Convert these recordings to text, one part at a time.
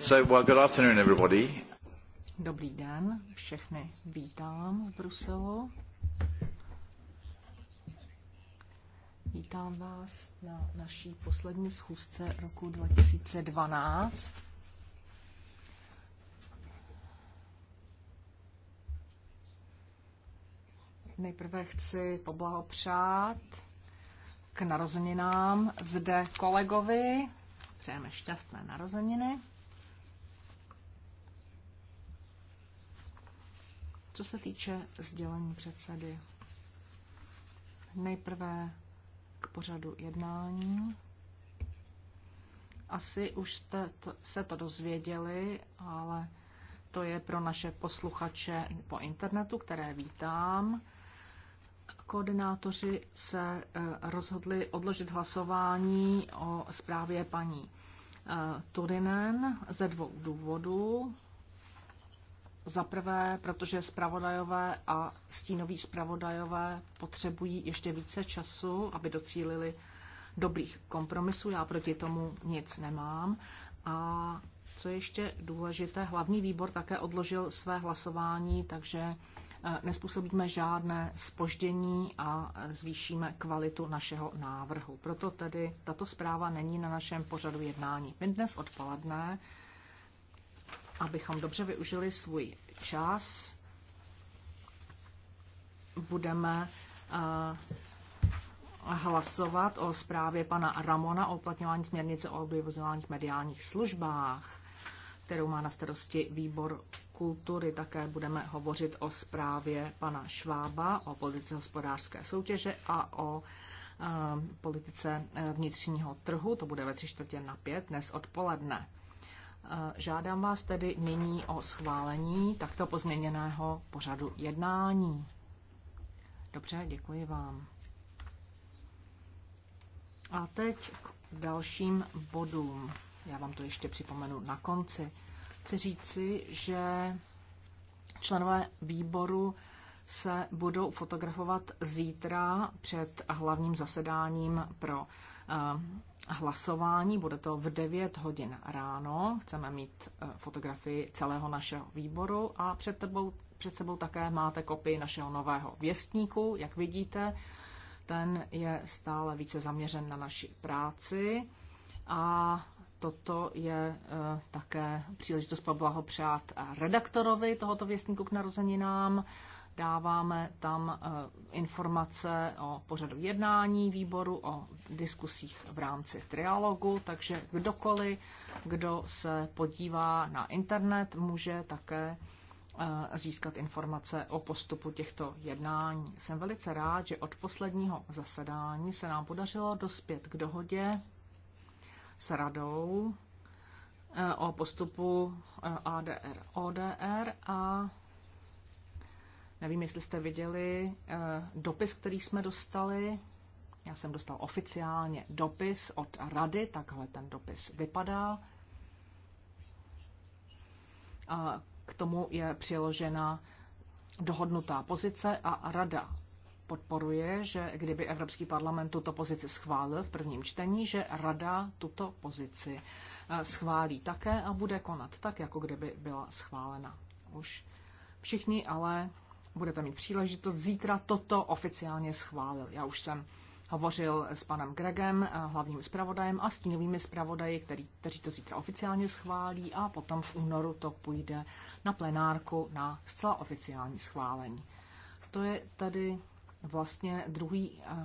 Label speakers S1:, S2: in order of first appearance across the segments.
S1: So, well, good afternoon, everybody.
S2: Dobrý den, všechny vítám v Bruselu. Vítám vás na naší poslední schůzce roku 2012. Nejprve chci poblahopřát k narozeninám zde kolegovi. Přejeme šťastné narozeniny. Co se týče sdělení předsedy, nejprve k pořadu jednání. Asi už jste to, se to dozvěděli, ale to je pro naše posluchače po internetu, které vítám. Koordinátoři se eh, rozhodli odložit hlasování o zprávě paní eh, Turinen ze dvou důvodů. Za prvé, protože zpravodajové a stínoví zpravodajové potřebují ještě více času, aby docílili dobrých kompromisů. Já proti tomu nic nemám. A co ještě důležité, hlavní výbor také odložil své hlasování, takže eh, nespůsobíme žádné spoždění a zvýšíme kvalitu našeho návrhu. Proto tedy tato zpráva není na našem pořadu jednání. My dnes odpoledne abychom dobře využili svůj čas. Budeme eh, hlasovat o zprávě pana Ramona o uplatňování směrnice o audiovizuálních mediálních službách, kterou má na starosti výbor kultury. Také budeme hovořit o zprávě pana Švába o politice hospodářské soutěže a o eh, politice eh, vnitřního trhu. To bude ve tři čtvrtě na pět dnes odpoledne. Žádám vás tedy nyní o schválení takto pozměněného pořadu jednání. Dobře, děkuji vám. A teď k dalším bodům. Já vám to ještě připomenu na konci. Chci říci, že členové výboru se budou fotografovat zítra před hlavním zasedáním pro Eh, hlasování. Bude to v 9 hodin ráno. Chceme mít eh, fotografii celého našeho výboru a před, tebou, před sebou také máte kopii našeho nového věstníku. Jak vidíte, ten je stále více zaměřen na naši práci a toto je eh, také příležitost poblahopřát redaktorovi tohoto věstníku k narozeninám dáváme tam eh, informace o pořadu jednání výboru, o diskusích v rámci trialogu, takže kdokoliv, kdo se podívá na internet, může také eh, získat informace o postupu těchto jednání. Jsem velice rád, že od posledního zasedání se nám podařilo dospět k dohodě s radou eh, o postupu ADR-ODR a Nevím, jestli jste viděli eh, dopis, který jsme dostali. Já jsem dostal oficiálně dopis od rady, takhle ten dopis vypadá. A k tomu je přiložena dohodnutá pozice a rada podporuje, že kdyby Evropský parlament tuto pozici schválil v prvním čtení, že rada tuto pozici eh, schválí také a bude konat tak, jako kdyby byla schválena už. Všichni ale budete mít příležitost zítra toto oficiálně schválil. Já už jsem hovořil s panem Gregem, eh, hlavním zpravodajem a stínovými zpravodaji, který, kteří to zítra oficiálně schválí a potom v únoru to půjde na plenárku na zcela oficiální schválení. To je tady vlastně druhý eh,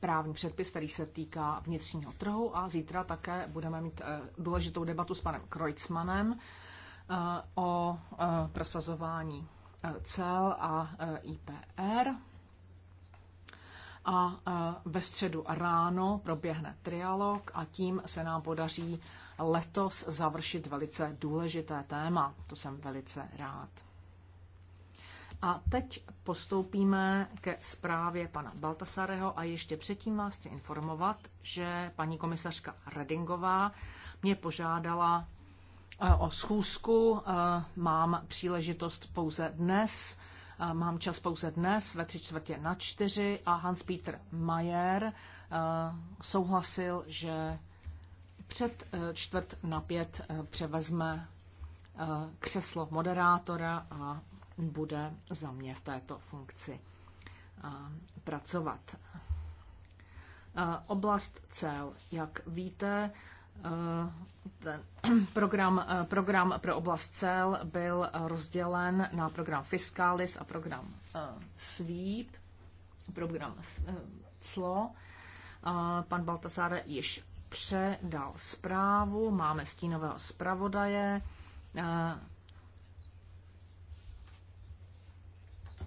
S2: právní předpis, který se týká vnitřního trhu a zítra také budeme mít eh, důležitou debatu s panem Kreutzmannem o prosazování cel a e, IPR. A e, ve středu ráno proběhne trialog a tím se nám podaří letos završit velice důležité téma. To jsem velice rád. A teď postoupíme ke zprávě pana Baltasareho a ještě předtím vás chci informovat, že paní komisařka Redingová mě požádala o schůzku. Mám příležitost pouze dnes, mám čas pouze dnes ve tři čtvrtě na čtyři a Hans-Peter Mayer souhlasil, že před e, čtvrt na pět e, převezme e, křeslo moderátora a bude za mě v této funkci pracovat. Oblast cel. Jak víte, Eh, ten program, eh, program pro oblast cel byl eh, rozdělen na program Fiscalis a program SWEEP, program CLO. Pan Baltasar již předal zprávu, máme stínového zpravodaje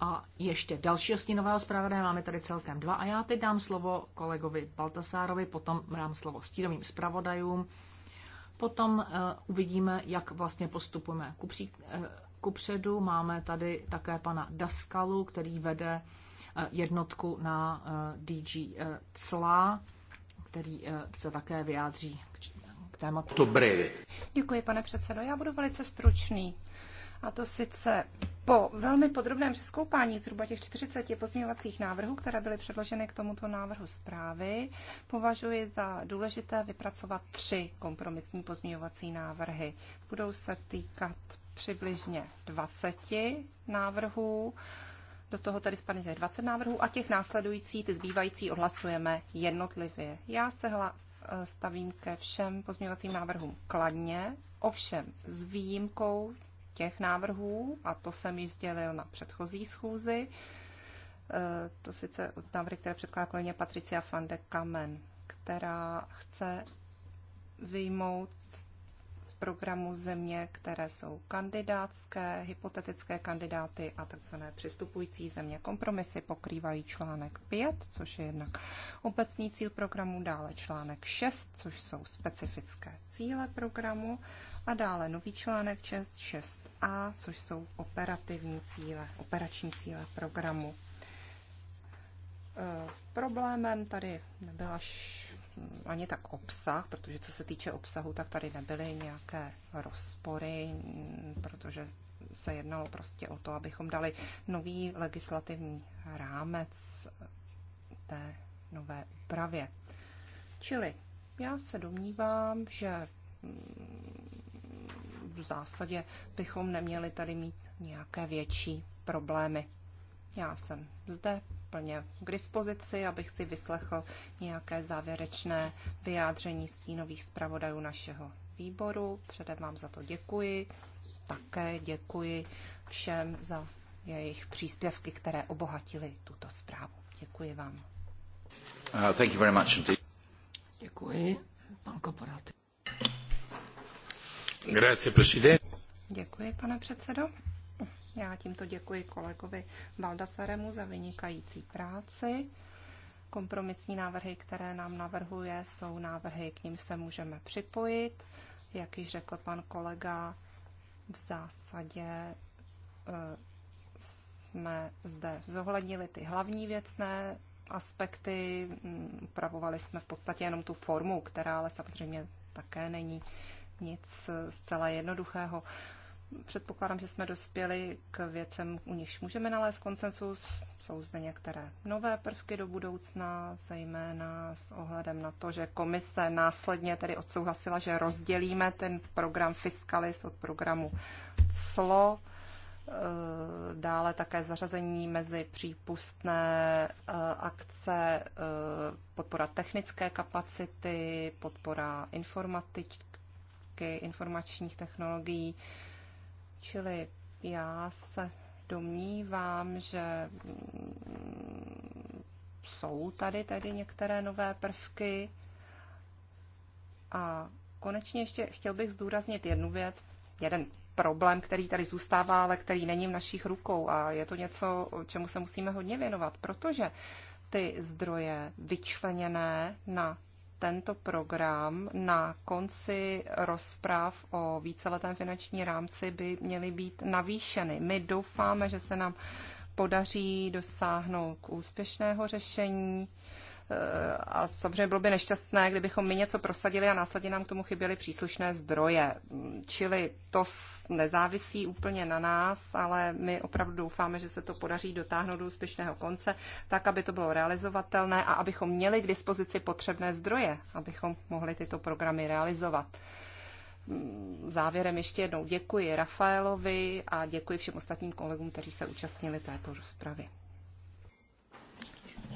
S2: a ještě dalšího stínového zpravodaje. Máme tady celkem dva a já teď dám slovo kolegovi Baltasárovi, potom dám slovo stínovým zpravodajům. Potom uh, uvidíme, jak vlastně postupujeme ku, pří, uh, ku předu. Máme tady také pana Daskalu, který vede uh, jednotku na uh, DG uh, CLA, který uh, se také vyjádří k, k tématu. To breve.
S3: Děkuji, pane předsedo. Já budu velice stručný a to sice po velmi podrobném přeskoupání zhruba těch 40 pozměňovacích návrhů, které byly předloženy k tomuto návrhu zprávy, považuji za důležité vypracovat tři kompromisní pozměňovací návrhy. Budou se týkat přibližně 20 návrhů, do toho tady spadne těch 20 návrhů a těch následující, ty zbývající odhlasujeme jednotlivě. Já se hla, eh, stavím ke všem pozměňovacím návrhům kladně, ovšem s výjimkou těch návrhů, a to jsem ji sdělil na předchozí schůzi, e, to sice návrhy, které předkládá kolegyně Patricia van de Kamen, která chce vyjmout z z programu země, které jsou kandidátské, hypotetické kandidáty a tzv. přistupující země. Kompromisy pokrývají článek 5, což je jednak obecný cíl programu, dále článek 6, což jsou specifické cíle programu a dále nový článek 6, 6a, což jsou operativní cíle, operační cíle programu. E, problémem tady nebyla š ani tak obsah, protože co se týče obsahu, tak tady nebyly nějaké rozpory, protože se jednalo prostě o to, abychom dali nový legislativní rámec té nové úpravě. Čili já se domnívám, že mm, v zásadě bychom neměli tady mít nějaké větší problémy. Já jsem zde plně k dispozici, abych si vyslechl nějaké závěrečné vyjádření stínových zpravodajů našeho výboru. Předem vám za to děkuji. Také děkuji všem za jejich příspěvky, které obohatily tuto zprávu. Děkuji vám.
S1: Uh, thank you very much indeed.
S3: Děkuji. Pan Koporát.
S4: Grazie,
S3: Děkuji, pane předsedo. Já tímto děkuji kolegovi Baldasaremu za vynikající práci. Kompromisní návrhy, které nám navrhuje, jsou návrhy, k ním se můžeme připojit. Jak již řekl pan kolega, v zásadě eh, jsme zde zohlednili ty hlavní věcné aspekty, mm, upravovali jsme v podstatě jenom tu formu, která ale samozřejmě také není nic eh, zcela jednoduchého. Předpokládám, že jsme dospěli k věcem, u nichž můžeme nalézt konsensus. Jsou zde některé nové prvky do budoucna, zejména s ohledem na to, že komise následně tedy odsouhlasila, že rozdělíme ten program Fiscalis od programu CLO e, dále také zařazení mezi přípustné e, akce, e, podpora technické kapacity, podpora informatiky, informačních technologií. Čili já se domnívám, že mm, jsou tady tedy některé nové prvky. A konečně ještě chtěl bych zdůraznit jednu věc, jeden problém, který tady zůstává, ale který není v našich rukou a je to něco, čemu se musíme hodně věnovat, protože ty zdroje vyčleněné na tento program na konci rozpráv o víceletém finanční rámci by měly být navýšeny. My doufáme, že se nám podaří dosáhnout k úspěšného řešení Eh, a samozřejmě bylo by nešťastné, kdybychom my něco prosadili a následně nám k tomu chyběly příslušné zdroje. Mm, čili to nezávisí úplně na nás, ale my opravdu doufáme, že se to podaří dotáhnout do úspěšného konce, tak, aby to bylo realizovatelné a abychom měli k dispozici potřebné zdroje, abychom mohli tyto programy realizovat. Mm, závěrem ještě jednou děkuji Rafaelovi a děkuji všem ostatním kolegům, kteří se účastnili této rozpravy.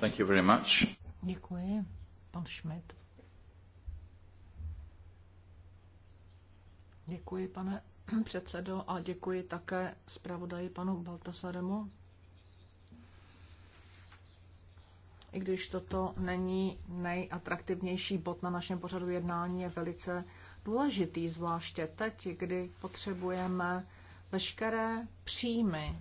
S1: Thank you very much.
S3: Děkuji.
S2: Pan Šmit. Děkuji, pane předsedo, a děkuji také zpravodaji panu Baltasaremu. I když toto není nejatraktivnější bod na našem pořadu jednání, je velice důležitý, zvláště teď, kdy potřebujeme veškeré příjmy.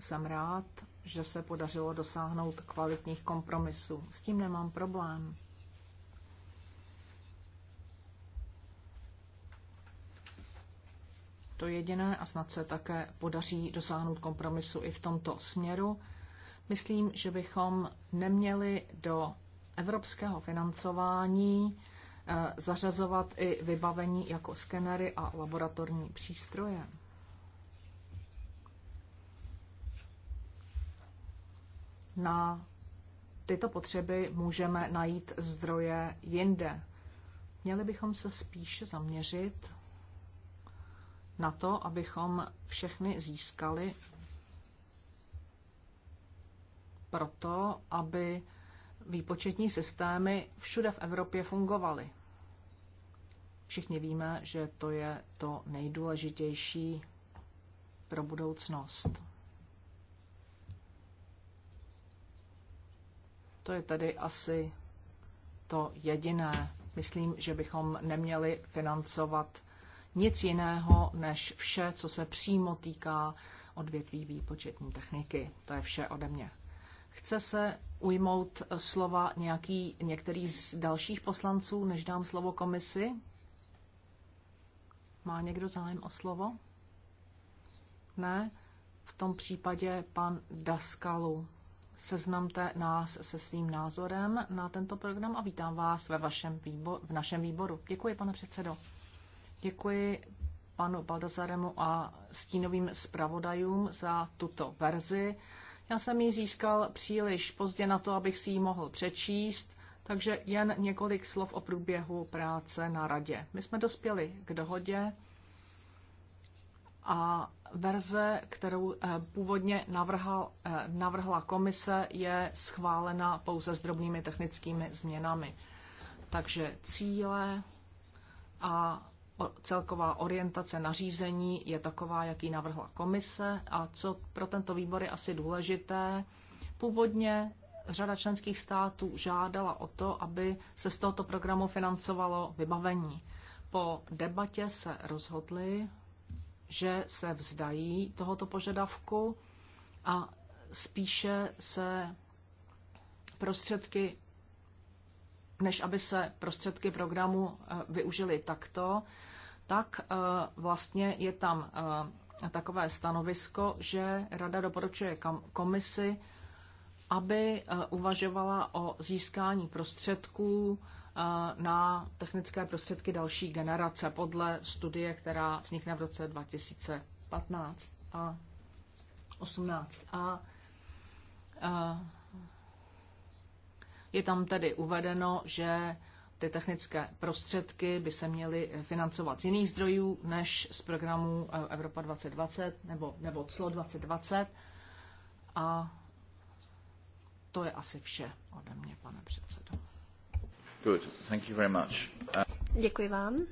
S2: Jsem rád, že se podařilo dosáhnout kvalitních kompromisů. S tím nemám problém. To jediné a snad se také podaří dosáhnout kompromisu i v tomto směru. Myslím, že bychom neměli do evropského financování eh, zařazovat i vybavení jako skenery a laboratorní přístroje. na tyto potřeby můžeme najít zdroje jinde. Měli bychom se spíše zaměřit na to, abychom všechny získali proto, aby výpočetní systémy všude v Evropě fungovaly. Všichni víme, že to je to nejdůležitější pro budoucnost. To je tedy asi to jediné. Myslím, že bychom neměli financovat nic jiného než vše, co se přímo týká odvětví výpočetní techniky. To je vše ode mě. Chce se ujmout slova nějaký, některý z dalších poslanců, než dám slovo komisi? Má někdo zájem o slovo? Ne? V tom případě pan Daskalu seznamte nás se svým názorem na tento program a vítám vás ve vašem výbor, v našem výboru. Děkuji, pane předsedo. Děkuji panu Baldazaremu a stínovým zpravodajům za tuto verzi. Já jsem ji získal příliš pozdě na to, abych si ji mohl přečíst, takže jen několik slov o průběhu práce na radě. My jsme dospěli k dohodě, a verze, kterou eh, původně navrhal, eh, navrhla komise, je schválena pouze s drobnými technickými změnami. Takže cíle a celková orientace nařízení je taková, jaký navrhla komise. A co pro tento výbor je asi důležité, původně řada členských států žádala o to, aby se z tohoto programu financovalo vybavení. Po debatě se rozhodli že se vzdají tohoto požadavku a spíše se prostředky, než aby se prostředky programu eh, využily takto, tak eh, vlastně je tam eh, takové stanovisko, že Rada doporučuje komisi, aby uvažovala o získání prostředků na technické prostředky další generace podle studie, která vznikne v roce 2015 a 18. A, a je tam tedy uvedeno, že ty technické prostředky by se měly financovat z jiných zdrojů než z programu e, Evropa 2020 nebo, nebo CLO 2020. A to je asi vše ode mě, pane předsedo.
S1: Uh,
S5: Děkuji vám.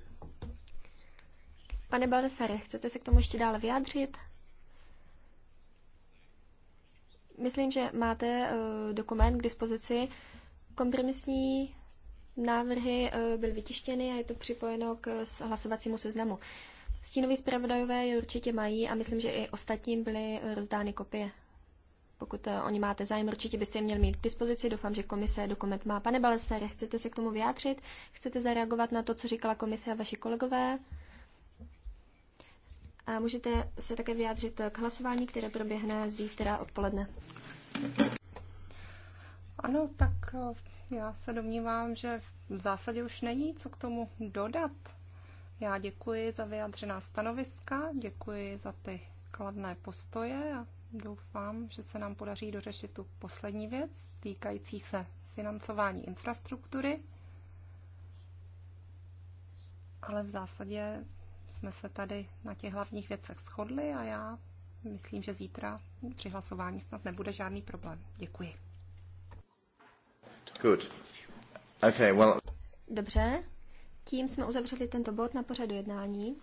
S5: Pane Baldesare, chcete se k tomu ještě dále vyjádřit? Myslím, že máte uh, dokument k dispozici. Kompromisní návrhy uh, byly vytištěny a je to připojeno k uh, hlasovacímu seznamu. Stínoví zpravodajové je určitě mají a myslím, že i ostatním byly rozdány kopie. Pokud eh, oni máte zájem, určitě byste je měli mít k dispozici. Doufám, že komise dokument má. Pane Balestere, chcete se k tomu vyjádřit? Chcete zareagovat na to, co říkala komise a vaši kolegové? A můžete se také vyjádřit k hlasování, které proběhne zítra odpoledne. Ano, tak eh, já se
S3: domnívám, že v zásadě už není co k tomu dodat. Já děkuji za vyjádřená stanoviska, děkuji za ty kladné postoje a doufám, že se nám podaří dořešit tu poslední věc týkající se financování infrastruktury. Ale v zásadě jsme se tady na těch hlavních věcech shodli a já myslím, že zítra při hlasování
S5: snad nebude žádný problém. Děkuji.
S1: Good. Okay, well...
S5: Dobře, tím jsme uzavřeli tento bod na pořadu jednání.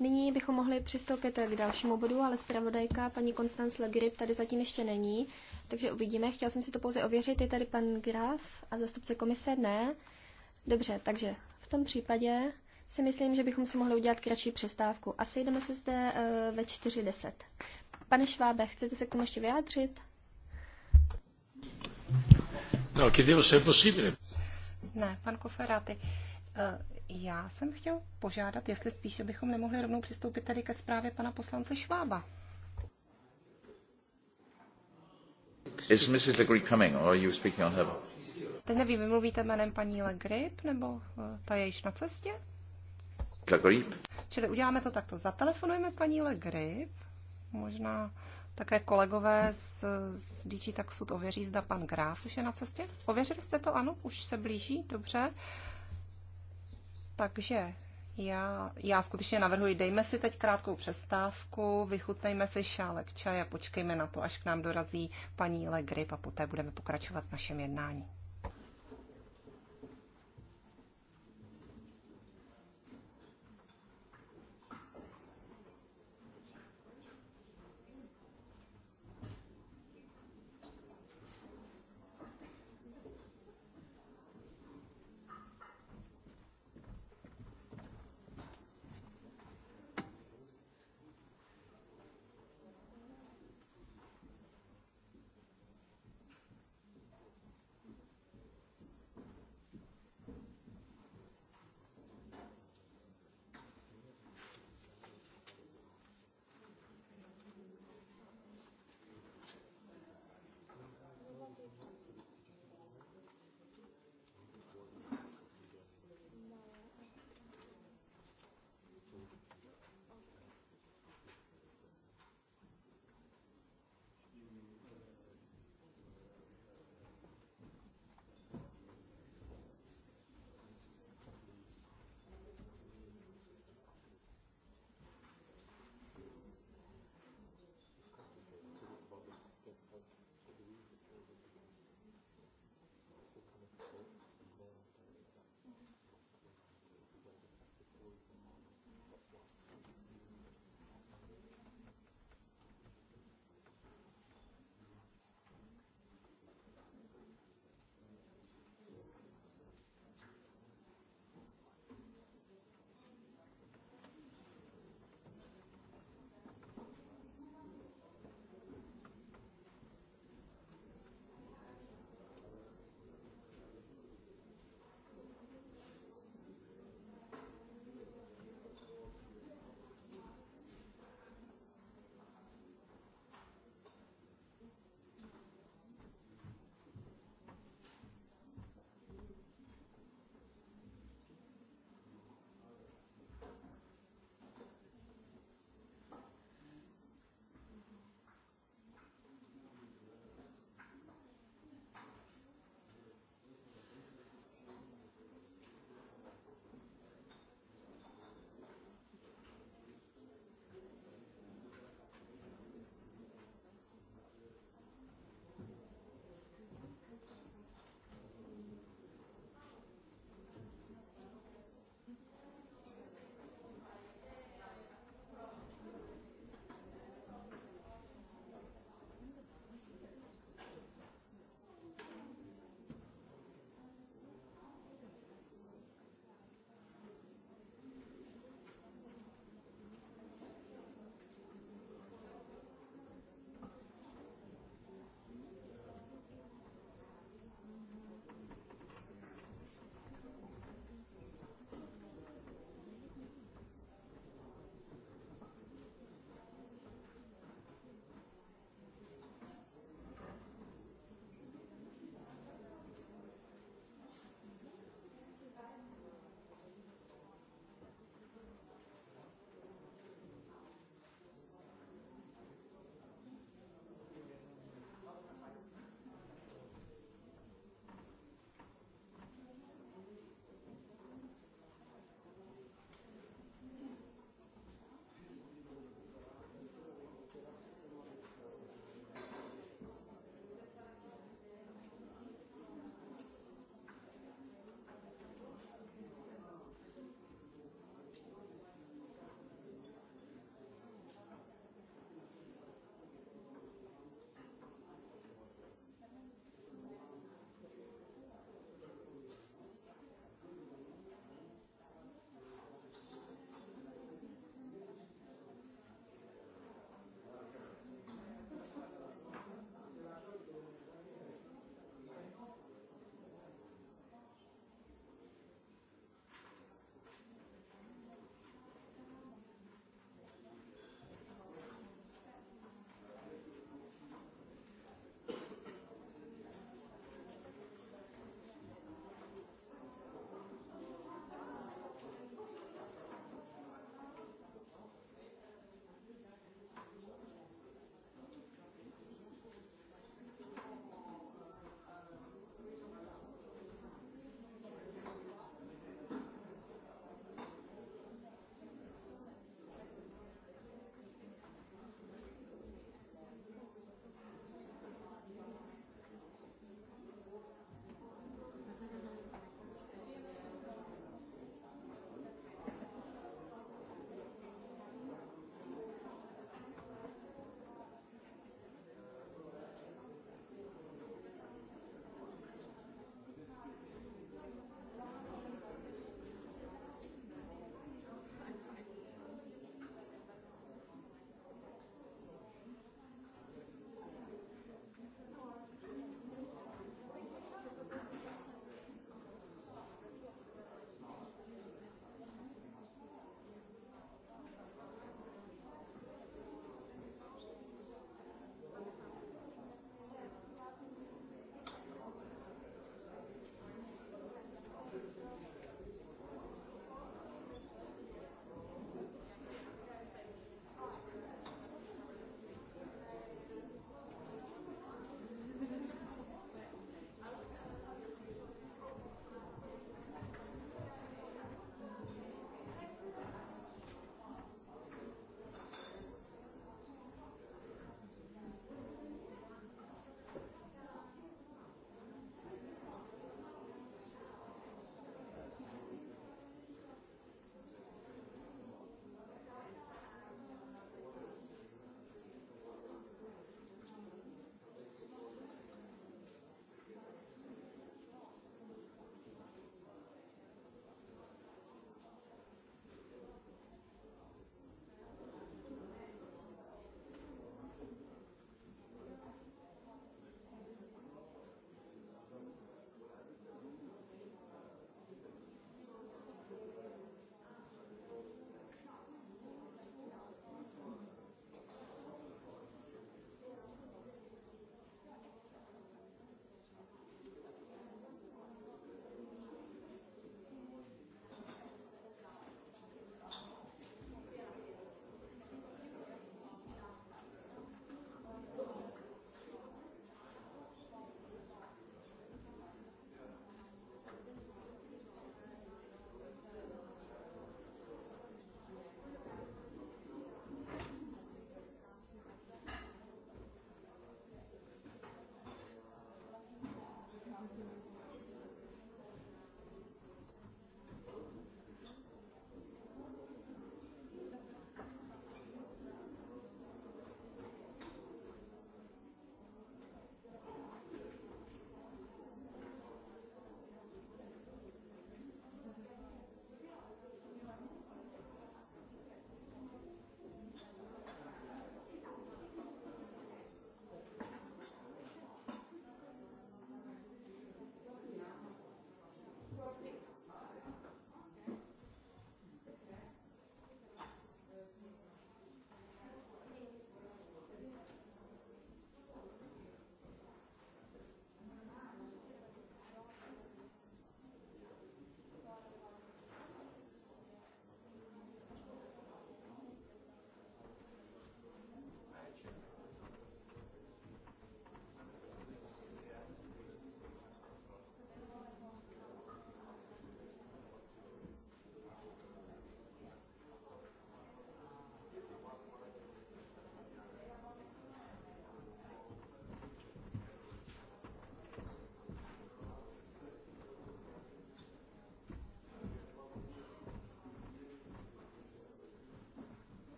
S5: Nyní bychom mohli přistoupit k dalšímu bodu, ale zpravodajka paní Konstanc Legrip tady zatím ještě není, takže uvidíme. Chtěl jsem si to pouze ověřit. Je tady pan Graf a zastupce komise? Ne. Dobře, takže v tom případě si myslím, že bychom si mohli udělat kratší přestávku. A sejdeme se zde eh, ve 4.10. Pane Švábe, chcete se k tomu ještě vyjádřit?
S4: No, kdy je to
S3: Ne, pan Koferáty. Eh, já jsem chtěl požádat, jestli spíše bychom nemohli rovnou přistoupit tady ke zprávě pana poslance Švába.
S1: Is Mrs. Legrip coming, or are you speaking on her?
S3: Teď nevím, vy mluvíte jménem paní Legrip, nebo eh, ta je již na cestě? Legrip. Čili uděláme to takto. Zatelefonujeme paní Legrip, možná také kolegové z, z DG Taxud ověří, zda pan Graf už je na cestě. Ověřili jste to, ano, už se blíží, dobře. Uh, takže já, já skutečně navrhuji, dejme si teď krátkou přestávku, vychutnejme si šálek čaje, počkejme na to, až k nám dorazí paní Legrip a poté budeme pokračovat v našem jednání.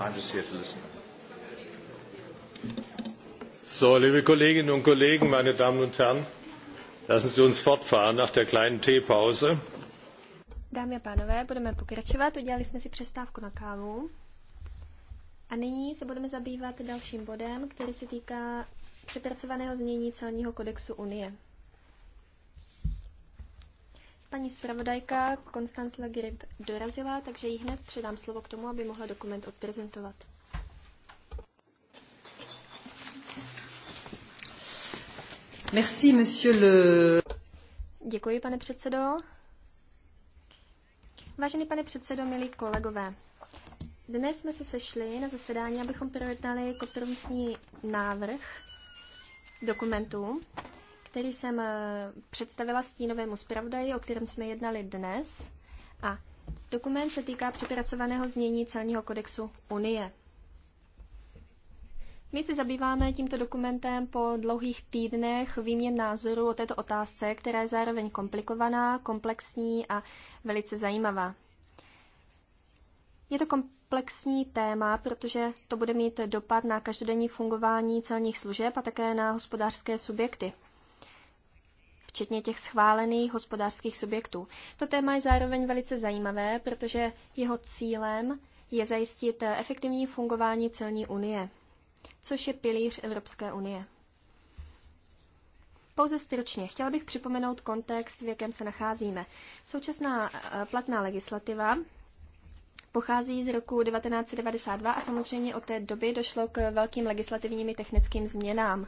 S4: I'm just here to listen. So, liebe Kolleginnen und Kollegen, meine Damen und Herren, lassen Sie uns fortfahren nach der kleinen Teepause.
S5: Dámy a pánové, budeme pokračovat. Udělali jsme si přestávku na kávu. A nyní se budeme zabývat dalším bodem, který se týká přepracovaného znění celního kodexu Unie. Paní zpravodajka Konstanz Le Grib dorazila, takže jí hned předám slovo k tomu, aby mohla dokument odprezentovat.
S1: Merci, monsieur le...
S5: Děkuji, pane předsedo. Vážený pane předsedo, milí kolegové, dnes jsme se sešli na zasedání, abychom projednali kompromisní návrh dokumentu, který jsem eh, představila stínovému zpravodaji, o kterém jsme jednali dnes. A dokument se týká přepracovaného znění celního kodexu Unie. My se zabýváme tímto dokumentem po dlouhých týdnech výměn názorů o této otázce, která je zároveň komplikovaná, komplexní a velice zajímavá. Je to komplexní téma, protože to bude mít dopad na každodenní fungování celních služeb a také na hospodářské subjekty včetně těch schválených hospodářských subjektů. To téma je zároveň velice zajímavé, protože jeho cílem je zajistit efektivní fungování celní unie, což je pilíř Evropské unie. Pouze stručně, chtěla bych připomenout kontext, v jakém se nacházíme. Současná eh, platná legislativa pochází z roku 1992 a samozřejmě od té doby došlo k velkým legislativním i technickým změnám.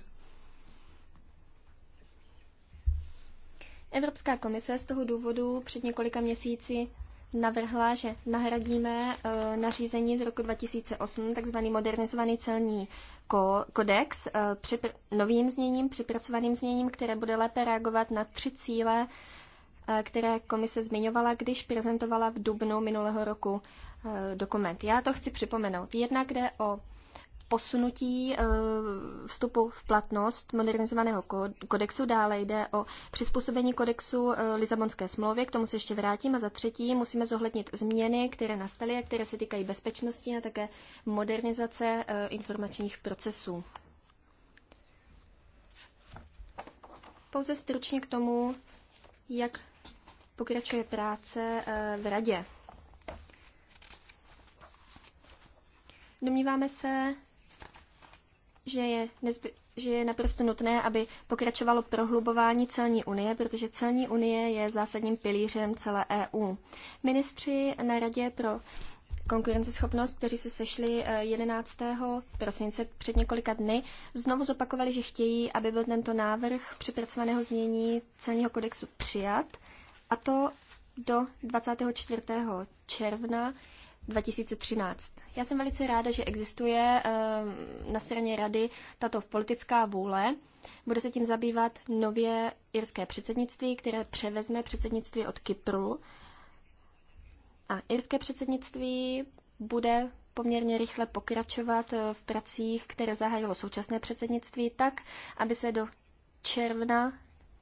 S5: Evropská komise z toho důvodu před několika měsíci navrhla, že nahradíme eh, nařízení z roku 2008, takzvaný modernizovaný celní ko- kodex, eh, připr- novým zněním, připracovaným zněním, které bude lépe reagovat na tři cíle, eh, které komise zmiňovala, když prezentovala v dubnu minulého roku e, dokument. Já to chci připomenout. Jednak jde o posunutí eh, vstupu v platnost modernizovaného kodexu. Dále jde o přizpůsobení kodexu eh, Lisabonské smlouvy, k tomu se ještě vrátím. A za třetí musíme zohlednit změny, které nastaly a které se týkají bezpečnosti a také modernizace eh, informačních procesů. Pouze stručně k tomu, jak pokračuje práce v radě. Domníváme se, že je, nezby, že je naprosto nutné, aby pokračovalo prohlubování celní unie, protože celní unie je zásadním pilířem celé EU. Ministři na Radě pro konkurenceschopnost, kteří se sešli 11. Eh, prosince před několika dny, znovu zopakovali, že chtějí, aby byl tento návrh přepracovaného znění celního kodexu přijat, a to do 24. června 2013. Já jsem velice ráda, že existuje eh, na straně rady tato politická vůle. Bude se tím zabývat nově irské předsednictví, které převezme předsednictví od Kypru. A irské předsednictví bude poměrně rychle pokračovat eh, v pracích, které zahájilo současné předsednictví, tak, aby se do června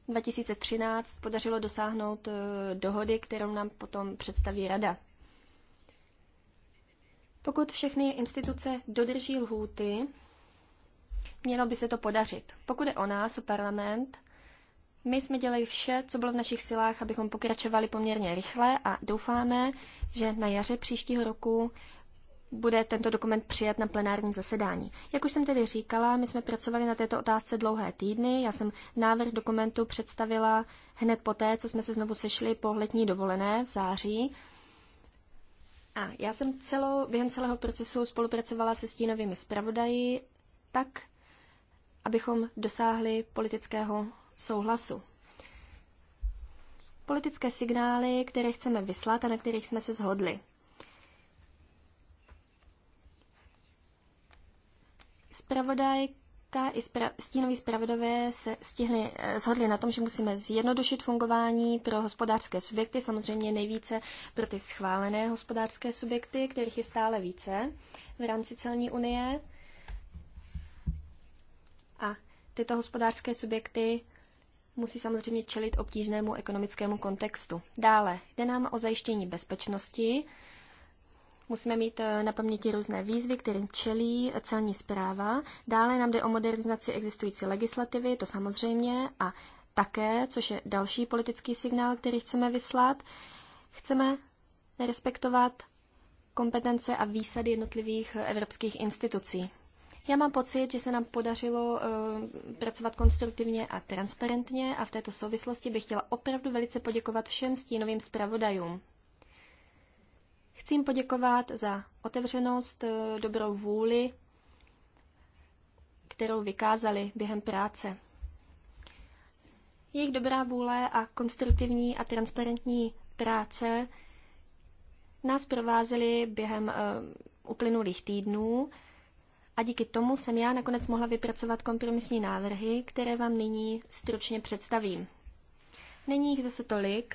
S5: 2013 podařilo dosáhnout eh, dohody, kterou nám potom představí Rada. Pokud všechny instituce dodrží lhůty, mělo by se to podařit. Pokud je o nás, o parlament, my jsme dělali vše, co bylo v našich silách, abychom pokračovali poměrně rychle a doufáme, že na jaře příštího roku bude tento dokument přijat na plenárním zasedání. Jak už jsem tedy říkala, my jsme pracovali na této otázce dlouhé týdny. Já jsem návrh dokumentu představila hned poté, co jsme se znovu sešli po letní dovolené v září. A já jsem celou, během celého procesu spolupracovala se stínovými zpravodaji tak, abychom dosáhli politického souhlasu. Politické signály, které chceme vyslat a na kterých jsme se shodli. Spravodaj Zpravodajka i spra- stínoví spravedové se stihli, eh, shodli na tom, že musíme zjednodušit fungování pro hospodářské subjekty, samozřejmě nejvíce pro ty schválené hospodářské subjekty, kterých je stále více v rámci celní unie. A tyto hospodářské subjekty musí samozřejmě čelit obtížnému ekonomickému kontextu. Dále jde nám o zajištění bezpečnosti Musíme mít eh, na paměti různé výzvy, kterým čelí celní zpráva. Dále nám jde o modernizaci existující legislativy, to samozřejmě, a také, což je další politický signál, který chceme vyslat, chceme respektovat kompetence a výsady jednotlivých eh, evropských institucí. Já mám pocit, že se nám podařilo eh, pracovat konstruktivně a transparentně a v této souvislosti bych chtěla opravdu velice poděkovat všem stínovým zpravodajům. Chci jim poděkovat za otevřenost, eh, dobrou vůli, kterou vykázali během práce. Jejich dobrá vůle a konstruktivní a transparentní práce nás provázely během uh, uplynulých týdnů a díky tomu jsem já nakonec mohla vypracovat kompromisní návrhy, které vám nyní stručně představím. Není jich zase tolik,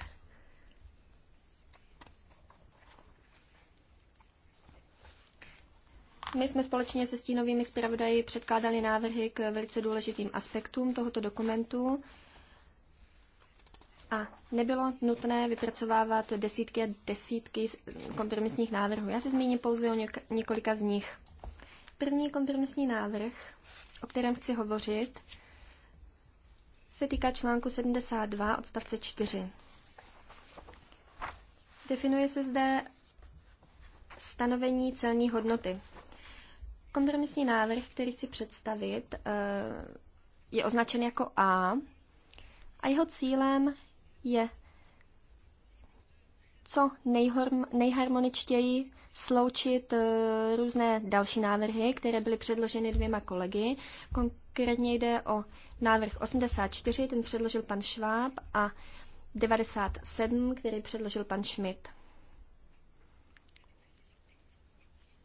S5: My jsme společně se stínovými zpravodaji předkládali návrhy k velice důležitým aspektům tohoto dokumentu a nebylo nutné vypracovávat desítky a desítky kompromisních návrhů. Já se zmíním pouze o něk- několika z nich. První kompromisní návrh, o kterém chci hovořit, se týká článku 72 odstavce 4. Definuje se zde stanovení celní hodnoty. Kompromisní návrh, který chci představit, eh, je označen jako A a jeho cílem je co nejharmoničtěji sloučit eh, různé další návrhy, které byly předloženy dvěma kolegy. Konkrétně jde o návrh 84, ten předložil pan Šváb, a 97, který předložil pan Schmidt.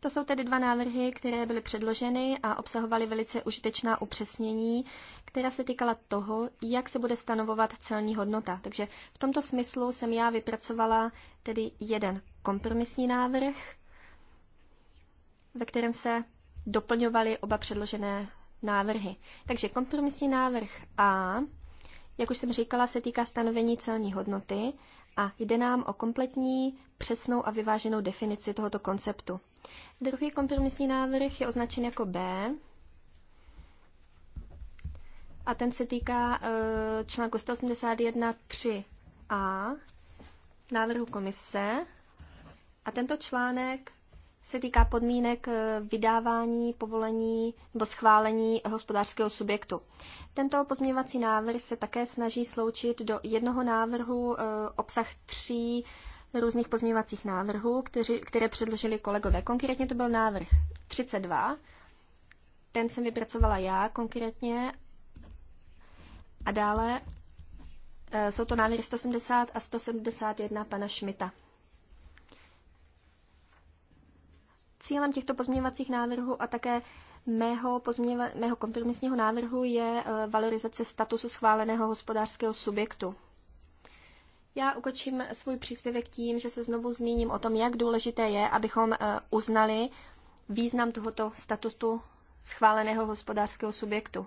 S5: To jsou tedy dva návrhy, které byly předloženy a obsahovaly velice užitečná upřesnění, která se týkala toho, jak se bude stanovovat celní hodnota. Takže v tomto smyslu jsem já vypracovala tedy jeden kompromisní návrh, ve kterém se doplňovaly oba předložené návrhy. Takže kompromisní návrh A, jak už jsem říkala, se týká stanovení celní hodnoty a jde nám o kompletní, přesnou a vyváženou definici tohoto konceptu. Druhý kompromisní návrh je označen jako B a ten se týká e, článku 181.3a návrhu komise a tento článek se týká podmínek eh, vydávání, povolení nebo schválení hospodářského subjektu. Tento pozměňovací návrh se také snaží sloučit do jednoho návrhu eh, obsah tří různých pozměňovacích návrhů, kteři, které předložili kolegové. Konkrétně to byl návrh 32, ten jsem vypracovala já konkrétně. A dále eh, jsou to návrhy 170 a 171 pana Šmita. Cílem těchto pozměňovacích návrhů a také mého, pozměva, mého kompromisního návrhu je eh, valorizace statusu schváleného hospodářského subjektu. Já ukočím svůj příspěvek tím, že se znovu zmíním o tom, jak důležité je, abychom eh, uznali význam tohoto statusu schváleného hospodářského subjektu.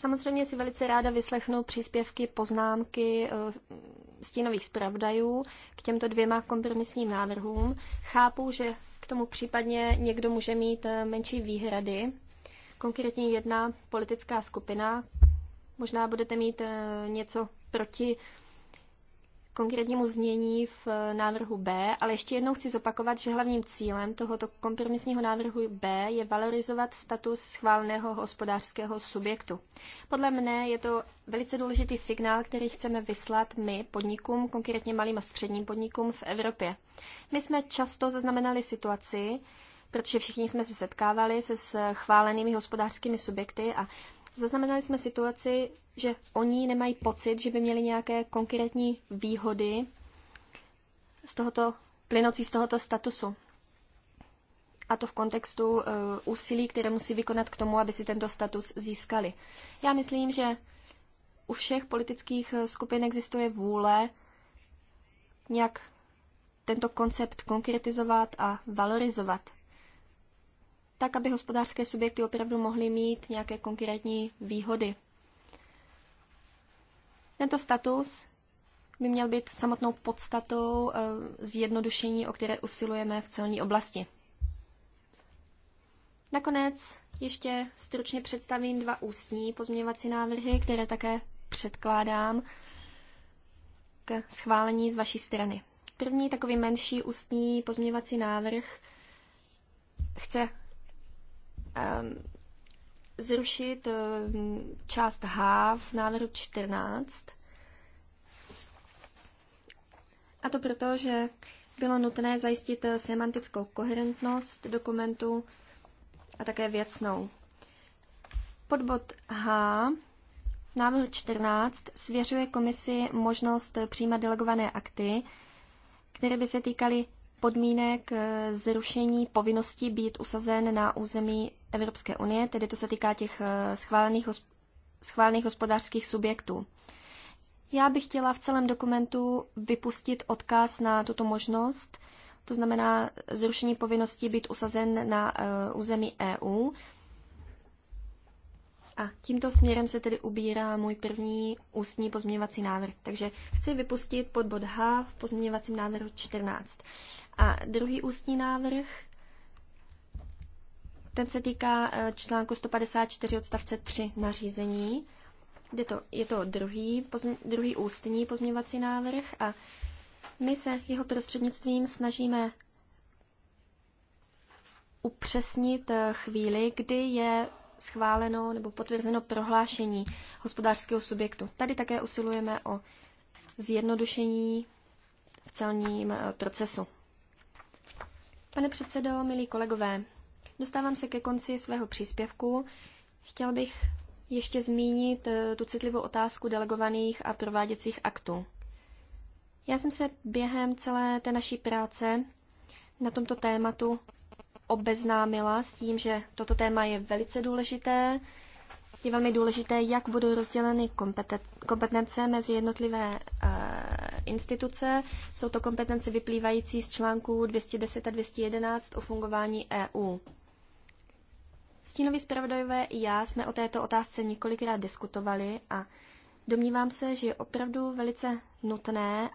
S5: Samozřejmě si velice ráda vyslechnu příspěvky, poznámky eh, stínových zpravdajů k těmto dvěma kompromisním návrhům. Chápu, že k tomu případně někdo může mít eh, menší výhrady, konkrétně jedna politická skupina. Možná budete mít eh, něco proti konkrétnímu znění v eh, návrhu B, ale ještě jednou chci zopakovat, že hlavním cílem tohoto kompromisního návrhu B je valorizovat status schválného hospodářského subjektu. Podle mne je to velice důležitý signál, který chceme vyslat my podnikům, konkrétně malým a středním podnikům v Evropě. My jsme často zaznamenali situaci, protože všichni jsme se setkávali se schválenými hospodářskými subjekty a Zaznamenali jsme situaci, že oni nemají pocit, že by měli nějaké konkrétní výhody z tohoto, plynoucí z tohoto statusu. A to v kontextu uh, úsilí, které musí vykonat k tomu, aby si tento status získali. Já myslím, že u všech politických eh, skupin existuje vůle nějak tento koncept konkretizovat a valorizovat tak aby hospodářské subjekty opravdu mohly mít nějaké konkrétní výhody. Tento status by měl být samotnou podstatou eh, zjednodušení, o které usilujeme v celní oblasti. Nakonec ještě stručně představím dva ústní pozměňovací návrhy, které také předkládám k schválení z vaší strany. První takový menší ústní pozměňovací návrh chce Ehm, zrušit ehm, část H v návrhu 14. A to proto, že bylo nutné zajistit eh, semantickou koherentnost dokumentu a také věcnou. Podbod H návrhu 14 svěřuje komisi možnost eh, přijímat delegované akty, které by se týkaly podmínek eh, zrušení povinnosti být usazen na území Evropské unie, tedy to se týká těch eh, schválených, schválených hospodářských subjektů. Já bych chtěla v celém dokumentu vypustit odkaz na tuto možnost, to znamená zrušení povinnosti být usazen na eh, území EU. A tímto směrem se tedy ubírá můj první ústní pozměňovací návrh. Takže chci vypustit pod bod H v pozměňovacím návrhu 14. A druhý ústní návrh, ten se týká eh, článku 154 odstavce 3 nařízení. Je to, je to druhý, pozm, druhý ústní pozměňovací návrh a my se jeho prostřednictvím snažíme upřesnit eh, chvíli, kdy je schváleno nebo potvrzeno prohlášení hospodářského subjektu. Tady také usilujeme o zjednodušení v celním eh, procesu. Pane předsedo, milí kolegové, dostávám se ke konci svého příspěvku. Chtěl bych ještě zmínit eh, tu citlivou otázku delegovaných a prováděcích aktů. Já jsem se během celé té naší práce na tomto tématu obeznámila s tím, že toto téma je velice důležité. Je velmi důležité, jak budou rozděleny kompetence mezi jednotlivé eh, instituce. Jsou to kompetence vyplývající z článků 210 a 211 o fungování EU. Stínoví zpravodajové i já jsme o této otázce několikrát diskutovali a domnívám se, že je opravdu velice nutné,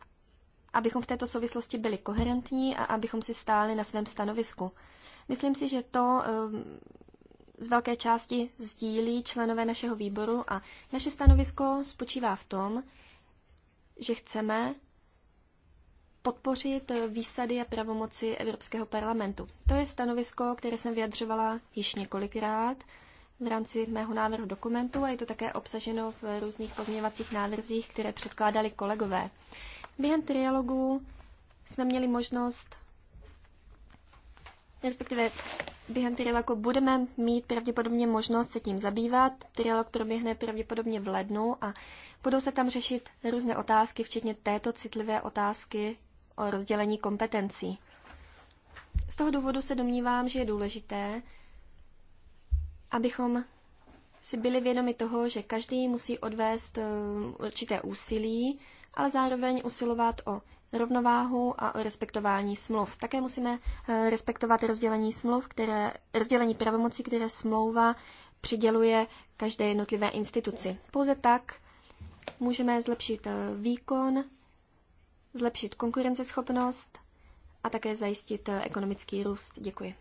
S5: abychom v této souvislosti byli koherentní a abychom si stáli na svém stanovisku. Myslím si, že to ehm, z velké části sdílí členové našeho výboru a naše stanovisko spočívá v tom, že chceme podpořit výsady a pravomoci Evropského parlamentu. To je stanovisko, které jsem vyjadřovala již několikrát v rámci mého návrhu dokumentu a je to také obsaženo v různých pozměňovacích návrzích, které předkládali kolegové. Během trialogu jsme měli možnost respektive během trialogu jako budeme mít pravděpodobně možnost se tím zabývat. Trialog proběhne pravděpodobně v lednu a budou se tam řešit různé otázky, včetně této citlivé otázky o rozdělení kompetencí. Z toho důvodu se domnívám, že je důležité, abychom si byli vědomi toho, že každý musí odvést eh, určité úsilí, ale zároveň usilovat o rovnováhu a o respektování smluv. Také musíme eh, respektovat rozdělení smluv, které, rozdělení pravomocí, které smlouva přiděluje každé jednotlivé instituci. Pouze tak můžeme zlepšit eh, výkon, zlepšit konkurenceschopnost a také zajistit eh, ekonomický růst. Děkuji.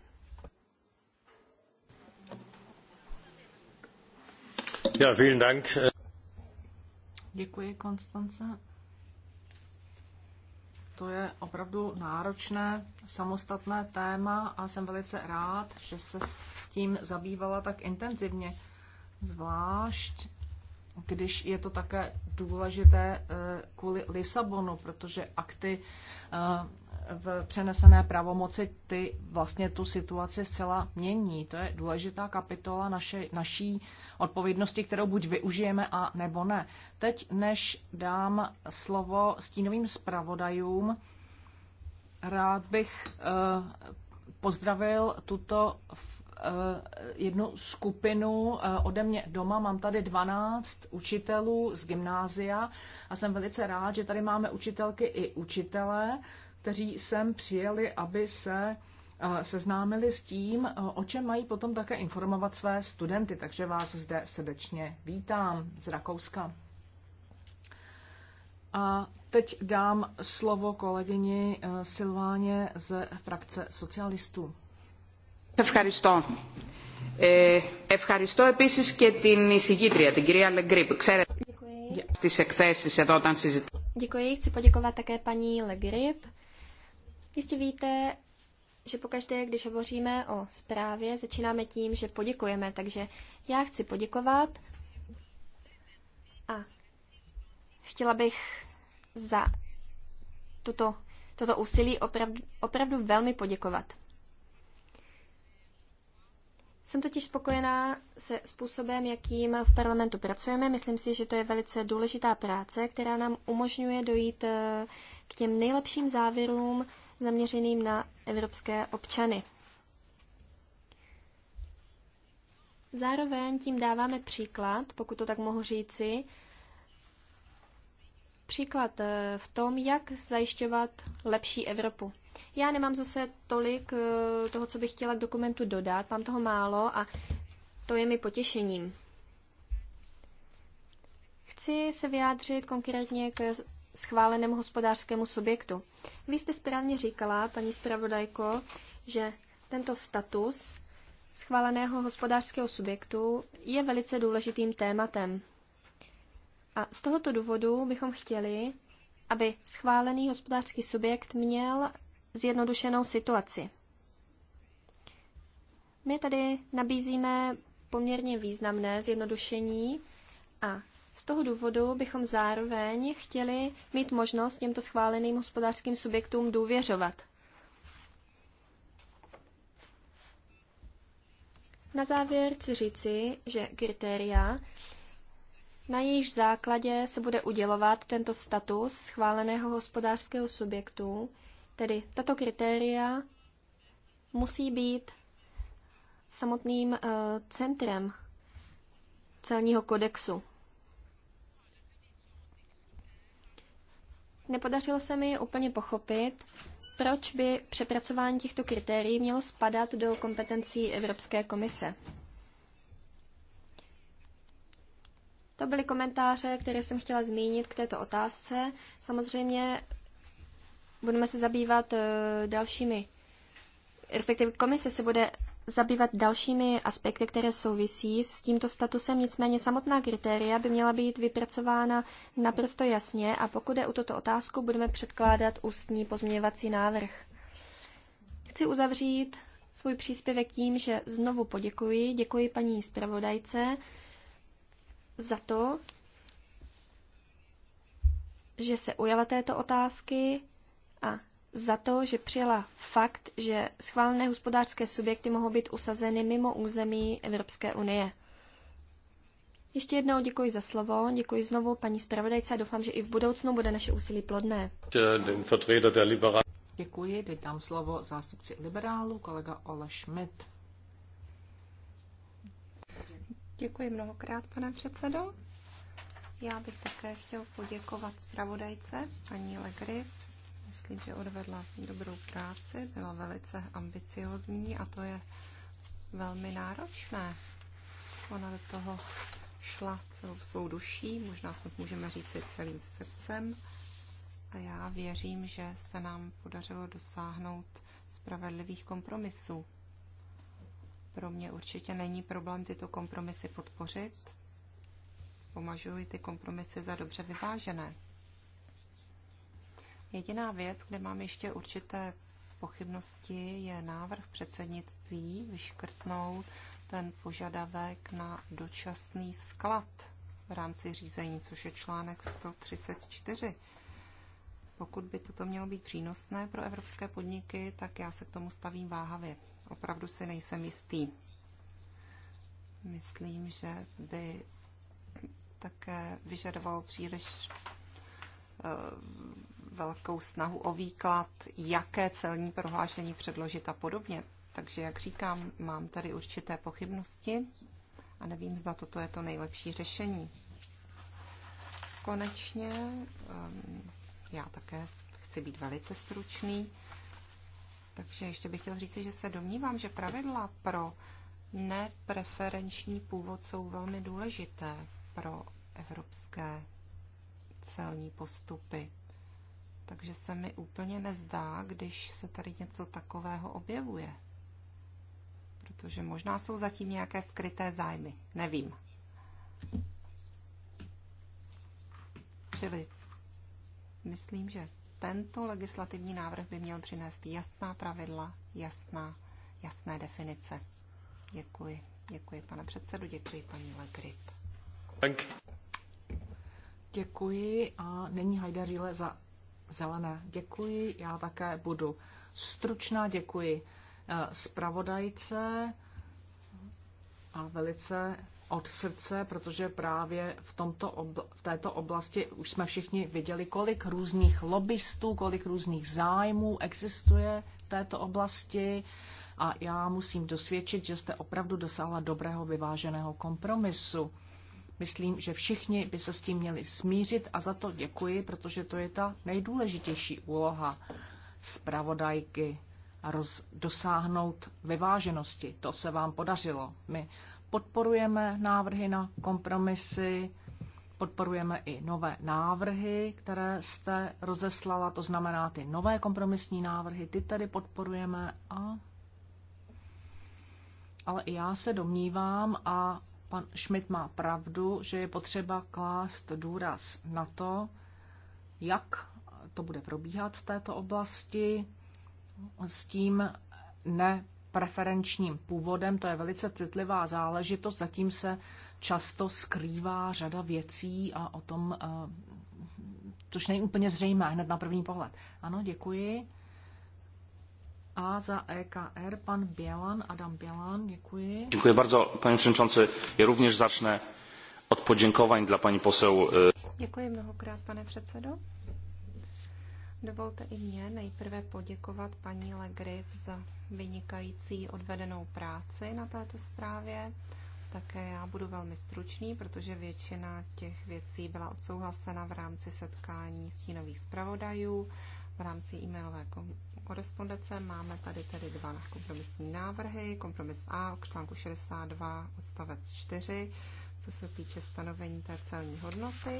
S4: Ja, vielen Dank.
S2: Děkuji, Konstance. To je opravdu náročné, samostatné téma a jsem velice rád, že se s tím zabývala tak intenzivně. Zvlášť když je to také důležité eh, kvůli Lisabonu, protože akty eh, v přenesené pravomoci ty vlastně tu situaci zcela mění. To je důležitá kapitola naše, naší odpovědnosti, kterou buď využijeme a nebo ne. Teď, než dám slovo stínovým zpravodajům, rád bych eh, pozdravil tuto Eh, jednu skupinu eh, ode mě doma. Mám tady 12 učitelů z gymnázia a jsem velice rád, že tady máme učitelky i učitele, kteří sem přijeli, aby se eh, seznámili s tím, o čem mají potom také informovat své studenty. Takže vás zde srdečně vítám z Rakouska. A teď dám slovo kolegyni Silváně ze frakce socialistů.
S3: Ευχαριστώ.
S2: Ε, ευχαριστώ επίσης και την εισηγήτρια, την κυρία Λεγκρίπ. Ξέρετε, Děkuji. στις εκθέσεις εδώ όταν συζητάμε.
S5: Děkuji, chci poděkovat také paní Legrip. Jistě víte, že pokaždé, když hovoříme o zprávě, začínáme tím, že poděkujeme. Takže já chci poděkovat a chtěla bych za tuto, toto úsilí opravdu, opravdu velmi poděkovat. Jsem totiž spokojená se způsobem, jakým v parlamentu pracujeme. Myslím si, že to je velice důležitá práce, která nám umožňuje dojít eh, k těm nejlepším závěrům zaměřeným na evropské občany. Zároveň tím dáváme příklad, pokud to tak mohu říci, příklad eh, v tom, jak zajišťovat lepší Evropu. Já nemám zase tolik eh, toho, co bych chtěla k dokumentu dodat, mám toho málo a to je mi potěšením. Chci se vyjádřit konkrétně k schválenému hospodářskému subjektu. Vy jste správně říkala, paní zpravodajko, že tento status schváleného hospodářského subjektu je velice důležitým tématem. A z tohoto důvodu bychom chtěli, aby schválený hospodářský subjekt měl zjednodušenou situaci. My tady nabízíme poměrně významné zjednodušení a z toho důvodu bychom zároveň chtěli mít možnost těmto schváleným hospodářským subjektům důvěřovat. Na závěr chci říci, že kritéria, na jejíž základě se bude udělovat tento status schváleného hospodářského subjektu, Tedy tato kritéria musí být samotným eh, centrem celního kodexu. Nepodařilo se mi úplně pochopit, proč by přepracování těchto kritérií mělo spadat do kompetencí Evropské komise. To byly komentáře, které jsem chtěla zmínit k této otázce. Samozřejmě budeme se zabývat eh, dalšími, respektive komise se bude zabývat dalšími aspekty, které souvisí s tímto statusem, nicméně samotná kritéria by měla být vypracována naprosto jasně a pokud je u tuto otázku, budeme předkládat ústní pozměňovací návrh. Chci uzavřít svůj příspěvek tím, že znovu poděkuji, děkuji paní zpravodajce za to, že se ujala této otázky za to, že přijala fakt, že schválené hospodářské subjekty mohou být usazeny mimo území Evropské unie. Ještě jednou děkuji za slovo, děkuji znovu paní zpravodajce a doufám, že i v budoucnu bude naše úsilí plodné. Děkuji, teď dám slovo zástupci liberálu kolega Ole Schmidt.
S3: Děkuji mnohokrát, pane předsedo. Já bych také chtěl poděkovat zpravodajce paní Legry myslím, že odvedla dobrou práci, byla velice ambiciozní a to je velmi náročné. Ona do toho šla celou svou duší, možná snad můžeme i celým srdcem. A já věřím, že se nám podařilo dosáhnout spravedlivých kompromisů. Pro mě určitě není problém tyto kompromisy podpořit. Pomažuji ty kompromisy za dobře vyvážené. Jediná věc, kde mám ještě určité pochybnosti, je návrh předsednictví vyškrtnout ten požadavek na dočasný sklad v rámci řízení, což je článek 134. Pokud by toto mělo být přínosné pro evropské podniky, tak já se k tomu stavím váhavě. Opravdu si nejsem jistý. Myslím, že by také vyžadovalo příliš eh, velkou snahu o výklad, jaké celní prohlášení předložit a podobně. Takže, jak říkám, mám tady určité pochybnosti a nevím, zda toto je to nejlepší řešení. Konečně, ehm, já také chci být velice stručný, takže ještě bych chtěl říct, že se domnívám, že pravidla pro nepreferenční původ jsou velmi důležité pro evropské celní postupy. Takže se mi úplně nezdá, když se tady něco takového objevuje. Protože možná jsou zatím nějaké skryté zájmy. Nevím. Čili myslím, že tento legislativní návrh by měl přinést jasná pravidla, jasná, jasné definice. Děkuji. Děkuji, pane předsedu, děkuji, paní Legrit.
S2: Děkuji a není Hajdarile za Zelené, děkuji. Já také budu stručná. Děkuji eh, zpravodajce a velice od srdce, protože právě v, tomto obl- v této oblasti už jsme všichni viděli, kolik různých lobbystů, kolik různých zájmů existuje v této oblasti. A já musím dosvědčit, že jste opravdu dosáhla dobrého vyváženého kompromisu. Myslím, že všichni by se s tím měli smířit a za to děkuji, protože to je ta nejdůležitější úloha zpravodajky a roz, dosáhnout vyváženosti. To se vám podařilo. My podporujeme návrhy na kompromisy, podporujeme i nové návrhy, které jste rozeslala, to znamená ty nové kompromisní návrhy, ty tady podporujeme a ale i já se domnívám a pan Schmidt má pravdu, že je potřeba klást důraz na to, jak to bude probíhat v této oblasti s tím nepreferenčním původem. To je velice citlivá záležitost, zatím se často skrývá řada věcí a o tom, eh, což není úplně zřejmé hned na první pohled. Ano, děkuji a za EKR pan Bielan, Adam Bělan, děkuji.
S4: Děkuji bardzo, pane předsedající. Já rovněž začne od poděkování dla paní poseu.
S1: E,
S3: děkuji mnohokrát, pane předsedo. Dovolte i mě nejprve poděkovat paní Legriv za vynikající odvedenou práci na této zprávě. Také já budu velmi stručný, protože většina těch věcí byla odsouhlasena v rámci setkání stínových zpravodajů, v rámci e-mailové korespondence. Máme tady tedy dva kompromisní návrhy. Kompromis A k článku 62 odstavec 4, co se týče stanovení té celní hodnoty.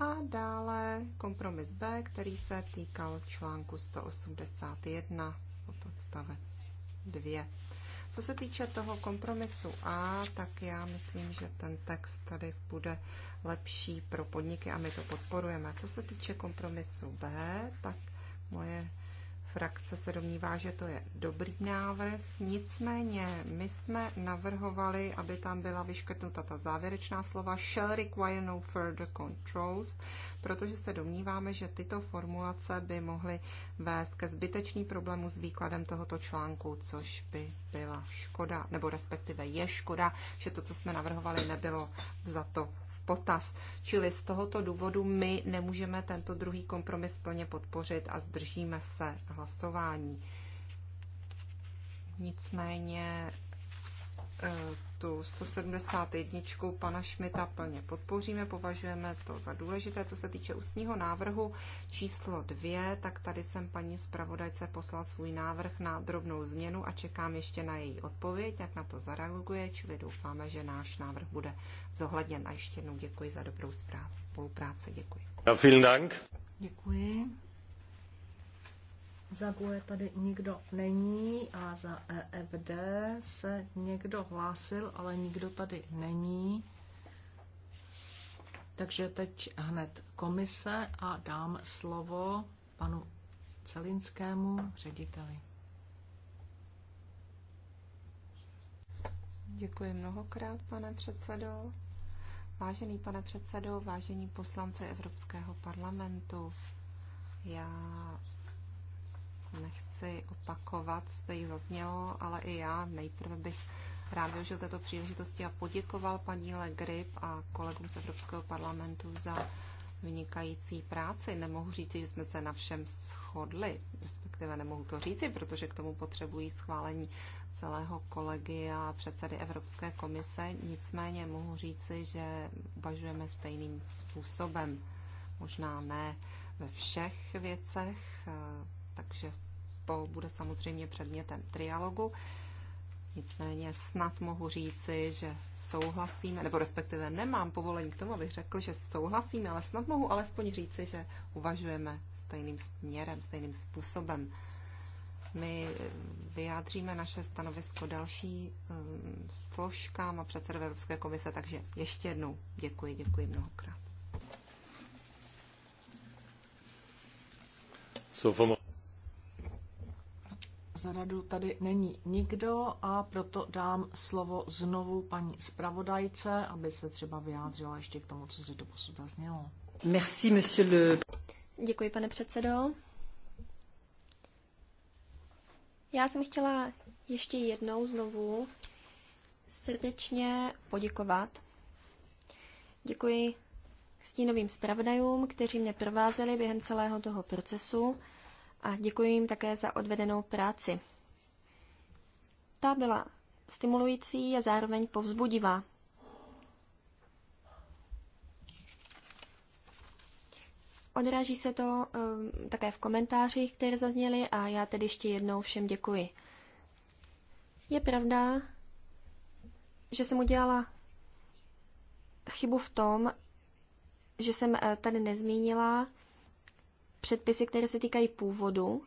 S3: A dále kompromis B, který se týkal článku 181 od odstavec 2. Co se týče toho kompromisu A, tak já myslím, že ten text tady bude lepší pro podniky a my to podporujeme. Co se týče kompromisu B, tak moje Frakce se domnívá, že to je dobrý návrh, nicméně my jsme navrhovali, aby tam byla vyškrtnuta ta závěrečná slova shall require no further controls, protože se domníváme, že tyto formulace by mohly vést ke zbytečný problému s výkladem tohoto článku, což by byla škoda, nebo respektive je škoda, že to, co jsme navrhovali, nebylo vzato potaz. Čili z tohoto důvodu my nemůžeme tento druhý kompromis plně podpořit a zdržíme se hlasování. Nicméně eh, tu 171 pana Šmita plně podpoříme, považujeme to za důležité. Co se týče ústního návrhu číslo dvě tak tady jsem paní zpravodajce poslal svůj návrh na drobnou změnu a čekám ještě na její odpověď, jak na to zareaguje, čili doufáme, že náš návrh bude zohledněn. A ještě jednou děkuji za dobrou zprávu. Spolupráce děkuji.
S4: Ja, vielen Dank.
S3: Děkuji.
S2: Za GUE tady nikdo není a za EFD se někdo hlásil, ale nikdo tady není. Takže teď hned komise a dám slovo panu Celinskému
S3: řediteli. Děkuji mnohokrát, pane předsedo. Vážený pane předsedo, vážení poslanci Evropského parlamentu, já nechci opakovat, zde ji zaznělo, ale i já nejprve bych rád využil této příležitosti a poděkoval paní Legrip a kolegům z Evropského parlamentu za vynikající práci. Nemohu říct, že jsme se na všem shodli, respektive nemohu to říci, protože k tomu potřebují schválení celého kolegia a předsedy Evropské komise. Nicméně mohu říci, že uvažujeme stejným způsobem. Možná ne ve všech věcech, takže to bude samozřejmě předmětem trialogu. Nicméně snad mohu říci, že souhlasíme, nebo respektive nemám povolení k tomu, abych řekl, že souhlasíme, ale snad mohu alespoň říci, že uvažujeme stejným směrem, stejným způsobem. My eh, vyjádříme naše stanovisko další eh, složkám a předsedové Evropské komise, takže ještě jednou děkuji, děkuji mnohokrát.
S4: So for
S2: za radu tady není nikdo a proto dám slovo znovu paní zpravodajce, aby se třeba vyjádřila ještě k tomu, co zde doposud zaznělo.
S3: Merci, monsieur le...
S5: Děkuji, pane předsedo. Já jsem chtěla ještě jednou znovu srdečně poděkovat. Děkuji stínovým zpravodajům, kteří mě provázeli během celého toho procesu a děkuji jim také za odvedenou práci. Ta byla stimulující a zároveň povzbudivá. Odráží se to um, také v komentářích, které zazněly a já tedy ještě jednou všem děkuji. Je pravda, že jsem udělala chybu v tom, že jsem eh, tady nezmínila předpisy, které se týkají původu.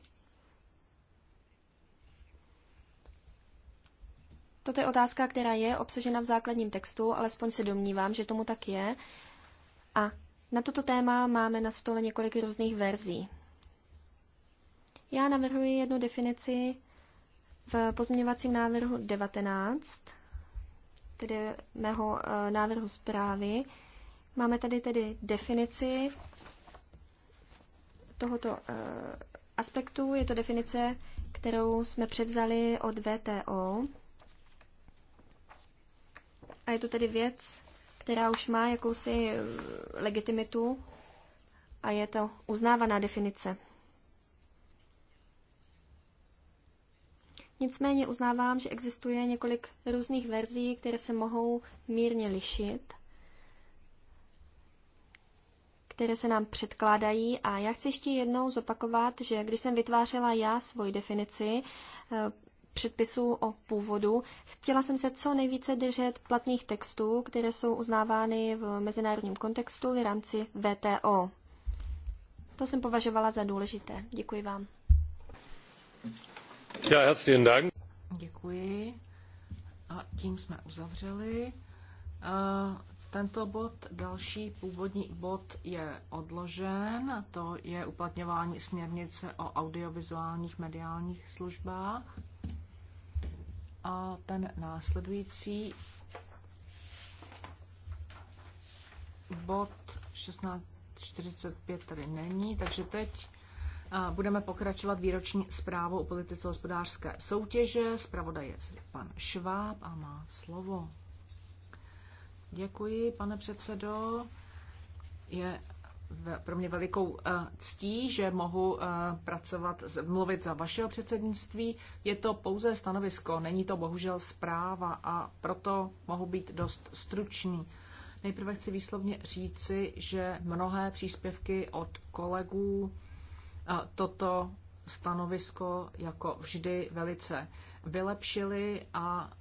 S5: Toto je otázka, která je obsažena v základním textu, alespoň se domnívám, že tomu tak je. A na toto téma máme na stole několik různých verzí. Já navrhuji jednu definici v pozměňovacím návrhu 19, tedy mého eh, návrhu zprávy. Máme tady tedy definici tohoto eh, aspektu je to definice, kterou jsme převzali od VTO. A je to tedy věc, která už má jakousi eh, legitimitu a je to uznávaná definice. Nicméně uznávám, že existuje několik různých verzí, které se mohou mírně lišit které se nám předkládají a já chci ještě jednou zopakovat, že když jsem vytvářela já svoji definici eh, předpisů o původu, chtěla jsem se co nejvíce držet platných textů, které jsou uznávány v mezinárodním kontextu v rámci VTO. To jsem považovala za důležité. Děkuji vám.
S4: Ja, herzlichen Dank.
S5: Děkuji. A tím
S2: jsme uzavřeli eh, tento bod, další původní bod je odložen, to je uplatňování směrnice o audiovizuálních mediálních službách. A ten následující bod 1645 tady není, takže teď budeme pokračovat výroční zprávou o politice hospodářské soutěže. Zpravodaj je pan Šváb a má slovo. Děkuji, pane předsedo. Je pro mě velikou eh, ctí, že mohu eh, pracovat, mluvit za vašeho předsednictví. Je to pouze stanovisko, není to bohužel zpráva a proto mohu být dost stručný. Nejprve chci výslovně říci, že mnohé příspěvky od kolegů eh, toto stanovisko jako vždy velice vylepšili a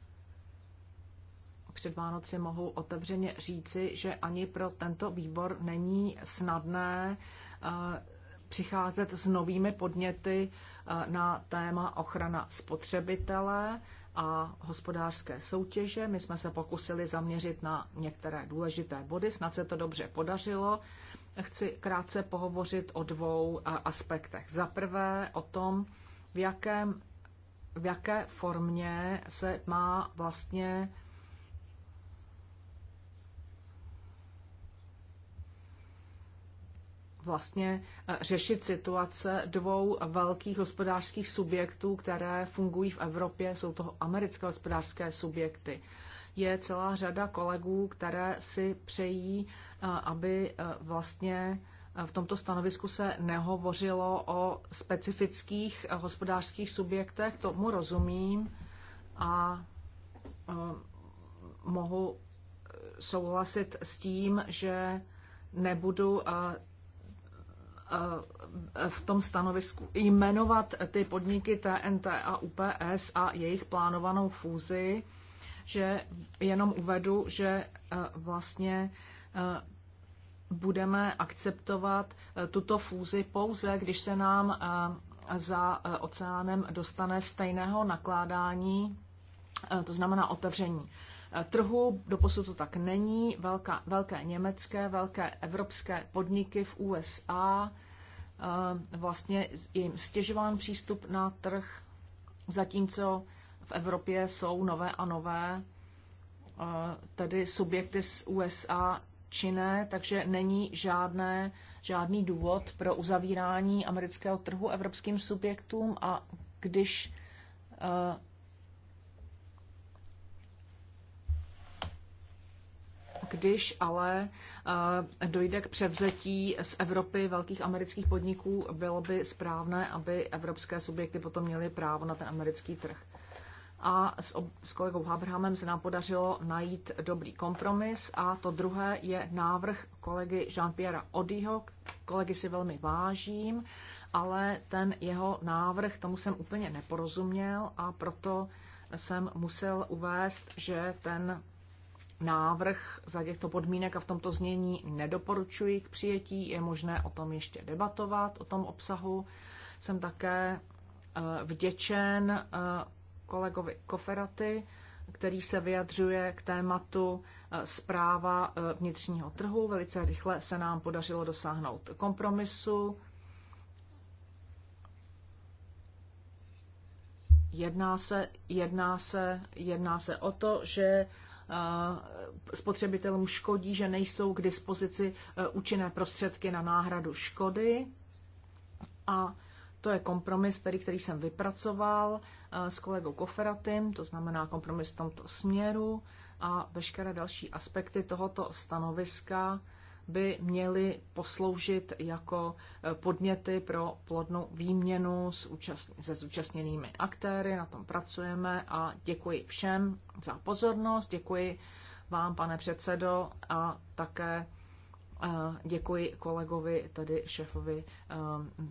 S2: před Vánoci mohu otevřeně říci, že ani pro tento výbor není snadné eh, přicházet s novými podněty eh, na téma ochrana spotřebitele a hospodářské soutěže. My jsme se pokusili zaměřit na některé důležité body, snad se to dobře podařilo. Chci krátce pohovořit o dvou eh, aspektech. Za prvé o tom, v, jakém, v jaké formě se má vlastně vlastně eh, řešit situace dvou velkých hospodářských subjektů, které fungují v Evropě, jsou to americké hospodářské subjekty. Je celá řada kolegů, které si přejí, eh, aby eh, vlastně v tomto stanovisku se nehovořilo o specifických hospodářských subjektech, tomu rozumím a mohu souhlasit s tím, že nebudu v tom stanovisku jmenovat ty podniky TNT a UPS a jejich plánovanou fúzi, že jenom uvedu, že e, vlastně e, budeme akceptovat e, tuto fúzi pouze, když se nám za oceánem dostane stejného nakládání, to znamená otevření Eh, trhu. Doposud to tak není. Velká, velké německé, velké evropské podniky v USA eh, vlastně jim stěžován přístup na trh, zatímco v Evropě jsou nové a nové eh, tedy subjekty z USA činné, takže není žádné, žádný důvod pro uzavírání amerického trhu evropským subjektům a když Když ale eh, dojde k převzetí z Evropy velkých amerických podniků, bylo by správné, aby evropské subjekty potom měly právo na ten americký trh. A s, s kolegou Habrhamem se nám podařilo najít dobrý kompromis. A to druhé je návrh kolegy Jean-Pierre Odyho. Kolegy si velmi vážím, ale ten jeho návrh, tomu jsem úplně neporozuměl a proto jsem musel uvést, že ten návrh za těchto podmínek a v tomto znění nedoporučuji k přijetí. Je možné o tom ještě debatovat, o tom obsahu. Jsem také eh, vděčen eh, kolegovi Koferaty, který se vyjadřuje k tématu eh, zpráva vnitřního trhu. Velice rychle se nám podařilo dosáhnout kompromisu. Jedná se, jedná se, jedná se o to, že Eh, spotřebitelům škodí, že nejsou k dispozici eh, účinné prostředky na náhradu škody. A to je kompromis, který, který jsem vypracoval eh, s kolegou Koferatym, to znamená kompromis v tomto směru a veškeré další aspekty tohoto stanoviska by měly posloužit jako e, podněty pro plodnou výměnu s účastn- se zúčastněnými aktéry. Na tom pracujeme a děkuji všem za pozornost. Děkuji vám, pane předsedo, a také e, děkuji kolegovi, tedy šéfovi e,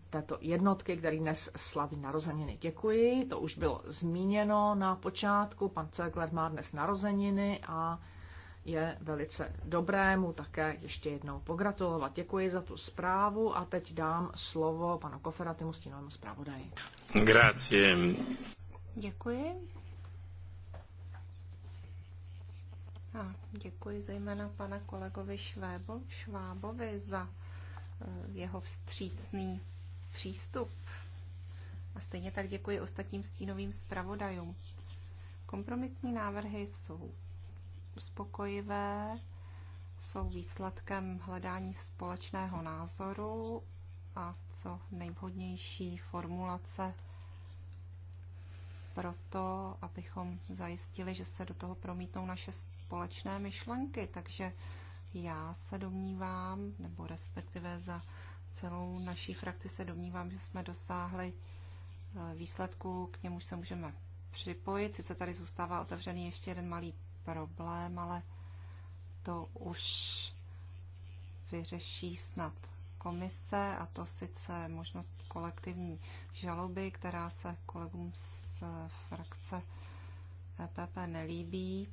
S2: této jednotky, který dnes slaví narozeniny. Děkuji, to už bylo zmíněno na počátku. Pan Cegler má dnes narozeniny a je velice dobré mu také ještě jednou pogratulovat. Děkuji za tu zprávu a teď dám slovo panu Koferatimu stínovému zpravodaji.
S4: Grazie.
S3: Děkuji. A děkuji zejména pana kolegovi Švébo, Švábovi za e, jeho vstřícný přístup. A stejně tak děkuji ostatním stínovým zpravodajům. Kompromisní návrhy jsou uspokojivé, jsou výsledkem hledání společného názoru a co nejvhodnější formulace pro to, abychom zajistili, že se do toho promítnou naše společné myšlenky. Takže já se domnívám, nebo respektive za celou naší frakci se domnívám, že jsme dosáhli eh, výsledku, k němuž se můžeme připojit. Sice tady zůstává otevřený ještě jeden malý problém, ale to už vyřeší snad komise, a to sice možnost kolektivní žaloby, která se kolegům z frakce EPP nelíbí.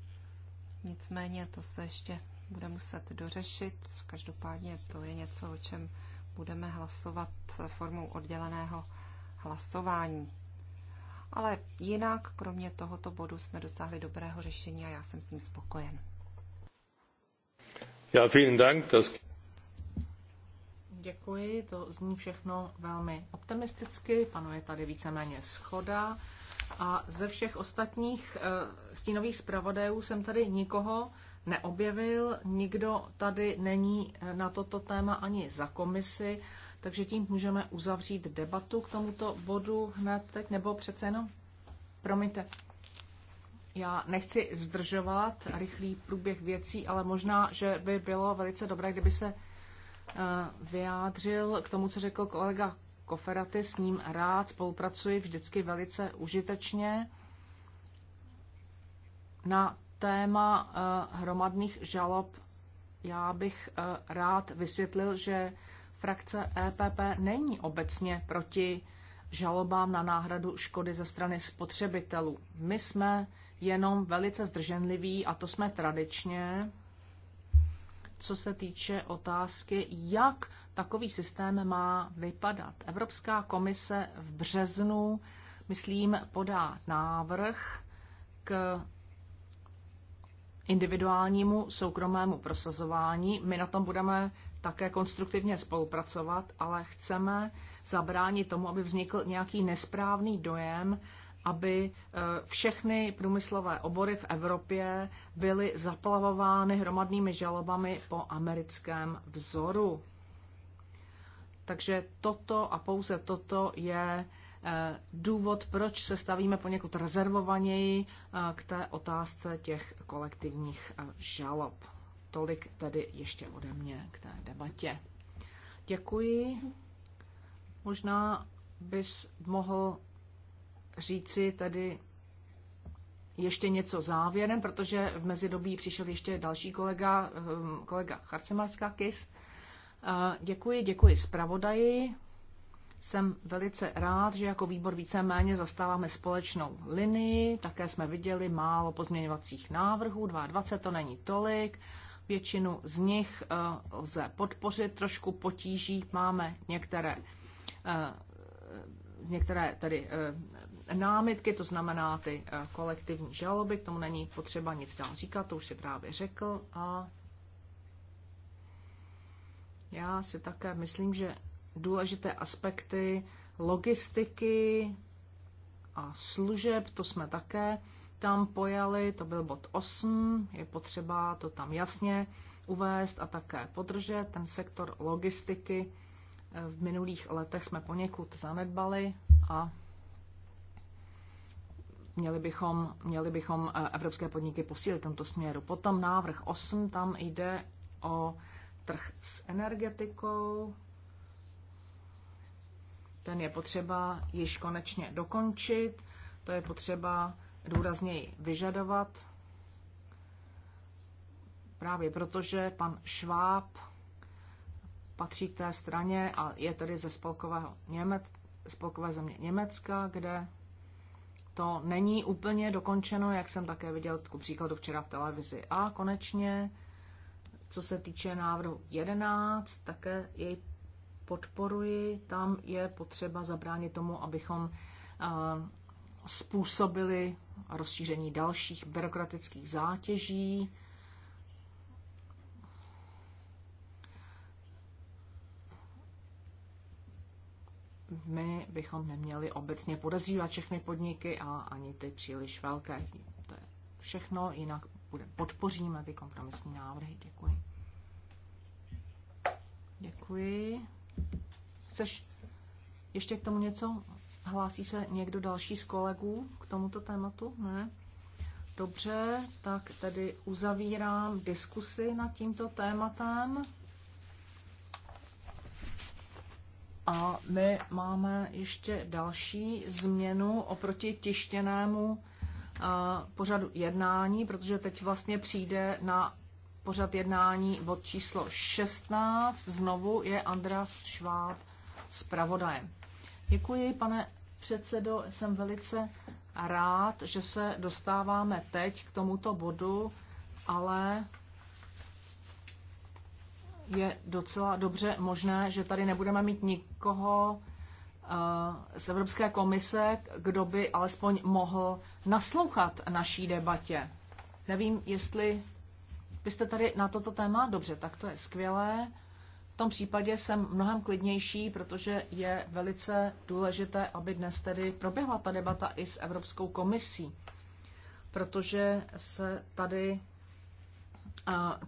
S3: Nicméně to se ještě bude muset dořešit. Každopádně to je něco, o čem budeme hlasovat formou odděleného hlasování ale jinak, kromě tohoto bodu, jsme dosáhli dobrého řešení a já jsem s ním spokojen.
S4: Ja, vielen Dank. Das...
S2: Děkuji, to zní všechno velmi optimisticky, panuje tady víceméně schoda. A ze všech ostatních eh, stínových zpravodajů jsem tady nikoho neobjevil, nikdo tady není eh, na toto téma ani za komisi. Takže tím můžeme uzavřít debatu k tomuto bodu hned teď, nebo přece jenom, promiňte, já nechci zdržovat rychlý průběh věcí, ale možná, že by bylo velice dobré, kdyby se eh, vyjádřil k tomu, co řekl kolega Koferaty, s ním rád spolupracuji vždycky velice užitečně na téma eh, hromadných žalob já bych eh, rád vysvětlil, že Frakce EPP není obecně proti žalobám na náhradu škody ze strany spotřebitelů. My jsme jenom velice zdrženliví, a to jsme tradičně, co se týče otázky, jak takový systém má vypadat. Evropská komise v březnu, myslím, podá návrh k individuálnímu soukromému prosazování. My na tom budeme také konstruktivně spolupracovat, ale chceme zabránit tomu, aby vznikl nějaký nesprávný dojem, aby e, všechny průmyslové obory v Evropě byly zaplavovány hromadnými žalobami po americkém vzoru. Takže toto a pouze toto je e, důvod, proč se stavíme poněkud rezervovaněji e, k té otázce těch kolektivních žalob. Tolik tedy ještě ode mě k té debatě. Děkuji. Možná bys mohl říci tady ještě něco závěrem, protože v mezidobí přišel ještě další kolega, ehm, kolega Charcemarská Kis. Eh, děkuji, děkuji zpravodaji. Jsem velice rád, že jako výbor víceméně zastáváme společnou linii. Také jsme viděli málo pozměňovacích návrhů, 22 to není tolik. Většinu z nich eh, lze podpořit. Trošku potíží máme některé, eh, některé tedy eh, námitky, to znamená ty kolektivní žaloby, k tomu není potřeba nic dál říkat, to už si právě řekl a já si také myslím, že důležité aspekty logistiky a služeb, to jsme také tam pojali, to byl bod 8, je potřeba to tam jasně uvést a také podržet. Ten sektor logistiky eh, v minulých letech jsme poněkud zanedbali a měli bychom, měli bychom eh, evropské podniky posílit v tomto směru. Potom návrh 8, tam jde o trh s energetikou. Ten je potřeba již konečně dokončit. To je potřeba důrazněji vyžadovat, právě protože pan Šváb patří k té straně a je tedy ze spolkového Němec, spolkové země Německa, kde to není úplně dokončeno, jak jsem také viděl ku příkladu včera v televizi. A konečně, co se týče návrhu 11, také jej podporuji. Tam je potřeba zabránit tomu, abychom eh, způsobili a rozšíření dalších byrokratických zátěží. My bychom neměli obecně podezřívat všechny podniky a ani ty příliš velké. To je všechno, jinak bude, podpoříme ty kompromisní návrhy. Děkuji. Děkuji. Chceš ještě k tomu něco Hlásí se někdo další z kolegů k tomuto tématu? Ne? Dobře, tak tedy uzavírám diskusi nad tímto tématem. A my máme ještě další změnu oproti tištěnému pořadu jednání, protože teď vlastně přijde na pořad jednání bod číslo 16. Znovu je Andreas Schwab zpravodajem. Děkuji, pane předsedo. Jsem velice rád, že se dostáváme teď k tomuto bodu, ale je docela dobře možné, že tady nebudeme mít nikoho eh, z Evropské komise, kdo by alespoň mohl naslouchat naší debatě. Nevím, jestli byste tady na toto téma, dobře, tak to je skvělé tom případě jsem mnohem klidnější, protože je velice důležité, aby dnes tedy proběhla ta debata i s Evropskou komisí, protože se tady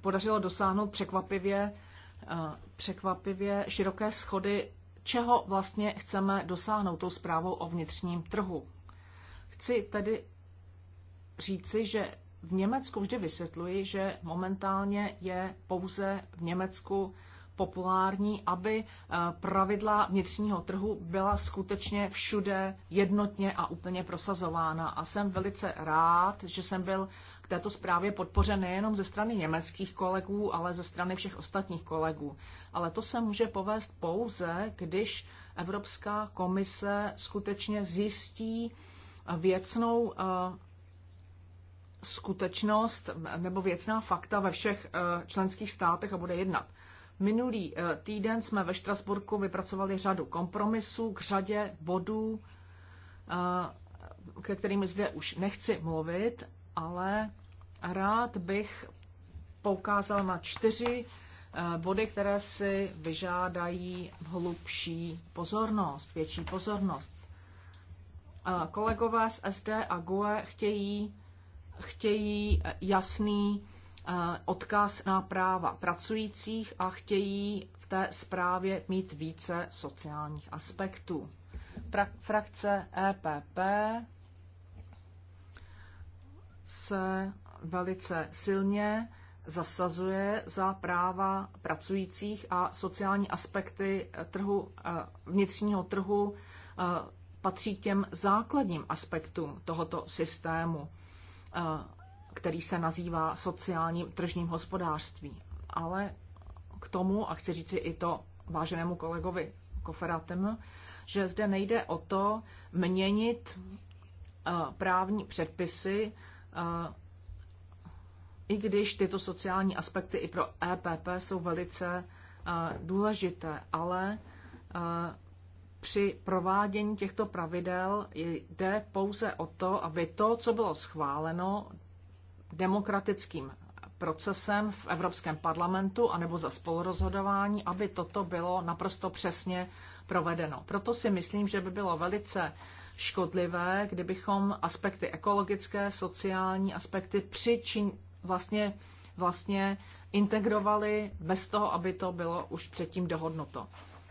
S2: podařilo dosáhnout překvapivě, překvapivě široké schody, čeho vlastně chceme dosáhnout tou zprávou o vnitřním trhu. Chci tedy říci, že v Německu vždy vysvětluji, že momentálně je pouze v Německu populární, aby eh, pravidla vnitřního trhu byla skutečně všude jednotně a úplně prosazována. A jsem velice rád, že jsem byl k této zprávě podpořen nejenom ze strany německých kolegů, ale ze strany všech ostatních kolegů. Ale to se může povést pouze, když Evropská komise skutečně zjistí eh, věcnou eh, skutečnost nebo věcná fakta ve všech členských státech a bude jednat. Minulý eh, týden jsme ve Štrasburku vypracovali řadu kompromisů k řadě bodů, eh, ke kterým zde už nechci mluvit, ale rád bych poukázal na čtyři eh, body, které si vyžádají hlubší pozornost, větší pozornost. Kolegové z SD a GUE chtějí, chtějí jasný Eh, odkaz na práva pracujících a chtějí v té zprávě mít více sociálních aspektů. Pra- frakce EPP se velice silně zasazuje za práva pracujících a sociální aspekty trhu, eh, vnitřního trhu eh, patří k těm základním aspektům tohoto systému který se nazývá sociálním tržním hospodářství. Ale k tomu, a chci říct i to váženému kolegovi Koferatem, že zde nejde o to měnit eh, právní předpisy, eh, i když tyto sociální aspekty i pro EPP jsou velice eh, důležité, ale při provádění těchto pravidel jde pouze o to, aby to, co bylo schváleno, demokratickým procesem v Evropském parlamentu anebo za spolurozhodování, aby toto bylo naprosto přesně provedeno. Proto si myslím, že by bylo velice škodlivé, kdybychom aspekty ekologické, sociální aspekty přičin vlastně, vlastně integrovali bez toho, aby to bylo už předtím dohodnuto.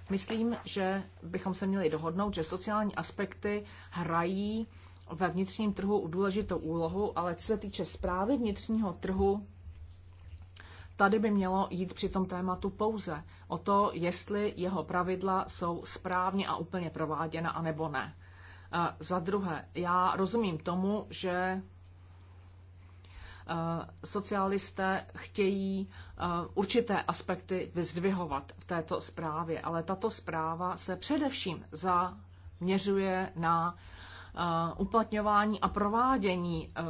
S2: Myslím, že bychom se měli dohodnout, že sociální aspekty hrají ve vnitřním trhu důležitou úlohu, ale co se týče zprávy vnitřního trhu, tady by mělo jít při tom tématu pouze o to, jestli jeho pravidla jsou správně a úplně prováděna, anebo ne. Eh, za druhé, já rozumím tomu, že eh, socialisté chtějí eh, určité aspekty vyzdvihovat v této zprávě, ale tato zpráva se především zaměřuje na uplatňování a provádění e,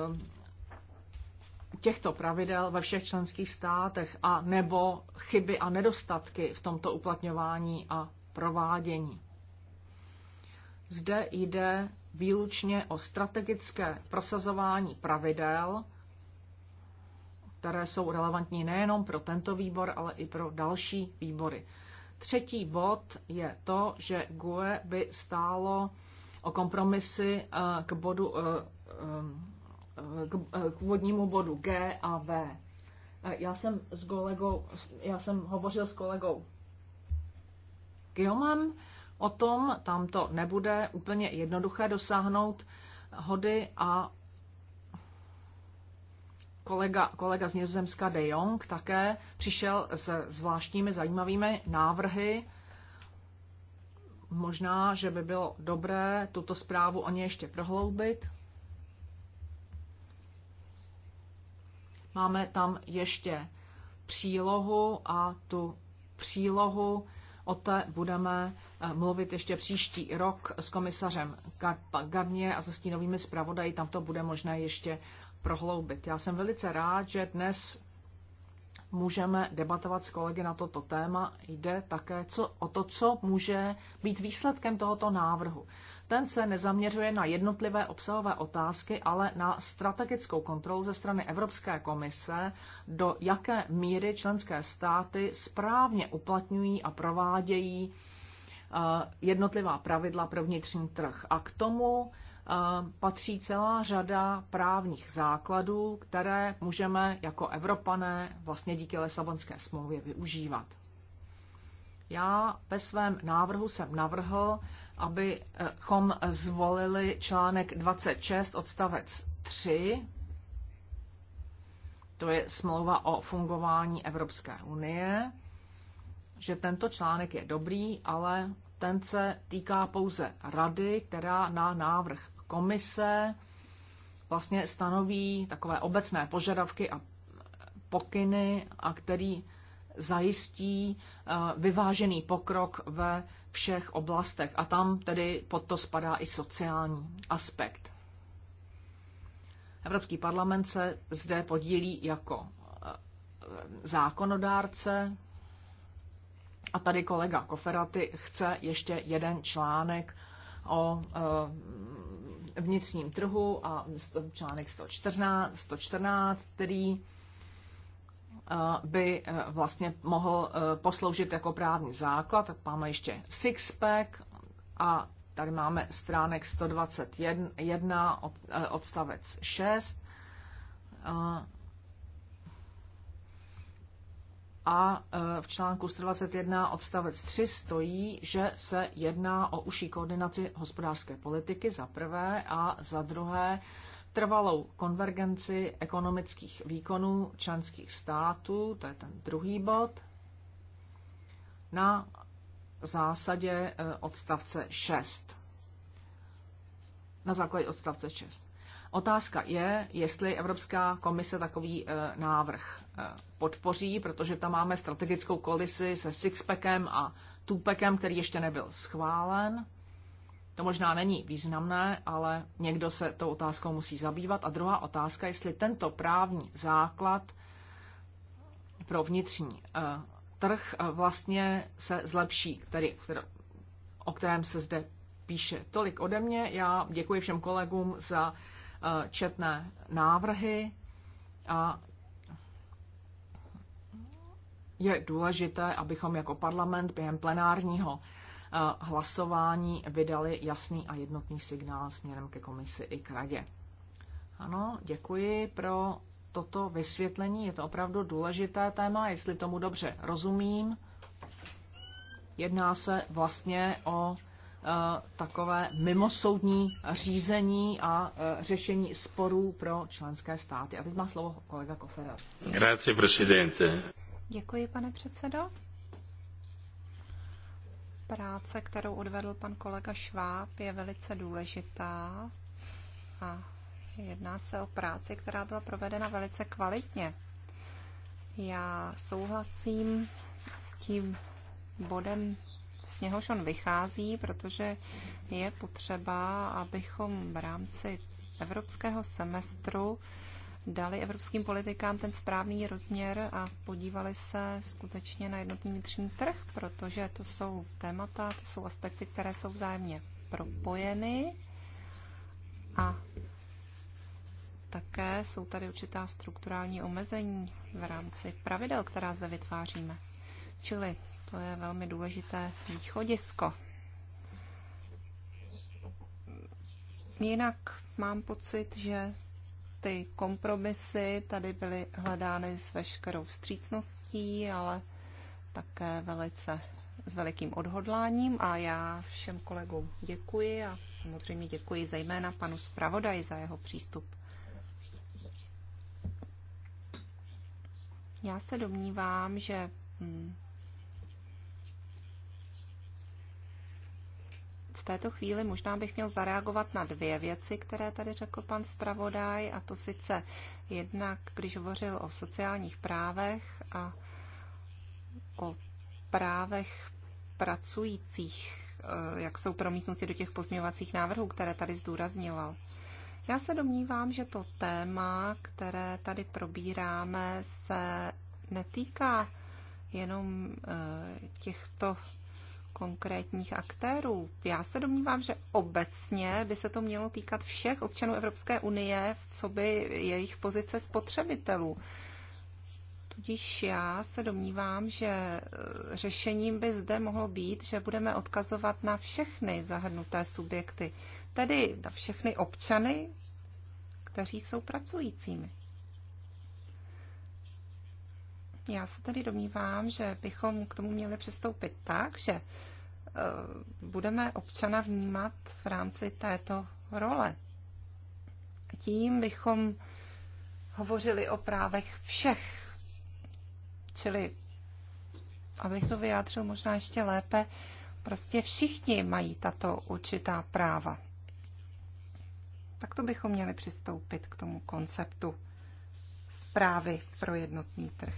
S2: těchto pravidel ve všech členských státech a nebo chyby a nedostatky v tomto uplatňování a provádění. Zde jde výlučně o strategické prosazování pravidel, které jsou relevantní nejenom pro tento výbor, ale i pro další výbory. Třetí bod je to, že GUE by stálo o kompromisy eh, k bodu eh, eh, k vodnímu bodu G a V. Já jsem s kolegou, já jsem hovořil s kolegou Guillaumem o tom, tam to nebude úplně jednoduché dosáhnout hody a kolega, kolega z Nizozemska De Jong také přišel s zvláštními zajímavými návrhy, Možná, že by bylo dobré tuto zprávu o ně ještě prohloubit. Máme tam ještě přílohu a tu přílohu o té budeme eh, mluvit ještě příští rok s komisařem Garnie a se stínovými zpravodají. Tam to bude možné ještě prohloubit. Já jsem velice rád, že dnes můžeme debatovat s kolegy na toto téma. Jde také co, o to, co může být výsledkem tohoto návrhu. Ten se nezaměřuje na jednotlivé obsahové otázky, ale na strategickou kontrolu ze strany Evropské komise, do jaké míry členské státy správně uplatňují a provádějí eh, jednotlivá pravidla pro vnitřní trh. A k tomu patří celá řada právních základů, které můžeme jako Evropané vlastně díky Lesabonské smlouvě využívat. Já ve svém návrhu jsem navrhl, abychom zvolili článek 26 odstavec 3, to je smlouva o fungování Evropské unie, že tento článek je dobrý, ale ten se týká pouze rady, která na návrh komise vlastně stanoví takové obecné požadavky a pokyny, a který zajistí eh, vyvážený pokrok ve všech oblastech. A tam tedy pod to spadá i sociální aspekt. Evropský parlament se zde podílí jako eh, zákonodárce. A tady kolega Koferaty chce ještě jeden článek o eh, vnitřním trhu a článek 114, 114 který eh, by eh, vlastně mohl eh, posloužit jako právní základ. Tak máme ještě Sixpack a tady máme stránek 121 odstavec 6 a e, v článku 121 odstavec 3 stojí, že se jedná o užší koordinaci hospodářské politiky za prvé a za druhé trvalou konvergenci ekonomických výkonů členských států, to je ten druhý bod, na zásadě e, odstavce 6. Na základě odstavce 6. Otázka je, jestli Evropská komise takový eh, návrh eh, podpoří, protože tam máme strategickou kolisi se sixpackem a tupekem, který ještě nebyl schválen. To možná není významné, ale někdo se tou otázkou musí zabývat. A druhá otázka, jestli tento právní základ pro vnitřní eh, trh vlastně se zlepší, který, o kterém se zde píše. Tolik ode mě. Já děkuji všem kolegům za Eh, četné návrhy a je důležité, abychom jako parlament během plenárního eh, hlasování vydali jasný a jednotný signál směrem ke komisi i k radě. Ano, děkuji pro toto vysvětlení. Je to opravdu důležité téma, jestli tomu dobře rozumím. Jedná se vlastně o Eh, takové mimosoudní řízení a eh, řešení sporů pro členské státy. A teď má slovo kolega Kofera.
S4: Grazie, presidente.
S3: Děkuji, pane předsedo. Práce, kterou odvedl pan kolega Šváb, je velice důležitá a jedná se o práci, která byla provedena velice kvalitně. Já souhlasím s tím bodem z něhož on vychází, protože je potřeba, abychom v rámci evropského semestru dali evropským politikám ten správný rozměr a podívali se skutečně na jednotný vnitřní trh, protože to jsou témata, to jsou aspekty, které jsou vzájemně propojeny a také jsou tady určitá strukturální omezení v rámci pravidel, která zde vytváříme. Čili to je velmi důležité východisko.
S1: Jinak
S3: mám pocit, že ty kompromisy tady byly hledány s veškerou vstřícností, ale také velice s velikým odhodláním a já všem kolegům děkuji a samozřejmě děkuji zejména panu zpravodaji za jeho přístup. Já se domnívám, že hm, v této chvíli možná bych měl zareagovat na dvě věci, které tady řekl pan zpravodaj, a to sice jednak, když hovořil o sociálních právech a o právech pracujících, eh, jak jsou promítnuty do těch pozměňovacích návrhů, které tady zdůrazňoval. Já se domnívám, že to téma, které tady probíráme, se netýká jenom eh, těchto konkrétních aktérů. Já se domnívám, že obecně by se to mělo týkat všech občanů Evropské unie, co by jejich pozice spotřebitelů. Tudíž já se domnívám, že eh, řešením by zde mohlo být, že budeme odkazovat na všechny zahrnuté subjekty, tedy na všechny občany, kteří jsou pracujícími. Já se tady domnívám, že bychom k tomu měli přistoupit tak, že e, budeme občana vnímat v rámci této role. Tím bychom hovořili o právech všech. Čili, abych to vyjádřil možná ještě lépe, prostě všichni mají tato určitá práva. Tak to bychom měli přistoupit k tomu konceptu zprávy pro jednotný trh.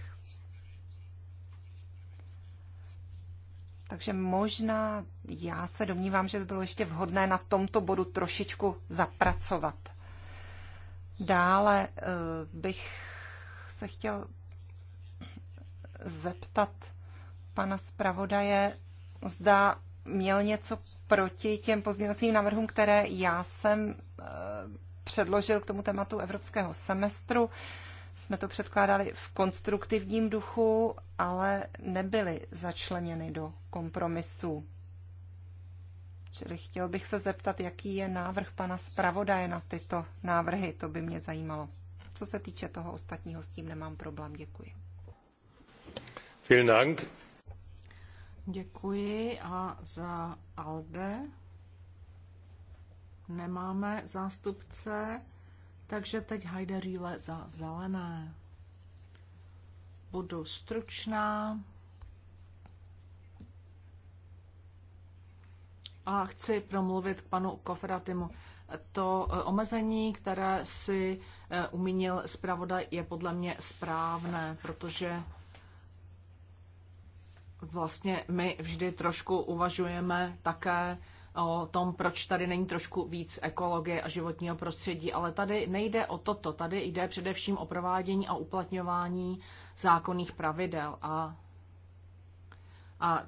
S3: Takže možná já se domnívám, že by bylo ještě vhodné na tomto bodu trošičku zapracovat. Dále eh, bych se chtěl zeptat pana zpravodaje, zda měl něco proti těm pozměňovacím návrhům, které já jsem eh, předložil k tomu tématu evropského semestru jsme to předkládali v konstruktivním duchu, ale nebyly začleněny do kompromisu. Čili chtěl bych se zeptat, jaký je návrh pana zpravodaje na tyto návrhy, to by mě zajímalo. Co se týče toho ostatního, s tím nemám problém. Děkuji. Vielen Dank. Děkuji
S2: a za ALDE nemáme zástupce takže teď hajde rýle za zelené. Budu stručná. A chci promluvit k panu Kofratimu. To eh, omezení, které si eh, umínil zpravodaj, je podle mě správné, protože vlastně my vždy trošku uvažujeme také o tom, proč tady není trošku víc ekologie a životního prostředí, ale tady nejde o toto, tady jde především o provádění a uplatňování zákonných pravidel a, a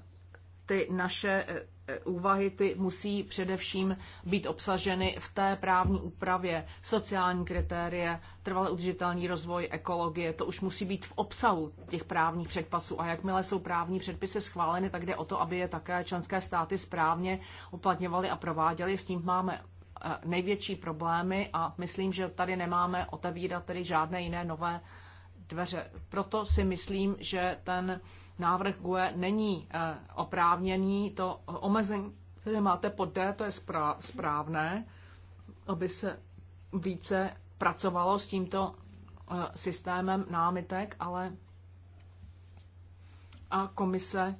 S2: ty naše e, e, úvahy ty musí především být obsaženy v té právní úpravě, sociální kritérie, trvale udržitelný rozvoj, ekologie, to už musí být v obsahu těch právních předpisů. A jakmile jsou právní předpisy schváleny, tak jde o to, aby je také členské státy správně uplatňovaly a prováděly. S tím máme e, největší problémy a myslím, že tady nemáme otevírat tedy žádné jiné nové dveře. Proto si myslím, že ten návrh GUE není eh, oprávněný, to omezení, které máte pod D, to je správné, aby se více pracovalo s tímto eh, systémem námitek, ale a komise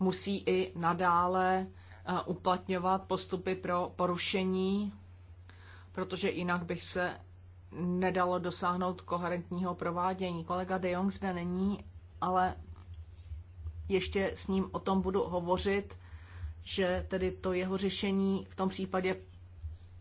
S2: musí i nadále eh, uplatňovat postupy pro porušení, protože jinak bych se nedalo dosáhnout koherentního provádění. Kolega de Jong zde není, ale ještě s ním o tom budu hovořit, že tedy to jeho řešení v tom případě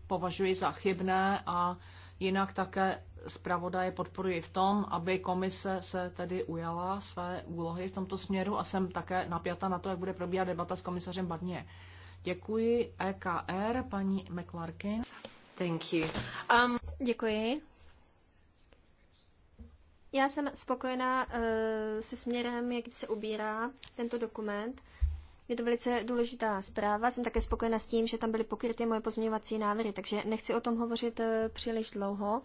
S2: považuji za chybné a jinak také zpravodaje podporuji v tom, aby komise se tedy ujala své úlohy v tomto směru a jsem také napjata na to, jak bude probíhat debata s komisařem Badně. Děkuji EKR, paní McClarkin. Thank you.
S5: Um, děkuji. Já jsem spokojená eh, se směrem, jak se ubírá tento dokument. Je to velice důležitá zpráva. Jsem také spokojená s tím, že tam byly pokryty moje pozměňovací návrhy, takže nechci o tom hovořit eh, příliš dlouho.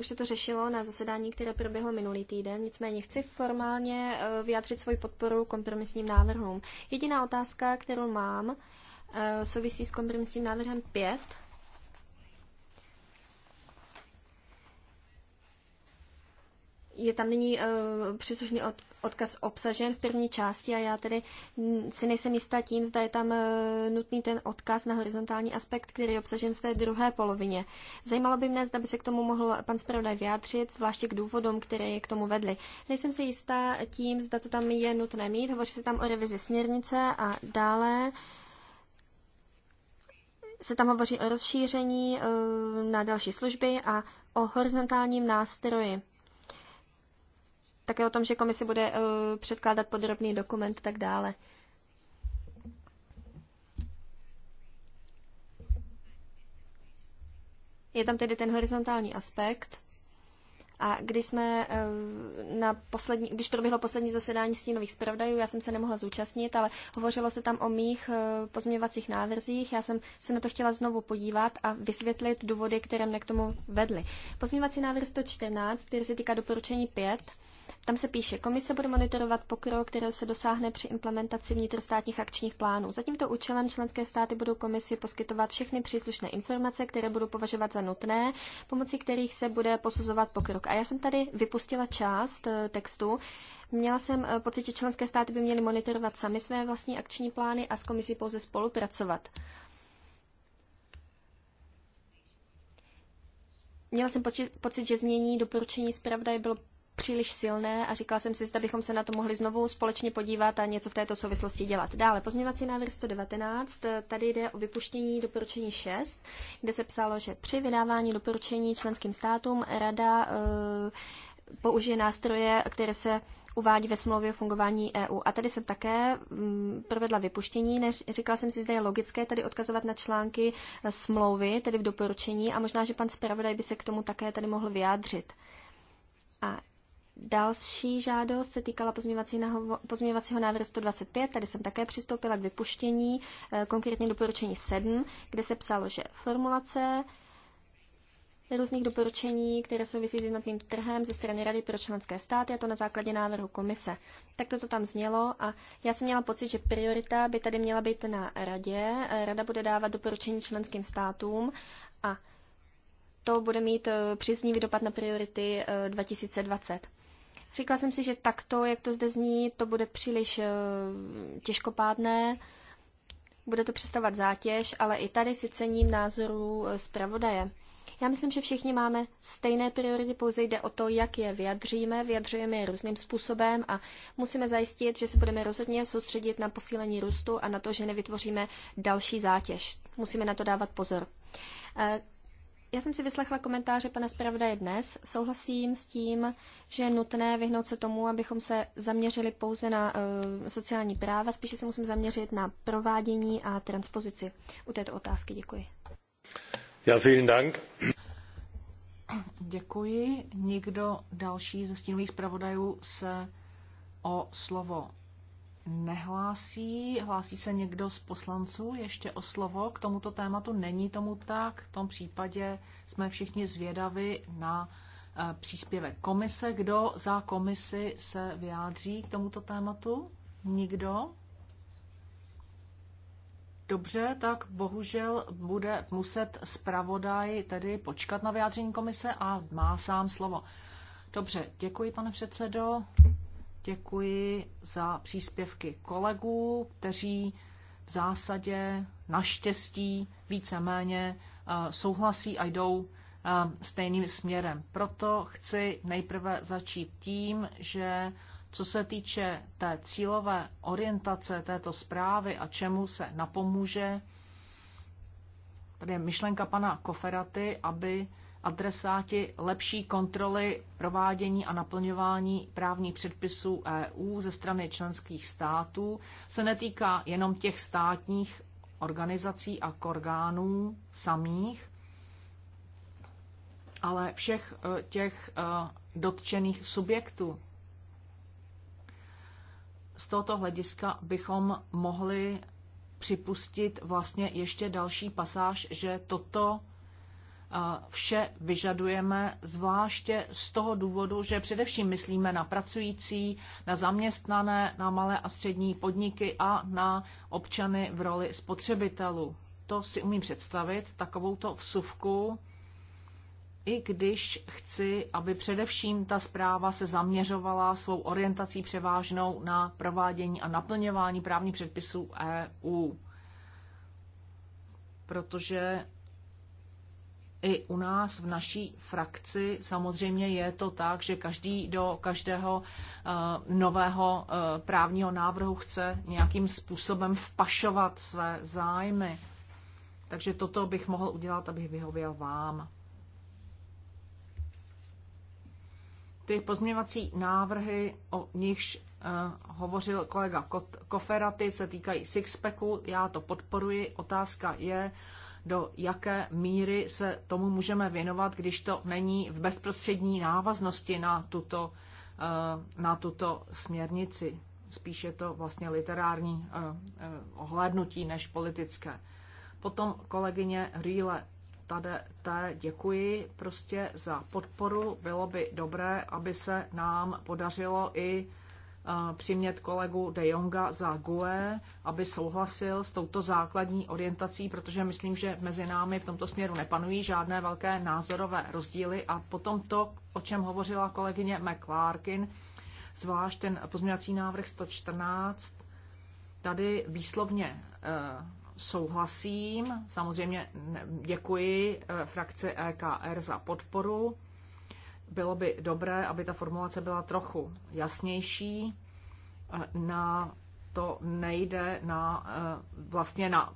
S5: Už se to řešilo na zasedání, které proběhlo minulý týden, nicméně chci formálně eh, vyjádřit svoji podporu kompromisním návrhům. Jediná otázka, kterou mám, souvisí s kompromisním návrhem 5, je tam nyní uh, příslušný od, odkaz obsažen v první části a já tedy si nejsem jistá tím, zda je tam uh, nutný ten odkaz na horizontální aspekt, který je obsažen v té druhé polovině. Zajímalo by mě, zda by se k tomu mohl pan zpravodaj vyjádřit, zvláště k důvodům, které je k tomu vedly. Nejsem si jistá tím, zda to tam je nutné mít. Hovoří se tam o revizi směrnice a dále se tam hovoří o rozšíření uh, na další služby a o horizontálním nástroji také o tom, že komise bude eh, předkládat podrobný dokument a tak dále. Je tam tedy ten horizontální aspekt, a když jsme eh, na poslední, když proběhlo poslední zasedání stínových zpravodajů, já jsem se nemohla zúčastnit, ale hovořilo se tam o mých eh, pozměňovacích návrzích. Já jsem se na to chtěla znovu podívat a vysvětlit důvody, které mě k tomu vedly. Pozměňovací návrh 114, který se týká doporučení 5, tam se píše, komise bude monitorovat pokrok, které se dosáhne při implementaci vnitrostátních akčních plánů. Za tímto účelem členské státy budou komisi poskytovat všechny příslušné informace, které budou považovat za nutné, pomocí kterých se bude posuzovat pokrok. A já jsem tady vypustila část eh, textu. Měla jsem eh, pocit, že členské státy by měly monitorovat sami své vlastní akční plány a s komisí pouze spolupracovat. Měla jsem pocit, že změní doporučení zpravodaje bylo příliš silné a říkala jsem si, zda bychom se na to mohli znovu společně podívat a něco v této souvislosti dělat. Dále, pozměvací návrh 119, tady jde o vypuštění doporučení 6, kde se psalo, že při vydávání doporučení členským státům rada e, použije nástroje, které se uvádí ve smlouvě o fungování EU. A tady jsem také mm, provedla vypuštění, než říkala jsem si, zde je logické tady odkazovat na články eh, smlouvy, tedy v doporučení, a možná, že pan zpravodaj by se k tomu také tady mohl vyjádřit. A Další žádost se týkala pozměňovacího návrhu 125. Tady jsem také přistoupila k vypuštění, eh, konkrétně doporučení 7, kde se psalo, že formulace různých doporučení, které souvisí s jednotným trhem ze strany Rady pro členské státy, a to na základě návrhu komise. Tak toto tam znělo a já jsem měla pocit, že priorita by tady měla být na radě. Eh, Rada bude dávat doporučení členským státům a to bude mít eh, příznivý dopad na priority 2020. Říkala jsem si, že takto, jak to zde zní, to bude příliš eh, těžkopádné, bude to představovat zátěž, ale i tady si cením názorů eh, zpravodaje. Já myslím, že všichni máme stejné priority, pouze jde o to, jak je vyjadříme, vyjadřujeme je různým způsobem a musíme zajistit, že se budeme rozhodně soustředit na posílení růstu a na to, že nevytvoříme další zátěž. Musíme na to dávat pozor. Eh, já jsem si vyslechla komentáře pana zpravodaje dnes. Souhlasím s tím, že je nutné vyhnout se tomu, abychom se zaměřili pouze na uh, sociální práva. Spíše se musím zaměřit na provádění a transpozici. U této otázky děkuji.
S4: Já vielen Dank.
S5: Děkuji.
S2: Nikdo další ze stínových zpravodajů se o slovo nehlásí. Hlásí se někdo z poslanců ještě o slovo k tomuto tématu? Není tomu tak. V tom případě jsme všichni zvědavi na eh, příspěvek komise. Kdo za komisi se vyjádří k tomuto tématu? Nikdo? Dobře, tak bohužel bude muset zpravodaj tedy počkat na vyjádření komise a má sám slovo. Dobře, děkuji, pane předsedo děkuji za příspěvky kolegů, kteří v zásadě naštěstí víceméně eh, souhlasí a jdou eh, stejným směrem. Proto chci nejprve začít tím, že co se týče té cílové orientace této zprávy a čemu se napomůže, tady je myšlenka pana Koferaty, aby adresáti lepší kontroly provádění a naplňování právních předpisů EU ze strany členských států se netýká jenom těch státních organizací a orgánů samých, ale všech eh, těch eh, dotčených subjektů. Z tohoto hlediska bychom mohli připustit vlastně ještě další pasáž, že toto vše vyžadujeme, zvláště z toho důvodu, že především myslíme na pracující, na zaměstnané, na malé a střední podniky a na občany v roli spotřebitelů. To si umím představit, takovouto vsuvku, i když chci, aby především ta zpráva se zaměřovala svou orientací převážnou na provádění a naplňování právních předpisů EU. Protože i u nás v naší frakci samozřejmě je to tak, že každý do každého eh, nového eh, právního návrhu chce nějakým způsobem vpašovat své zájmy. Takže toto bych mohl udělat, abych vyhověl vám. Ty pozměňovací návrhy, o nichž eh, hovořil kolega Koferaty, se týkají sixpacku, já to podporuji. Otázka je, uh, do jaké míry se tomu můžeme věnovat, když to není v bezprostřední návaznosti na tuto, eh, na tuto směrnici. Spíše to vlastně literární eh, eh, ohlédnutí než politické. Potom kolegyně Rýle tady té děkuji prostě za podporu. Bylo by dobré, aby se nám podařilo i přimět kolegu De Jonga za GUE, aby souhlasil s touto základní orientací, protože myslím, že mezi námi v tomto směru nepanují žádné velké názorové rozdíly. A potom to, o čem hovořila kolegyně McClarkin, zvlášť ten pozměňovací návrh 114, tady výslovně e, souhlasím. Samozřejmě děkuji e, frakci EKR za podporu bylo by dobré, aby ta formulace byla trochu jasnější. E, na to nejde na e, vlastně na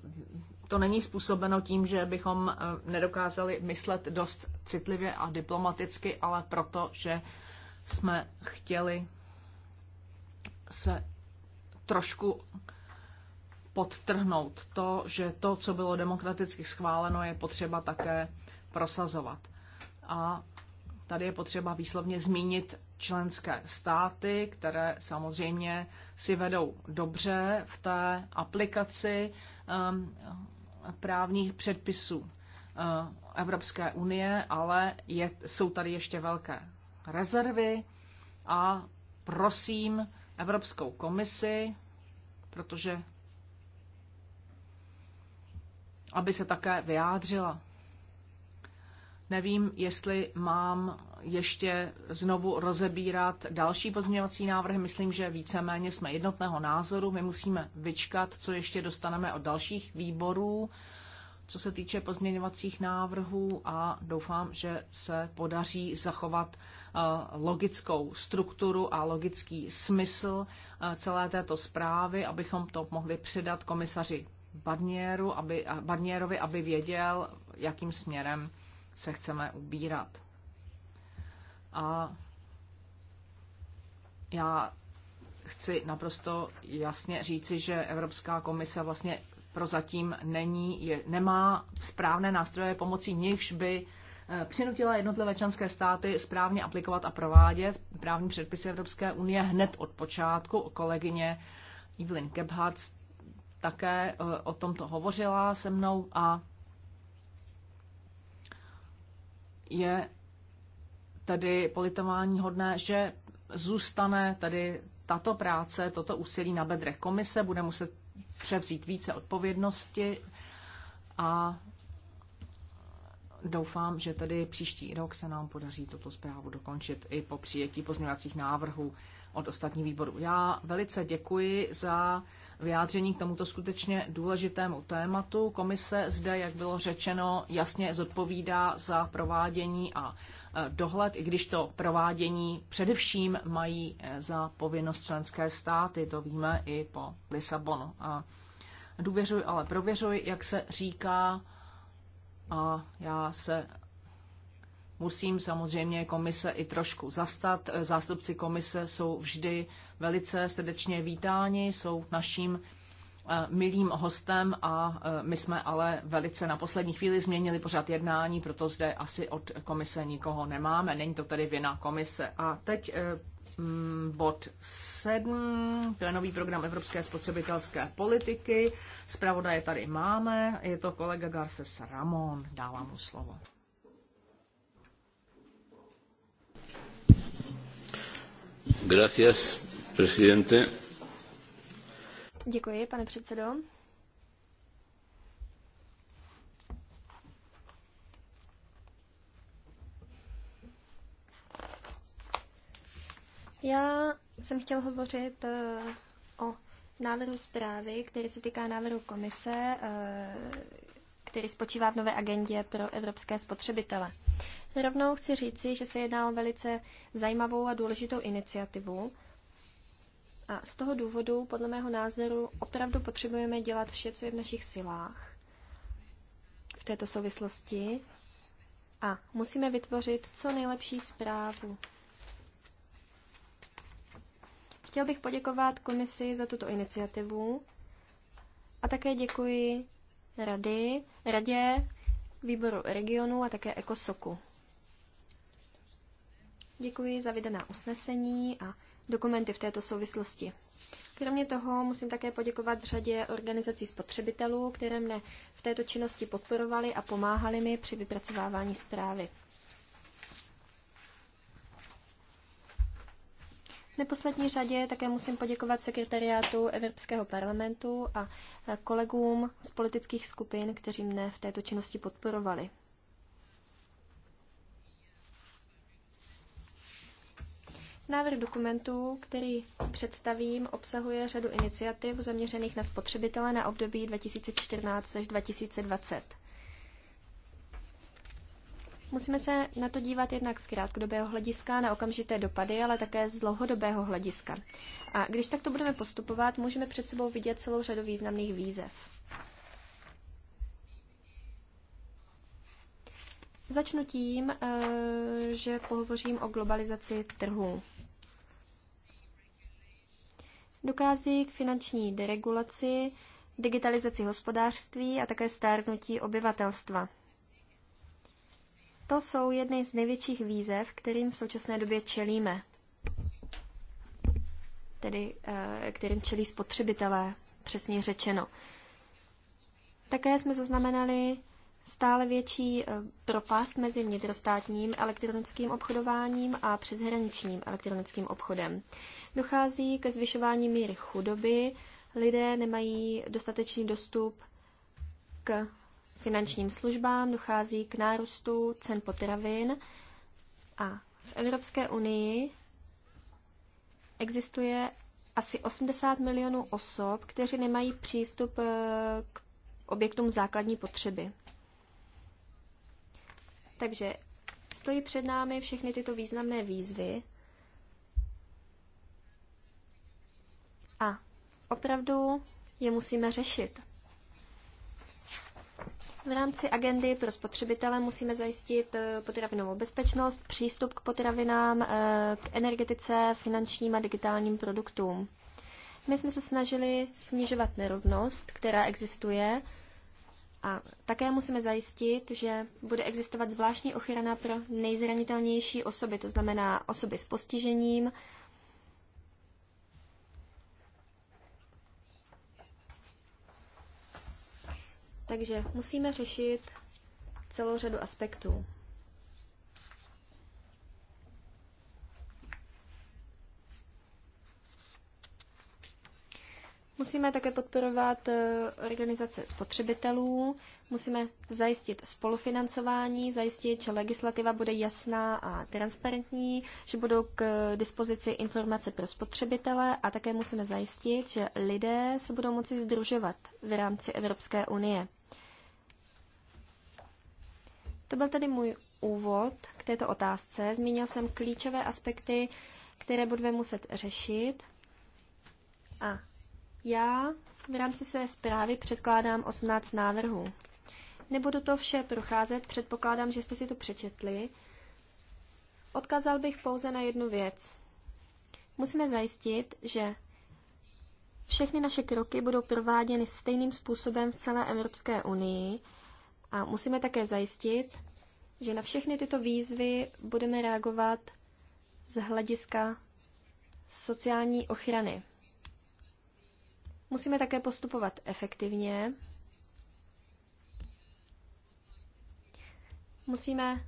S2: to není způsobeno tím, že bychom e, nedokázali myslet dost citlivě a diplomaticky, ale proto, že jsme chtěli se trošku podtrhnout to, že to, co bylo demokraticky schváleno, je potřeba také prosazovat. A Tady je potřeba výslovně zmínit členské státy, které samozřejmě si vedou dobře v té aplikaci ehm, právních předpisů eh, Evropské unie, ale je, jsou tady ještě velké rezervy a prosím Evropskou komisi, protože aby se také vyjádřila. Nevím, jestli mám ještě znovu rozebírat další pozměňovací návrhy. Myslím, že víceméně jsme jednotného názoru. My musíme vyčkat, co ještě dostaneme od dalších výborů, co se týče pozměňovacích návrhů a doufám, že se podaří zachovat eh, logickou strukturu a logický smysl eh, celé této zprávy, abychom to mohli předat komisaři aby, eh, Barnierovi, aby věděl, jakým směrem se chceme ubírat. A já chci naprosto jasně říci, že Evropská komise vlastně prozatím není, je, nemá správné nástroje pomocí nichž by eh, přinutila jednotlivé členské státy správně aplikovat a provádět právní předpisy Evropské unie hned od počátku. Kolegyně Evelyn Gebhardt také eh, o tomto hovořila se mnou a je tedy politování hodné, že zůstane tady tato práce, toto úsilí na bedre komise, bude muset převzít více odpovědnosti a doufám, že tedy příští rok se nám podaří tuto zprávu dokončit i po přijetí pozměňovacích návrhů od ostatních výborů. Já velice děkuji za vyjádření k tomuto skutečně důležitému tématu. Komise zde, jak bylo řečeno, jasně zodpovídá za provádění a e, dohled, i když to provádění především mají e, za povinnost členské státy, to víme i po Lisabonu. A důvěřuji, ale prověřuji, jak se říká, a já se musím samozřejmě komise i trošku zastat. Zástupci komise jsou vždy velice srdečně vítáni, jsou naším eh, milým hostem a eh, my jsme ale velice na poslední chvíli změnili pořád jednání, proto zde asi od komise nikoho nemáme. Není to tedy vina komise. A teď eh, mm, bod 7, to je nový program Evropské spotřebitelské politiky. Zpravodaje tady máme, je to kolega Garces Ramon, dávám mu slovo.
S4: Gracias, presidente.
S5: Děkuji, pane předsedo. Já jsem chtěl hovořit eh, o návrhu zprávy, který se týká návrhu komise, eh, který spočívá v nové agendě pro evropské spotřebitele. Rovnou chci říci, že se jedná o velice zajímavou a důležitou iniciativu. A z toho důvodu, podle mého názoru, opravdu potřebujeme dělat vše, co je v našich silách v této souvislosti a musíme vytvořit co nejlepší zprávu. Chtěl bych poděkovat komisi za tuto iniciativu a také děkuji rady, radě, výboru regionu a také ekosoku. Děkuji za vydaná usnesení a dokumenty v této souvislosti. Kromě toho musím také poděkovat řadě organizací spotřebitelů, které mne v této činnosti podporovali a pomáhali mi při vypracovávání zprávy. V neposlední řadě také musím poděkovat sekretariátu Evropského parlamentu a kolegům z politických skupin, kteří mne v této činnosti podporovali. Návrh dokumentu, který představím, obsahuje řadu iniciativ zaměřených na spotřebitele na období 2014 až 2020. Musíme se na to dívat jednak z krátkodobého hlediska, na okamžité dopady, ale také z dlouhodobého hlediska. A když takto budeme postupovat, můžeme před sebou vidět celou řadu významných výzev. Začnu tím, eh, že pohovořím o globalizaci trhů. Dokází k finanční deregulaci, digitalizaci hospodářství a také stárnutí obyvatelstva. To jsou jedny z největších výzev, kterým v současné době čelíme. Tedy eh, kterým čelí spotřebitelé, přesně řečeno. Také jsme zaznamenali stále větší eh, propast mezi vnitrostátním elektronickým obchodováním a přeshraničním elektronickým obchodem. Dochází ke zvyšování míry chudoby, lidé nemají dostatečný dostup k finančním službám, dochází k nárůstu cen potravin a v Evropské unii existuje asi 80 milionů osob, kteří nemají přístup eh, k objektům základní potřeby. Takže stojí před námi všechny tyto významné výzvy a opravdu je musíme řešit. V rámci agendy pro spotřebitele musíme zajistit eh, potravinovou bezpečnost, přístup k potravinám, eh, k energetice, finančním a digitálním produktům. My jsme se snažili snižovat nerovnost, která existuje a také musíme zajistit, že bude existovat zvláštní ochrana pro nejzranitelnější osoby, to znamená osoby s postižením, Takže musíme řešit celou řadu aspektů. Musíme také podporovat eh, organizace spotřebitelů, musíme zajistit spolufinancování, zajistit, že legislativa bude jasná a transparentní, že budou k dispozici informace pro spotřebitele a také musíme zajistit, že lidé se budou moci združovat v rámci Evropské unie. To byl tedy můj úvod k této otázce. Zmínil jsem klíčové aspekty, které budeme muset řešit. A já v rámci své zprávy předkládám 18 návrhů. Nebudu to vše procházet, předpokládám, že jste si to přečetli. Odkázal bych pouze na jednu věc. Musíme zajistit, že všechny naše kroky budou prováděny stejným způsobem v celé Evropské unii a musíme také zajistit, že na všechny tyto výzvy budeme reagovat z hlediska sociální ochrany. Musíme také postupovat efektivně. Musíme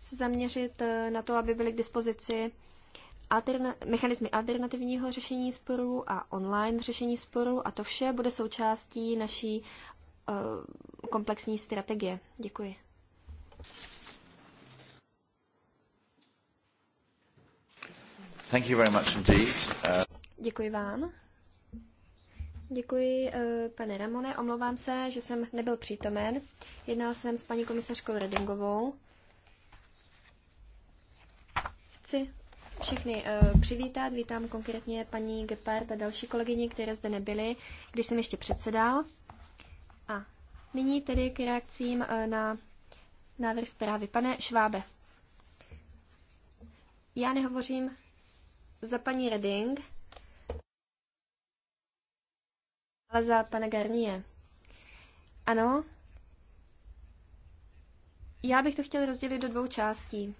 S5: se zaměřit eh, na to, aby byly k dispozici alterna- mechanizmy alternativního řešení sporů a online řešení sporů a to vše bude součástí naší uh, komplexní strategie. Děkuji.
S1: Thank you very much indeed. Uh...
S5: Děkuji vám. Děkuji, eh, pane Ramone. Omlouvám se, že jsem nebyl přítomen. Jednal jsem s paní komisařkou Redingovou. Chci všechny eh, přivítat. Vítám konkrétně paní Gepard a další kolegyni, které zde nebyly, když jsem ještě předsedal. A nyní tedy k reakcím eh, na návrh zprávy. Pane Švábe, já nehovořím za paní Reding, ale za pana Garnie. Ano, já bych to chtěl rozdělit do dvou částí.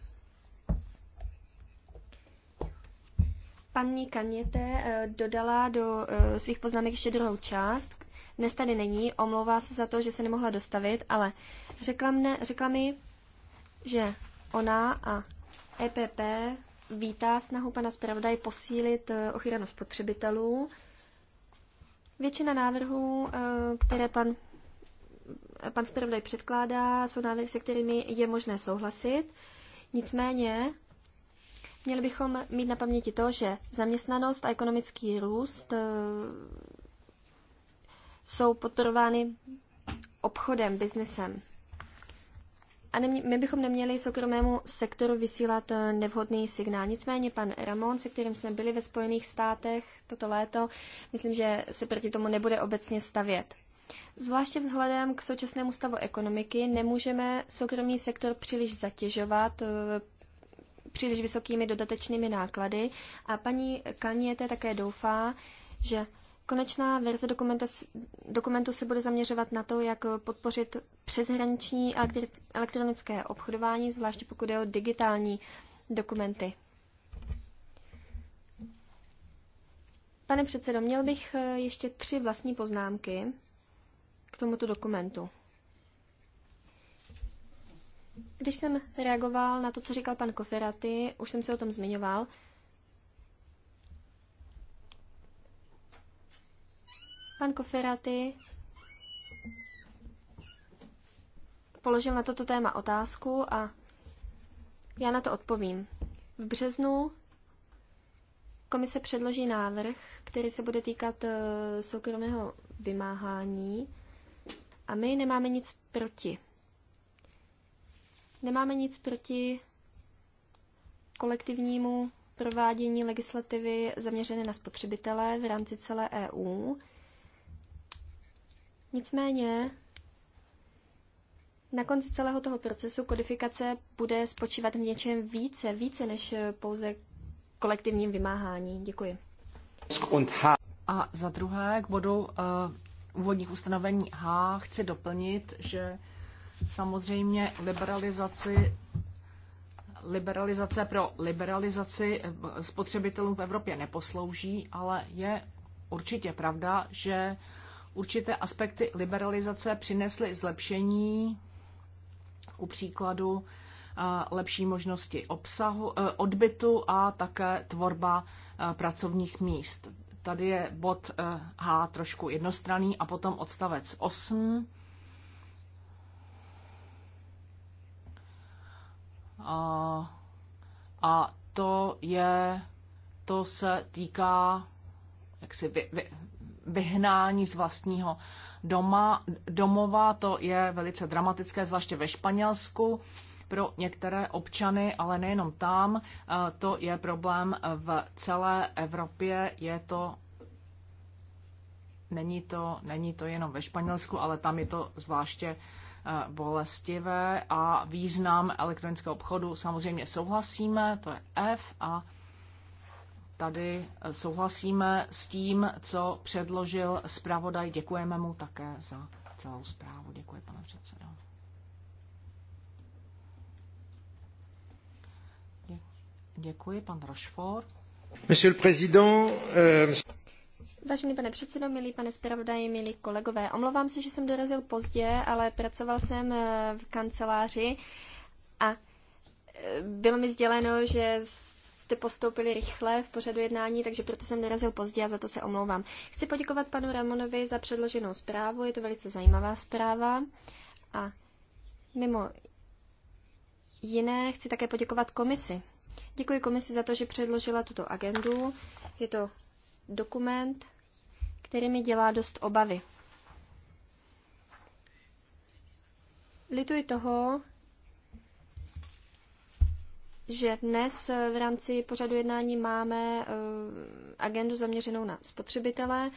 S5: Paní Kaněte eh, dodala do eh, svých poznámek ještě druhou část. Dnes tady není, omlouvá se za to, že se nemohla dostavit, ale řekla, mne, řekla mi, že ona a EPP vítá snahu pana zpravodaje posílit eh, ochranu spotřebitelů Většina návrhů, eh, které pan, pan zpravodaj předkládá, jsou návrhy, se kterými je možné souhlasit. Nicméně měli bychom mít na paměti to, že zaměstnanost a ekonomický růst eh, jsou podporovány obchodem, biznesem. A nemě, my bychom neměli soukromému sektoru vysílat eh, nevhodný signál. Nicméně pan Ramon, se kterým jsme byli ve Spojených státech toto léto, myslím, že se proti tomu nebude obecně stavět. Zvláště vzhledem k současnému stavu ekonomiky nemůžeme soukromý sektor příliš zatěžovat eh, příliš vysokými dodatečnými náklady a paní Kalniete také doufá, že Konečná verze dokumentu se bude zaměřovat na to, jak podpořit přeshraniční elektronické obchodování, zvláště pokud je o digitální dokumenty. Pane předsedo, měl bych eh, ještě tři vlastní poznámky k tomuto dokumentu. Když jsem reagoval na to, co říkal pan Koferaty, už jsem se o tom zmiňoval, Pan Koferaty položil na toto téma otázku a já na to odpovím. V březnu komise předloží návrh, který se bude týkat eh, soukromého vymáhání a my nemáme nic proti. Nemáme nic proti kolektivnímu provádění legislativy zaměřené na spotřebitele v rámci celé EU. Nicméně na konci celého toho procesu kodifikace bude spočívat v něčem více, více než pouze kolektivním vymáhání. Děkuji. A
S3: za druhé,
S2: k bodu uh, úvodních ustanovení H chci doplnit, že samozřejmě liberalizaci liberalizace pro liberalizaci eh, spotřebitelům v Evropě neposlouží, ale je určitě pravda, že uh, Určité aspekty liberalizace přinesly zlepšení, ku příkladu lepší možnosti obsahu, e, odbytu a také tvorba e, pracovních míst. Tady je bod e, H trošku jednostranný a potom odstavec 8. A, a to je, to se týká si vy, vy, vyhnání z vlastního doma, domova. To je velice dramatické, zvláště ve Španělsku pro některé občany, ale nejenom tam. Eh, to je problém v celé Evropě. Je to Není to, není to jenom ve Španělsku, ale tam je to zvláště eh, bolestivé a význam elektronického obchodu samozřejmě souhlasíme, to je F a tady souhlasíme s tím, co předložil zpravodaj. Děkujeme mu také za celou zprávu. Děkuji, pane předsedo. Děkuji,
S5: pan Rochefort.
S4: Monsieur le président, euh...
S5: Vážený pane předsedo, milí pane zpravodaji, milí kolegové, omlouvám se, že jsem dorazil pozdě, ale pracoval jsem eh, v kanceláři a eh, bylo mi sděleno, že jste postoupili rychle v pořadu jednání, takže proto jsem nerazil pozdě a za to se omlouvám. Chci poděkovat panu Ramonovi za předloženou zprávu, je to velice zajímavá zpráva. A mimo jiné chci také poděkovat komisi. Děkuji komisi za to, že předložila tuto agendu. Je to dokument, který mi dělá dost obavy. Lituji toho, že dnes v rámci pořadu jednání máme eh, agendu zaměřenou na spotřebitele.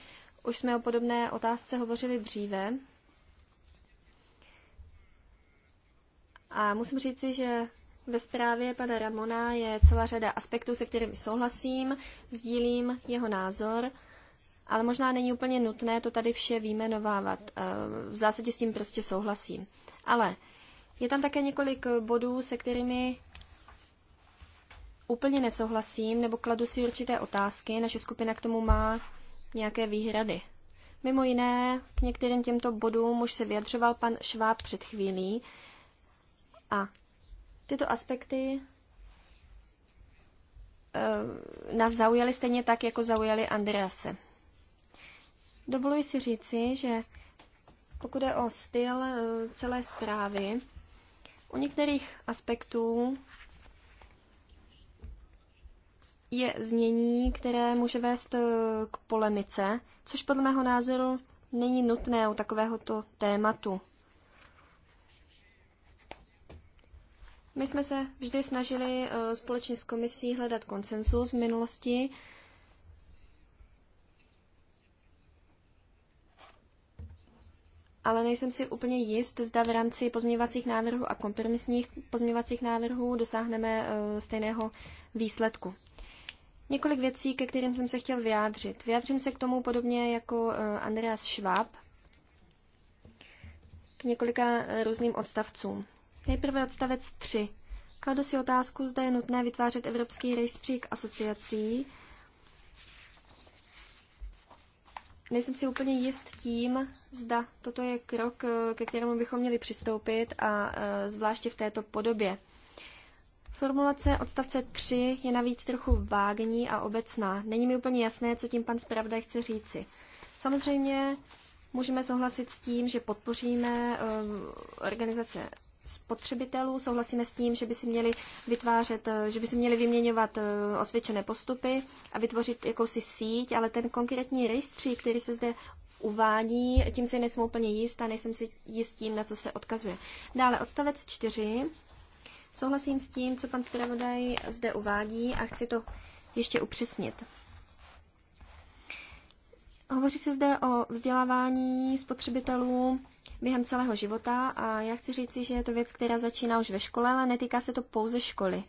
S5: Už jsme o podobné otázce hovořili dříve. A musím říci, že ve zprávě pana Ramona je celá řada aspektů, se kterými souhlasím, sdílím jeho názor, ale možná není úplně nutné to tady vše výjmenovávat. Eh, v zásadě s tím prostě souhlasím. Ale je tam také několik bodů, se kterými úplně nesouhlasím nebo kladu si určité otázky. Naše skupina k tomu má nějaké výhrady. Mimo jiné, k některým těmto bodům už se vyjadřoval pan Šváb před chvílí. A tyto aspekty e, nás zaujaly stejně tak, jako zaujaly Andrease. Dovoluji si říci, že pokud je o styl eh, celé zprávy, u některých aspektů je znění, které může vést eh, k polemice, což podle mého názoru není nutné u takovéhoto tématu. My jsme se vždy snažili eh, společně s komisí hledat konsenzus, v minulosti. Ale nejsem si úplně jist, zda v rámci pozměňovacích návrhů a kompromisních pozměňovacích návrhů dosáhneme eh, stejného výsledku. Několik věcí, ke kterým jsem se chtěl vyjádřit. Vyjádřím se k tomu podobně jako eh, Andreas Schwab k několika eh, různým odstavcům. Nejprve odstavec 3. Kladu si otázku, zda je nutné vytvářet evropský rejstřík asociací. Nejsem si úplně jist tím, zda toto je krok, eh, ke kterému bychom měli přistoupit a zvláště v této podobě. Formulace odstavce 3 je navíc trochu vágní a obecná. Není mi úplně jasné, co tím pan zpravodaj chce říci. Samozřejmě můžeme souhlasit s tím, že podpoříme um, organizace spotřebitelů, souhlasíme s tím, že by si měli vytvářet, uh, že by si měli vyměňovat uh, osvědčené postupy a vytvořit jakousi síť, ale ten konkrétní rejstřík, který se zde uvádí, tím si nejsem úplně jist a nejsem si jist tím, na co se odkazuje. Dále odstavec 4 Souhlasím s tím, co pan zpravodaj zde uvádí a chci to ještě upřesnit. Hovoří se zde o vzdělávání spotřebitelů během celého života a já chci říci, že je to věc, která začíná už ve škole, ale netýká se to pouze školy.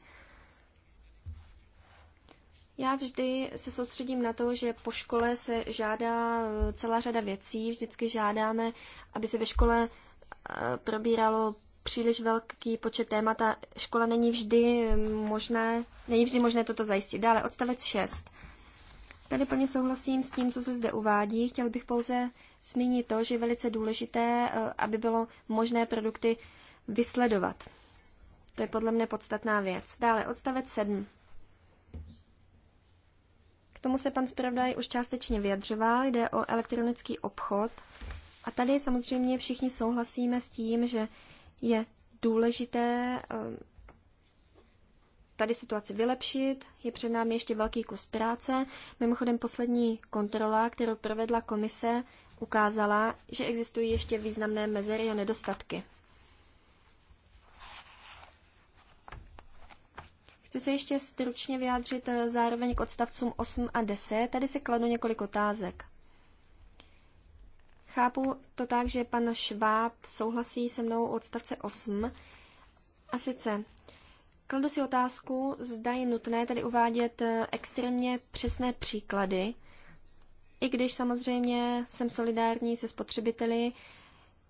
S5: Já vždy se soustředím na to, že po škole se žádá eh, celá řada věcí. Vždycky žádáme, aby se ve škole eh, probíralo příliš velký počet témat a škola není vždy možné, není vždy možné toto zajistit. Dále odstavec 6. Tady plně souhlasím s tím, co se zde uvádí. Chtěl bych pouze zmínit to, že je velice důležité, eh, aby bylo možné produkty vysledovat. To je podle mne podstatná věc. Dále odstavec 7. K tomu se pan zpravodaj už částečně vyjadřoval. Jde o elektronický obchod. A tady samozřejmě všichni souhlasíme s tím, že je důležité ehm, tady situaci vylepšit. Je před námi ještě velký kus práce. Mimochodem poslední kontrola, kterou provedla komise, ukázala, že existují ještě významné mezery a nedostatky. Chci se ještě stručně vyjádřit eh, zároveň k odstavcům 8 a 10. Tady se kladu několik otázek. Chápu to tak, že pan Šváb souhlasí se mnou odstavce 8. A sice kladu si otázku, zda je nutné tady uvádět eh, extrémně přesné příklady, i když samozřejmě jsem solidární se spotřebiteli,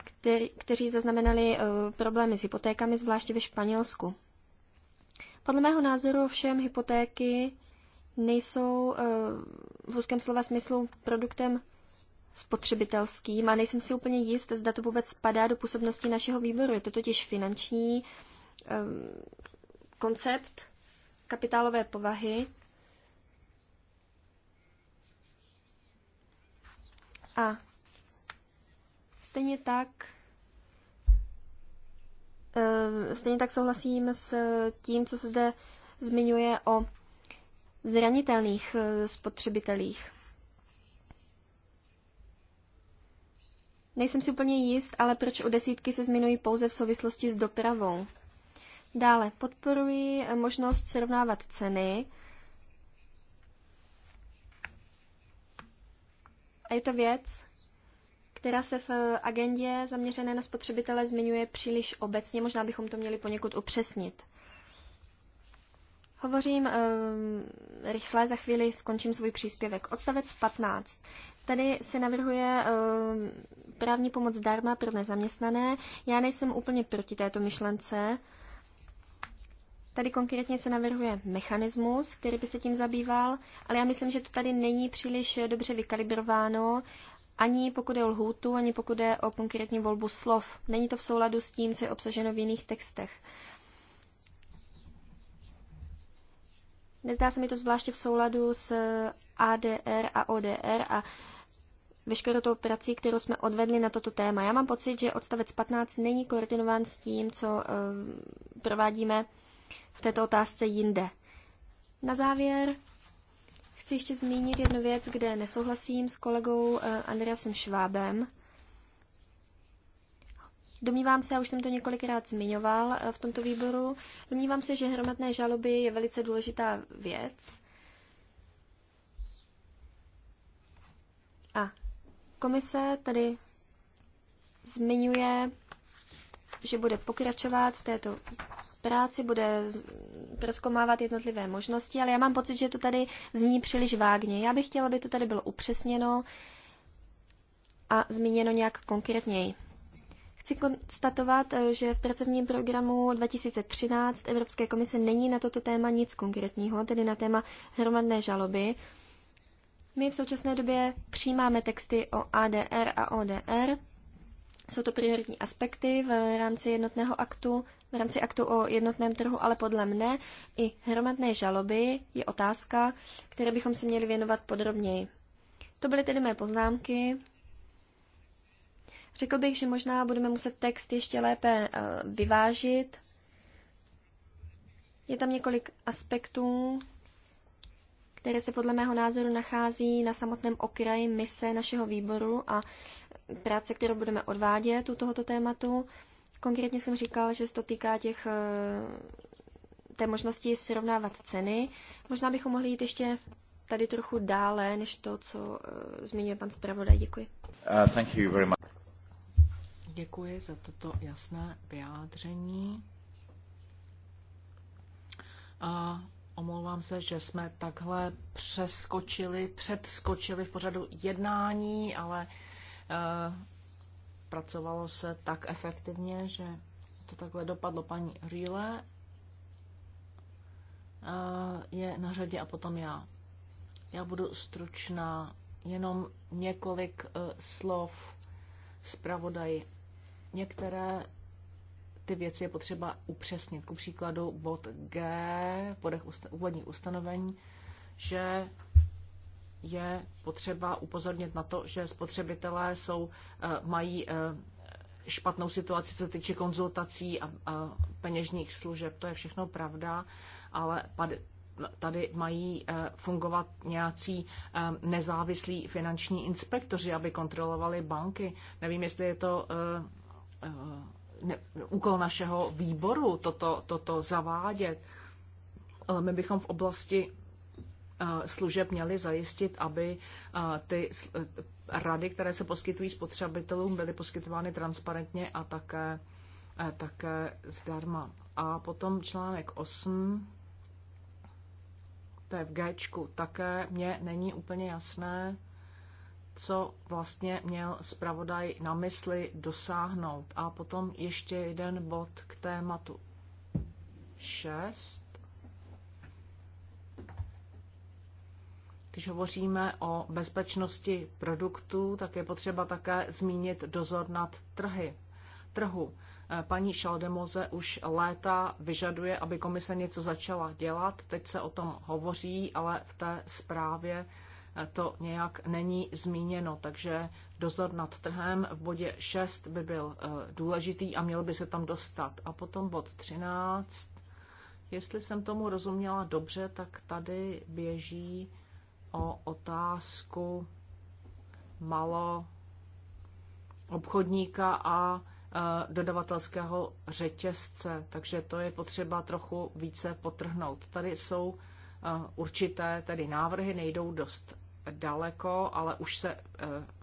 S5: který, kteří zaznamenali uh, problémy s hypotékami, zvláště ve Španělsku. Podle mého názoru všem hypotéky nejsou uh, v úzkém slova smyslu produktem spotřebitelským a nejsem si úplně jist, zda to vůbec spadá do působnosti našeho výboru. Je to totiž finanční um, koncept kapitálové povahy. A stejně tak Stejně tak souhlasím s tím, co se zde zmiňuje o zranitelných eh, spotřebitelích. Nejsem si úplně jist, ale proč u desítky se zmiňují pouze v souvislosti s dopravou. Dále podporuji eh, možnost srovnávat ceny. A je to věc, která se v eh, agendě zaměřené na spotřebitele zmiňuje příliš obecně, možná bychom to měli poněkud upřesnit. Hovořím um, rychle, za chvíli skončím svůj příspěvek. Odstavec 15. Tady se navrhuje eh, právní pomoc zdarma pro nezaměstnané. Já nejsem úplně proti této myšlence. Tady konkrétně se navrhuje mechanismus, který by se tím zabýval, ale já myslím, že to tady není příliš dobře vykalibrováno, ani pokud je o lhůtu, ani pokud je o konkrétní volbu slov. Není to v souladu s tím, co je obsaženo v jiných textech. Nezdá se mi to zvláště v souladu s ADR a ODR a veškerou tou prací, kterou jsme odvedli na toto téma. Já mám pocit, že odstavec 15 není koordinován s tím, co eh, provádíme v této otázce jinde. Na závěr chci ještě zmínit jednu věc, kde nesouhlasím s kolegou eh, Andreasem Švábem. Domnívám se, a už jsem to několikrát zmiňoval eh, v tomto výboru, domnívám se, že hromadné žaloby je velice důležitá věc. Komise tady zmiňuje, že bude pokračovat v této práci, bude proskomávat jednotlivé možnosti, ale já mám pocit, že to tady zní příliš vágně. Já bych chtěla, aby to tady bylo upřesněno a zmíněno nějak konkrétněji. Chci konstatovat, eh, že v pracovním programu 2013 Evropské komise není na toto téma nic konkrétního, tedy na téma hromadné žaloby. My v současné době přijímáme texty o ADR a ODR. Jsou to prioritní aspekty v rámci jednotného aktu, v rámci aktu o jednotném trhu, ale podle mne i hromadné žaloby je otázka, které bychom se měli věnovat podrobněji. To byly tedy mé poznámky. Řekl bych, že možná budeme muset text ještě lépe eh, vyvážit. Je tam několik aspektů, které se podle mého názoru nachází na samotném okraji mise našeho výboru a práce, kterou budeme odvádět u tohoto tématu. Konkrétně jsem říkal, že se to týká těch, eh, té možnosti srovnávat ceny. Možná bychom mohli jít ještě tady trochu dále, než to, co eh, zmiňuje pan zpravodaj. Děkuji.
S1: Uh, thank you very much.
S5: Děkuji za toto jasné
S2: vyjádření. A Omlouvám se, že jsme takhle přeskočili, předskočili v pořadu jednání, ale uh, pracovalo se tak efektivně, že to takhle dopadlo paní Rýle. Uh, je na řadě a potom já. Já budu stručná, jenom několik uh, slov zpravodaji. Některé ty věci je potřeba upřesnit. Ku příkladu bod G, podech úvodních ustanovení, že je potřeba upozornit na to, že spotřebitelé jsou, eh, mají eh, špatnou situaci, co se týče konzultací a peněžních služeb. To je všechno pravda, ale tady mají eh, fungovat nějací nezávislí finanční inspektoři, aby kontrolovali banky. Nevím, jestli je to ne, úkol našeho výboru toto, toto zavádět. Ale my bychom v oblasti eh, služeb měli zajistit, aby eh, ty eh, rady, které se poskytují spotřebitelům, byly poskytovány transparentně a také, také zdarma. A potom článek 8, to je v G, také mně není úplně jasné, co vlastně měl zpravodaj na mysli dosáhnout. A potom ještě jeden bod k tématu 6. Když hovoříme o bezpečnosti produktů, tak je potřeba také zmínit dozor nad trhy. trhu. Eh, paní Šaldemoze už léta vyžaduje, aby komise něco začala dělat. Teď se o tom hovoří, ale v té zprávě to nějak není zmíněno, takže dozor nad trhem v bodě 6 by byl eh, důležitý a měl by se tam dostat. A potom bod 13. Jestli jsem tomu rozuměla dobře, tak tady běží o otázku malo obchodníka a eh, dodavatelského řetězce, takže to je potřeba trochu více potrhnout. Tady jsou eh, určité tedy návrhy, nejdou dost daleko, ale už se eh,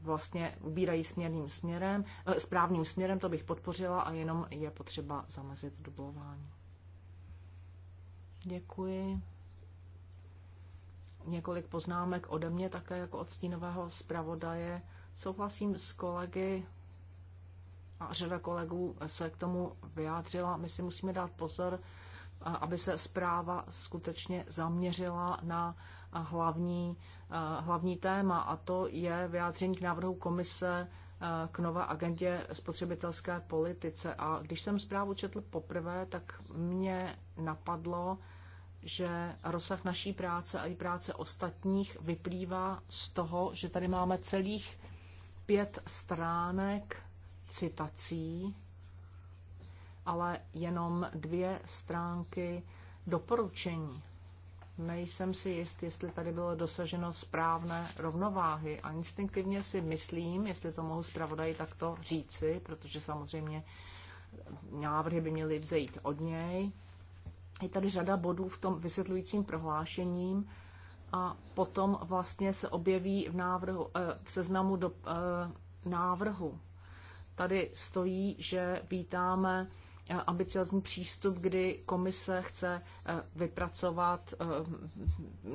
S2: vlastně ubírají směrným směrem, eh, správným směrem, to bych podpořila a jenom je potřeba zamezit dublování. Děkuji. Několik poznámek ode mě také jako od stínového zpravodaje. Souhlasím s kolegy a řada kolegů se k tomu vyjádřila. My si musíme dát pozor, eh, aby se zpráva skutečně zaměřila na hlavní Eh, hlavní téma a to je vyjádření k návrhu komise eh, k nové agendě spotřebitelské politice. A když jsem zprávu četl poprvé, tak mě napadlo, že rozsah naší práce a i práce ostatních vyplývá z toho, že tady máme celých pět stránek citací, ale jenom dvě stránky doporučení nejsem si jist, jestli tady bylo dosaženo správné rovnováhy a instinktivně si myslím, jestli to mohu zpravodaji takto říci, protože samozřejmě návrhy by měly vzejít od něj. Je tady řada bodů v tom vysvětlujícím prohlášením a potom vlastně se objeví v, návrhu, eh, v seznamu do eh, návrhu. Tady stojí, že vítáme Eh, ambiciozní přístup, kdy komise chce eh, vypracovat eh,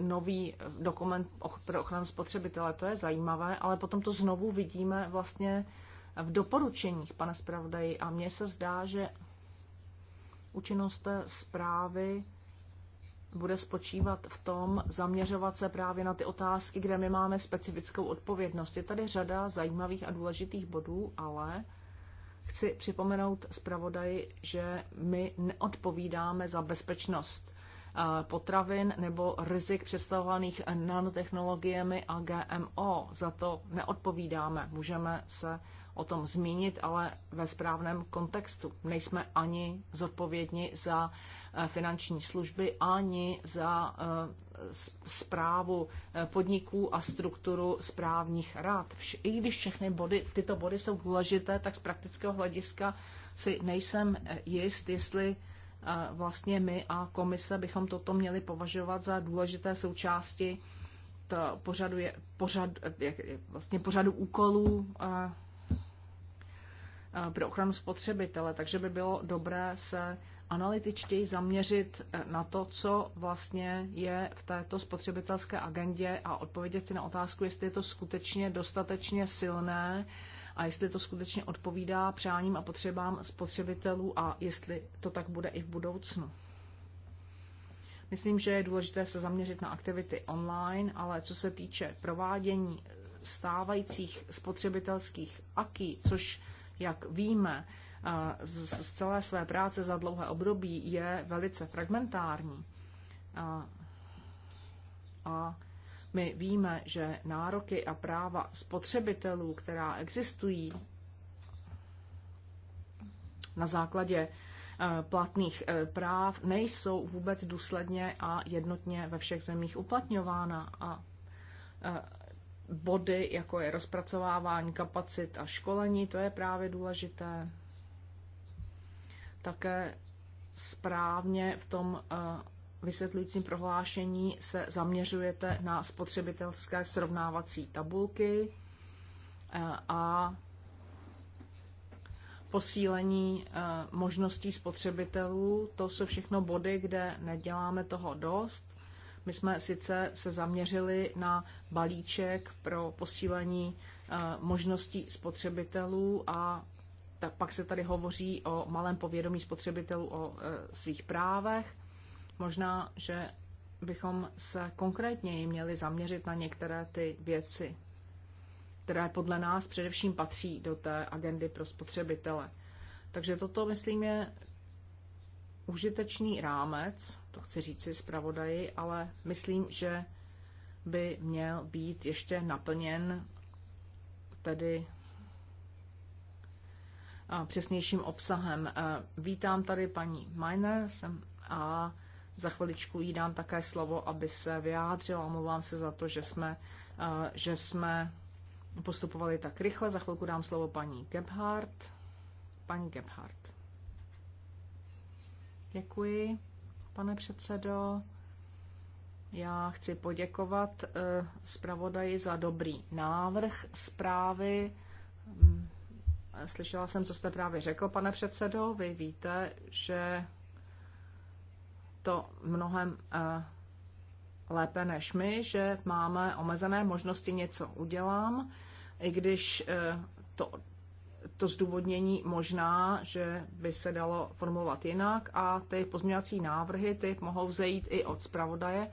S2: nový dokument pro ochranu spotřebitele. To je zajímavé, ale potom to znovu vidíme vlastně v doporučeních, pane zpravodaji. A mně se zdá, že účinnost té zprávy bude spočívat v tom zaměřovat se právě na ty otázky, kde my máme specifickou odpovědnost. Je tady řada zajímavých a důležitých bodů, ale Chci připomenout zpravodaji, že my neodpovídáme za bezpečnost eh, potravin nebo rizik představovaných nanotechnologiemi a GMO. Za to neodpovídáme. Můžeme se o tom zmínit, ale ve správném kontextu. Nejsme ani zodpovědni za eh, finanční služby, ani za zprávu eh, eh, podniků a strukturu správních rád. I když všechny body, tyto body jsou důležité, tak z praktického hlediska si nejsem jist, jestli vlastně my a komise bychom toto měli považovat za důležité součásti to pořadu, je, pořad, vlastně pořadu úkolů Eh, pro ochranu spotřebitele, takže by bylo dobré se analytičtěji zaměřit eh, na to, co vlastně je v této spotřebitelské agendě a odpovědět si na otázku, jestli je to skutečně dostatečně silné a jestli to skutečně odpovídá přáním a potřebám spotřebitelů a jestli to tak bude i v budoucnu. Myslím, že je důležité se zaměřit na aktivity online, ale co se týče provádění stávajících spotřebitelských aký, což jak víme z celé své práce za dlouhé období, je velice fragmentární. A, a my víme, že nároky a práva spotřebitelů, která existují na základě e, platných e, práv, nejsou vůbec důsledně a jednotně ve všech zemích uplatňována. A e, body, jako je rozpracovávání kapacit a školení, to je právě důležité. Také správně v tom eh, vysvětlujícím prohlášení se zaměřujete na spotřebitelské srovnávací tabulky eh, a posílení eh, možností spotřebitelů. To jsou všechno body, kde neděláme toho dost. My jsme sice se zaměřili na balíček pro posílení eh, možností spotřebitelů a tak pak se tady hovoří o malém povědomí spotřebitelů o eh, svých právech. Možná, že bychom se konkrétněji měli zaměřit na některé ty věci, které podle nás především patří do té agendy pro spotřebitele. Takže toto, myslím, je užitečný rámec, to chci říci zpravodaji, ale myslím, že by měl být ještě naplněn tedy přesnějším obsahem. Vítám tady paní Miner a za chviličku jí dám také slovo, aby se vyjádřila. Omlouvám se za to, že jsme, že jsme postupovali tak rychle. Za chvilku dám slovo paní Gebhardt. Paní Gebhardt. Děkuji pane předsedo. Já chci poděkovat eh, zpravodaji za dobrý návrh zprávy. Mm, slyšela jsem, co jste právě řekl, pane předsedo. Vy víte, že to mnohem eh, lépe než my, že máme omezené možnosti něco udělám, i když eh, to to zdůvodnění možná, že by se dalo formulovat jinak a ty pozměňovací návrhy, ty mohou vzejít i od zpravodaje.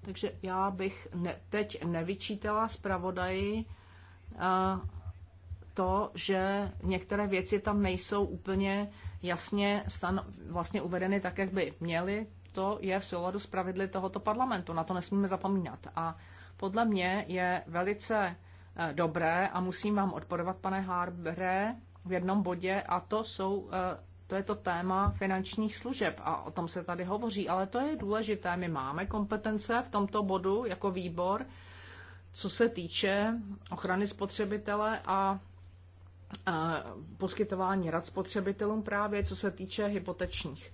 S2: Takže já bych ne, teď nevyčítala zpravodaji eh, to, že některé věci tam nejsou úplně jasně stan- vlastně uvedeny tak, jak by měly. To je v souladu s pravidly tohoto parlamentu, na to nesmíme zapomínat. A podle mě je velice Eh, dobré a musím vám odporovat, pane Harbre, v jednom bodě a to jsou eh, to je to téma finančních služeb a o tom se tady hovoří, ale to je důležité. My máme kompetence v tomto bodu jako výbor, co se týče ochrany spotřebitele a eh, poskytování rad spotřebitelům právě co se týče hypotečních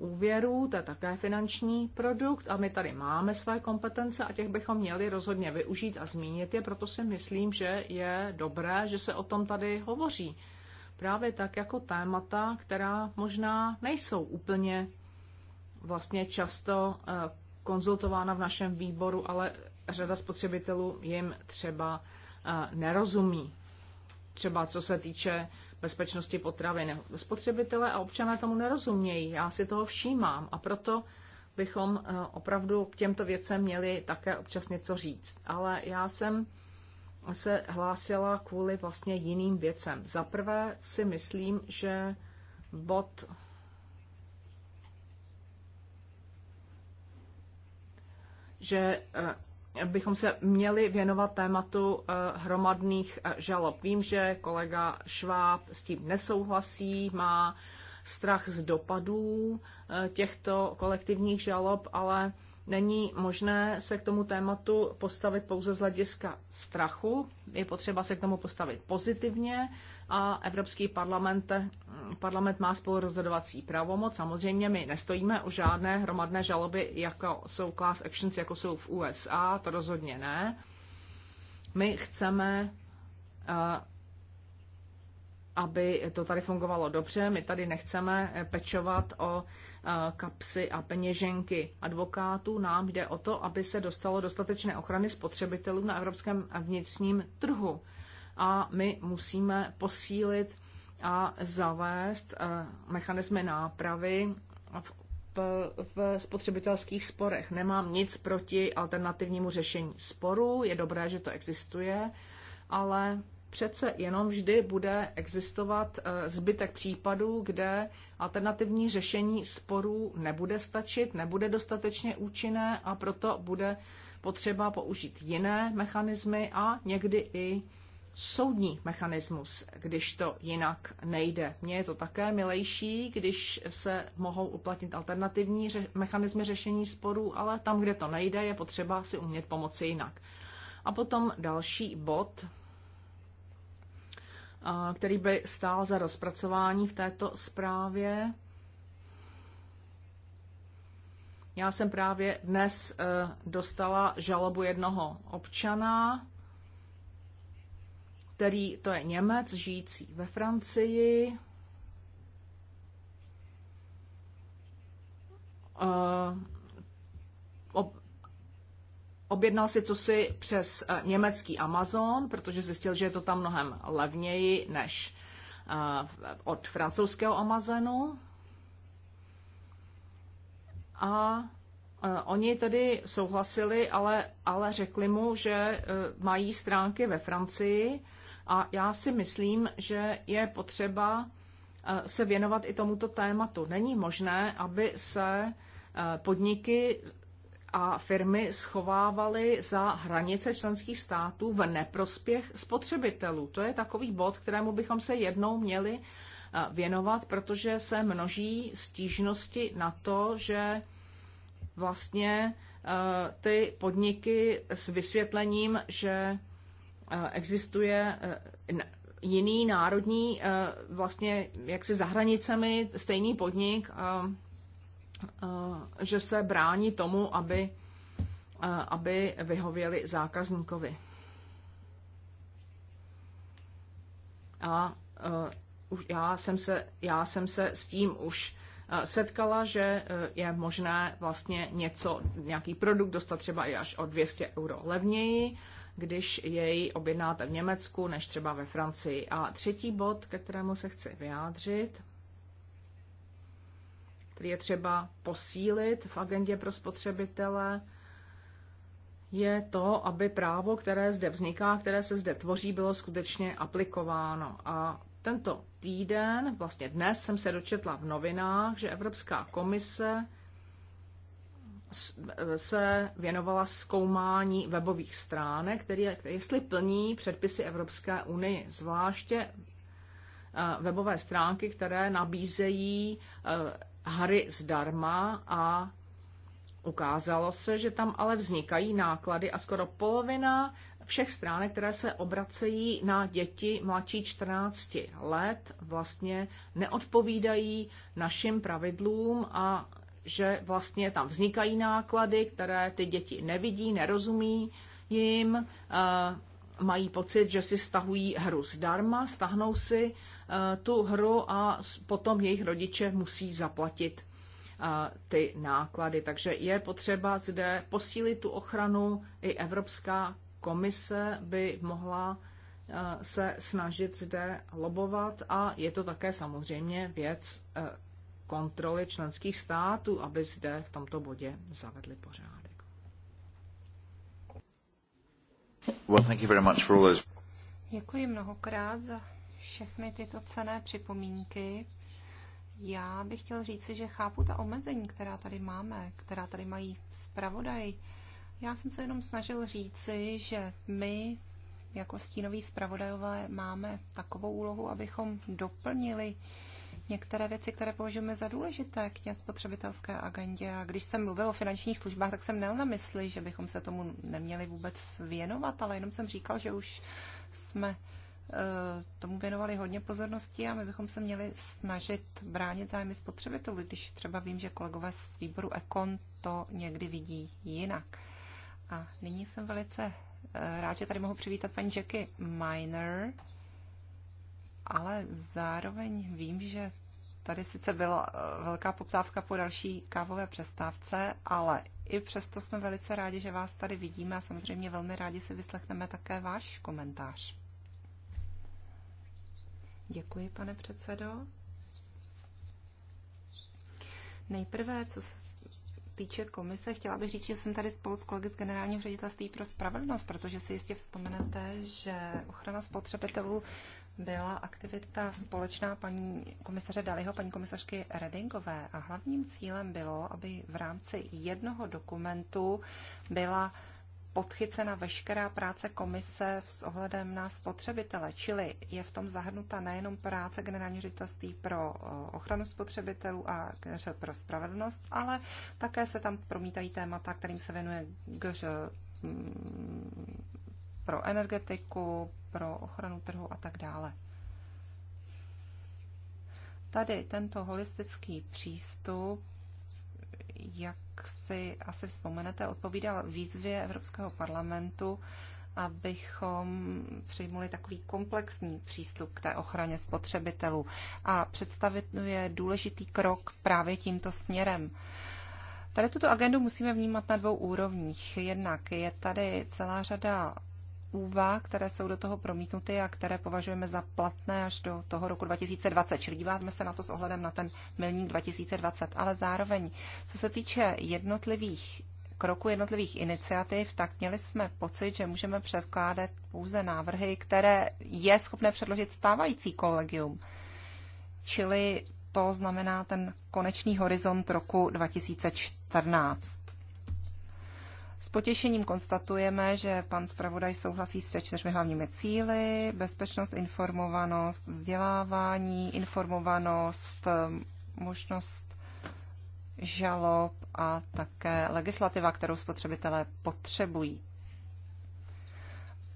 S2: úvěrů, to je také finanční produkt a my tady máme své kompetence a těch bychom měli rozhodně využít a zmínit je, proto si myslím, že je dobré, že se o tom tady hovoří. Právě tak jako témata, která možná nejsou úplně vlastně často eh, konzultována v našem výboru, ale řada spotřebitelů jim třeba eh, nerozumí. Třeba co se týče bezpečnosti potravin. Spotřebitelé a občané tomu nerozumějí, já si toho všímám a proto bychom eh, opravdu k těmto věcem měli také občas něco říct. Ale já jsem se hlásila kvůli vlastně jiným věcem. Za prvé si myslím, že bod že eh, bychom se měli věnovat tématu eh, hromadných eh, žalob. Vím, že kolega Šváb s tím nesouhlasí, má strach z dopadů eh, těchto kolektivních žalob, ale není možné se k tomu tématu postavit pouze z hlediska strachu. Je potřeba se k tomu postavit pozitivně, a Evropský parlament, parlament má rozhodovací pravomoc. Samozřejmě my nestojíme o žádné hromadné žaloby, jako jsou class actions, jako jsou v USA, to rozhodně ne. My chceme eh, aby to tady fungovalo dobře. My tady nechceme pečovat o eh, kapsy a peněženky advokátů. Nám jde o to, aby se dostalo dostatečné ochrany spotřebitelů na evropském vnitřním trhu a my musíme posílit a zavést eh, mechanismy nápravy v, v spotřebitelských sporech. Nemám nic proti alternativnímu řešení sporů, je dobré, že to existuje, ale přece jenom vždy bude existovat eh, zbytek případů, kde alternativní řešení sporů nebude stačit, nebude dostatečně účinné a proto bude potřeba použít jiné mechanismy a někdy i soudní mechanismus, když to jinak nejde. Mně je to také milejší, když se mohou uplatnit alternativní ře- mechanismy řešení sporů, ale tam, kde to nejde, je potřeba si umět pomoci jinak. A potom další bod, který by stál za rozpracování v této zprávě. Já jsem právě dnes e, dostala žalobu jednoho občana, který to je Němec žijící ve Francii. Objednal si cosi přes eh, německý Amazon, protože zjistil, že je to tam mnohem levněji než eh, od francouzského Amazonu. A eh, Oni tedy souhlasili, ale, ale řekli mu, že mají stránky ve Francii a já si myslím, že je potřeba eh, se věnovat i tomuto tématu. Není možné, aby se eh, podniky a firmy schovávaly za hranice členských států v neprospěch spotřebitelů. To je takový bod, kterému bychom se jednou měli eh, věnovat, protože se množí stížnosti na to, že vlastně ty podniky s vysvětlením, že existuje eh, jiný národní, eh, vlastně jak se za hranicemi, stejný podnik, že se brání tomu, aby, eh, aby vyhověli zákazníkovi. A já jsem se, já jsem se s tím už setkala, že je možné vlastně něco, nějaký produkt dostat třeba i až o 200 euro levněji když jej objednáte v Německu, než třeba ve Francii. A třetí bod, ke kterému se chci vyjádřit, který je třeba posílit v agendě pro spotřebitele, je to, aby právo, které zde vzniká, které se zde tvoří, bylo skutečně aplikováno. A tento týden, vlastně dnes, jsem se dočetla v novinách, že Evropská komise se věnovala zkoumání webových stránek, které, jestli plní předpisy Evropské unie, zvláště eh, webové stránky, které nabízejí eh, hry zdarma a ukázalo se, že tam ale vznikají náklady a skoro polovina všech stránek, které se obracejí na děti mladší 14 let, vlastně neodpovídají našim pravidlům a že vlastně tam vznikají náklady, které ty děti nevidí, nerozumí jim, eh, mají pocit, že si stahují hru zdarma, stahnou si eh, tu hru a potom jejich rodiče musí zaplatit eh, ty náklady. Takže je potřeba zde posílit tu ochranu. I Evropská komise by mohla se snažit zde lobovat a je to také samozřejmě věc kontroly členských států, aby zde v tomto bodě zavedli pořádek.
S1: Well, thank you very much for all those...
S3: Děkuji mnohokrát za všechny tyto cené připomínky. Já bych chtěl říci, že chápu ta omezení, která tady máme, která tady mají zpravodaj. Já jsem se jenom snažil říci, že my jako stínoví zpravodajové máme takovou úlohu, abychom doplnili některé věci, které považujeme za důležité k těm spotřebitelské agendě. A když jsem mluvil o finančních službách, tak jsem měl na mysli, že bychom se tomu neměli vůbec věnovat, ale jenom jsem říkal, že už jsme eh, tomu věnovali hodně pozornosti a my bychom se měli snažit bránit zájmy spotřebitelů, když třeba vím, že kolegové z výboru Ekon to někdy vidí jinak. A nyní jsem velice eh, rád, že tady mohu přivítat paní Jackie Miner, ale zároveň vím, že Tady sice byla eh, velká poptávka po další kávové přestávce, ale i přesto jsme velice rádi, že vás tady vidíme a samozřejmě velmi rádi si vyslechneme také váš komentář. Děkuji, pane předsedo. Nejprve, co se týče komise, chtěla bych říct, že jsem tady spolu s kolegy z Generálního ředitelství pro spravedlnost, protože si jistě vzpomenete, že ochrana spotřebitelů byla aktivita společná paní komisaře Daliho, paní komisařky Redingové a hlavním cílem bylo, aby v rámci jednoho dokumentu byla podchycena veškerá práce komise s ohledem na spotřebitele, čili je v tom zahrnuta nejenom práce generální ředitelství pro eh, ochranu spotřebitelů a pro spravedlnost, ale také se tam promítají témata, kterým se věnuje mm, pro energetiku, pro ochranu trhu a tak dále. Tady tento holistický přístup, jak si asi vzpomenete, odpovídal výzvě Evropského parlamentu, abychom přijmuli takový komplexní přístup k té ochraně spotřebitelů a představit je důležitý krok právě tímto směrem. Tady tuto agendu musíme vnímat na dvou úrovních. Jednak je tady celá řada úvah, které jsou do toho promítnuty a které považujeme za platné až do toho roku 2020. Čili díváme se na to s ohledem na ten milník 2020. Ale zároveň, co se týče jednotlivých kroků jednotlivých iniciativ, tak měli jsme pocit, že můžeme předkládat pouze návrhy, které je schopné předložit stávající kolegium. Čili to znamená ten konečný horizont roku 2014 potěšením konstatujeme, že pan zpravodaj souhlasí s čtyřmi hlavními cíly. Bezpečnost, informovanost, vzdělávání, informovanost, možnost žalob a také legislativa, kterou spotřebitelé potřebují.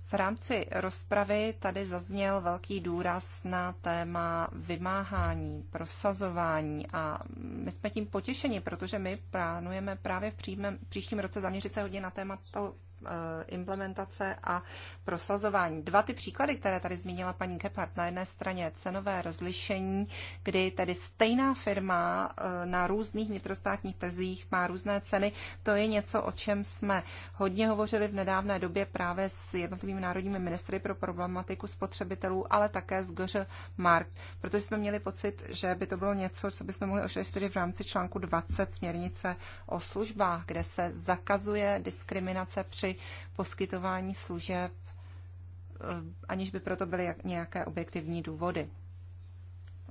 S3: V rámci rozpravy tady zazněl velký důraz na téma vymáhání, prosazování a my jsme tím potěšeni, protože my plánujeme právě v příštím roce zaměřit se hodně na téma to Eh, implementace a prosazování. Dva ty příklady, které tady zmínila paní Kepard, na jedné straně cenové rozlišení, kdy tedy stejná firma eh, na různých vnitrostátních trzích má různé ceny, to je něco, o čem jsme hodně hovořili v nedávné době právě s jednotlivými národními ministry pro problematiku spotřebitelů, ale také s Goře Mark, protože jsme měli pocit, že by to bylo něco, co bychom mohli ošetřit v rámci článku 20 směrnice o službách, kde se zakazuje diskriminace při při poskytování služeb, eh, aniž by proto byly nějaké objektivní důvody.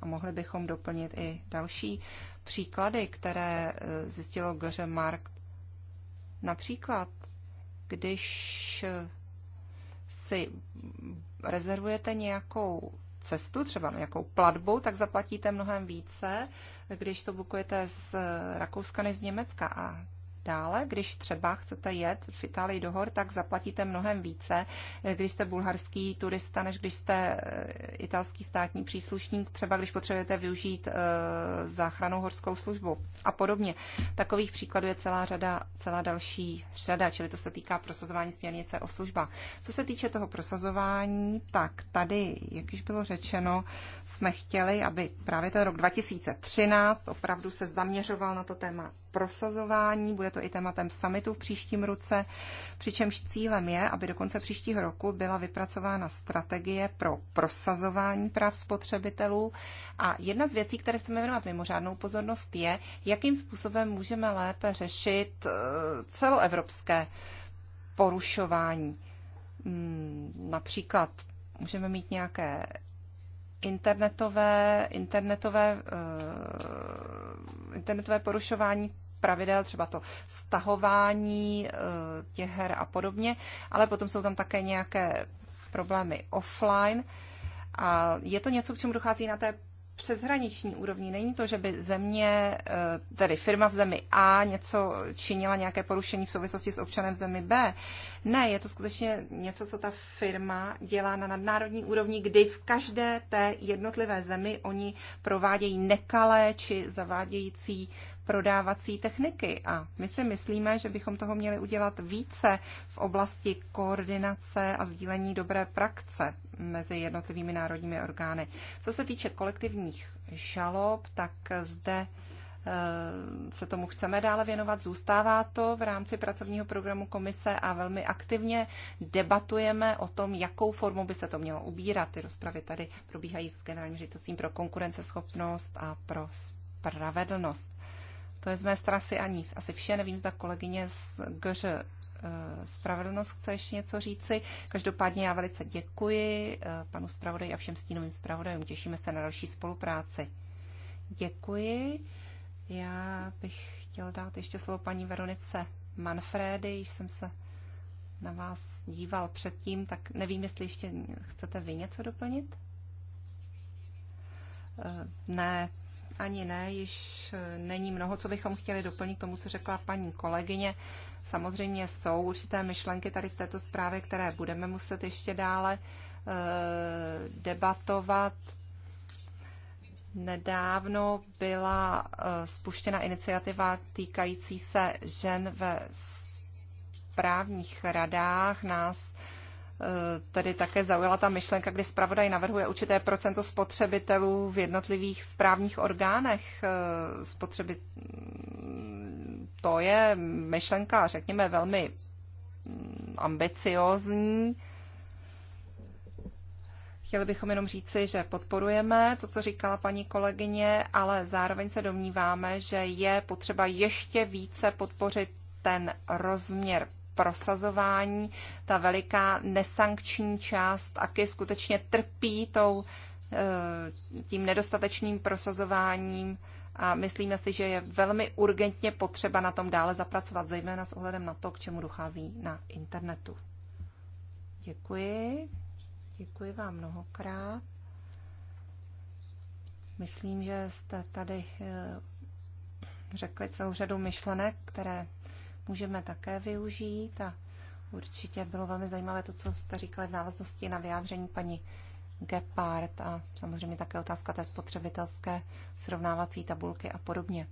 S3: A mohli bychom doplnit i další příklady, které eh, zjistilo Gře Mark. Například, když eh, si rezervujete nějakou cestu, třeba nějakou platbu, tak zaplatíte mnohem více, když to bukujete z Rakouska než z Německa. A Dále, když třeba chcete jet v Itálii do hor, tak zaplatíte mnohem více, eh, když jste bulharský turista, než když jste eh, italský státní příslušník, třeba když potřebujete využít eh, záchranou horskou službu a podobně. Takových příkladů je celá řada, celá další řada, čili to se týká prosazování směrnice o služba. Co se týče toho prosazování, tak tady, jak již bylo řečeno, jsme chtěli, aby právě ten rok 2013 opravdu se zaměřoval na to téma prosazování, bude to i tématem summitu v příštím roce, přičemž cílem je, aby do konce příštího roku byla vypracována strategie pro prosazování práv spotřebitelů a jedna z věcí, které chceme věnovat mimořádnou pozornost je, jakým způsobem můžeme lépe řešit eh, celoevropské porušování. Hmm, například můžeme mít nějaké internetové, internetové, eh, internetové porušování pravidel, třeba to stahování eh, těch her a podobně, ale potom jsou tam také nějaké problémy offline a je to něco, k čemu dochází na té přeshraniční úrovni. Není to, že by země, eh, tedy firma v zemi A něco činila nějaké porušení v souvislosti s občanem v zemi B. Ne, je to skutečně něco, co ta firma dělá na nadnárodní úrovni, kdy v každé té jednotlivé zemi oni provádějí nekalé či zavádějící prodávací techniky. A my si myslíme, že bychom toho měli udělat více v oblasti koordinace a sdílení dobré praxe mezi jednotlivými národními orgány. Co se týče kolektivních žalob, tak zde eh, se tomu chceme dále věnovat. Zůstává to v rámci pracovního programu komise a velmi aktivně debatujeme o tom, jakou formu by se to mělo ubírat. Ty rozpravy tady probíhají s generálním ředitelstvím pro konkurenceschopnost a pro spravedlnost. To je z mé strasy ani asi vše. Nevím, zda kolegyně z GŘ eh, spravedlnost chce ještě něco říci. Každopádně já velice děkuji eh, panu zpravodaji a všem stínovým zpravodajům. Těšíme se na další spolupráci. Děkuji. Já bych chtěl dát ještě slovo paní Veronice Manfredy, již jsem se na vás díval předtím, tak nevím, jestli ještě chcete vy něco doplnit? Eh, ne, ani ne, již eh, není mnoho, co bychom chtěli doplnit k tomu, co řekla paní kolegyně. Samozřejmě jsou určité myšlenky tady v této zprávě, které budeme muset ještě dále eh, debatovat. Nedávno byla eh, spuštěna iniciativa týkající se žen ve správních radách. Nás Eh, tedy také zaujala ta myšlenka, kdy zpravodaj navrhuje určité procento spotřebitelů v jednotlivých správních orgánech. Eh, spotřeby mm, To je myšlenka, řekněme, velmi mm, ambiciozní. Chtěli bychom jenom říci, že podporujeme to, co říkala paní kolegyně, ale zároveň se domníváme, že je potřeba ještě více podpořit ten rozměr prosazování. Ta veliká nesankční část AKY skutečně trpí tou, eh, tím nedostatečným prosazováním a myslíme si, že je velmi urgentně potřeba na tom dále zapracovat, zejména s ohledem na to, k čemu dochází na internetu. Děkuji. Děkuji vám mnohokrát. Myslím, že jste tady eh, řekli celou řadu myšlenek, které můžeme také využít a určitě bylo velmi zajímavé to, co jste říkali v návaznosti na vyjádření paní Gepard a samozřejmě také otázka té spotřebitelské srovnávací tabulky a podobně.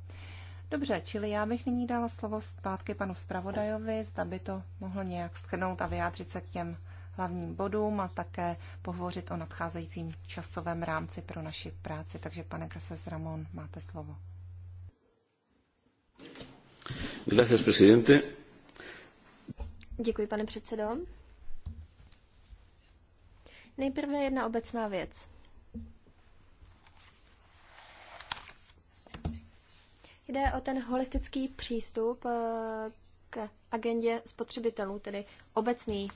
S3: Dobře, čili já bych nyní dala slovo zpátky panu zpravodajovi, zda by to mohlo nějak schrnout a vyjádřit se k těm hlavním bodům a také pohovořit o nadcházejícím časovém rámci pro naši práci. Takže pane Kases Ramon, máte slovo
S5: pane Nejprve jedna obecná věc. Jde o ten holistický přístup eh, k agendě spotřebitelů, tedy obecný,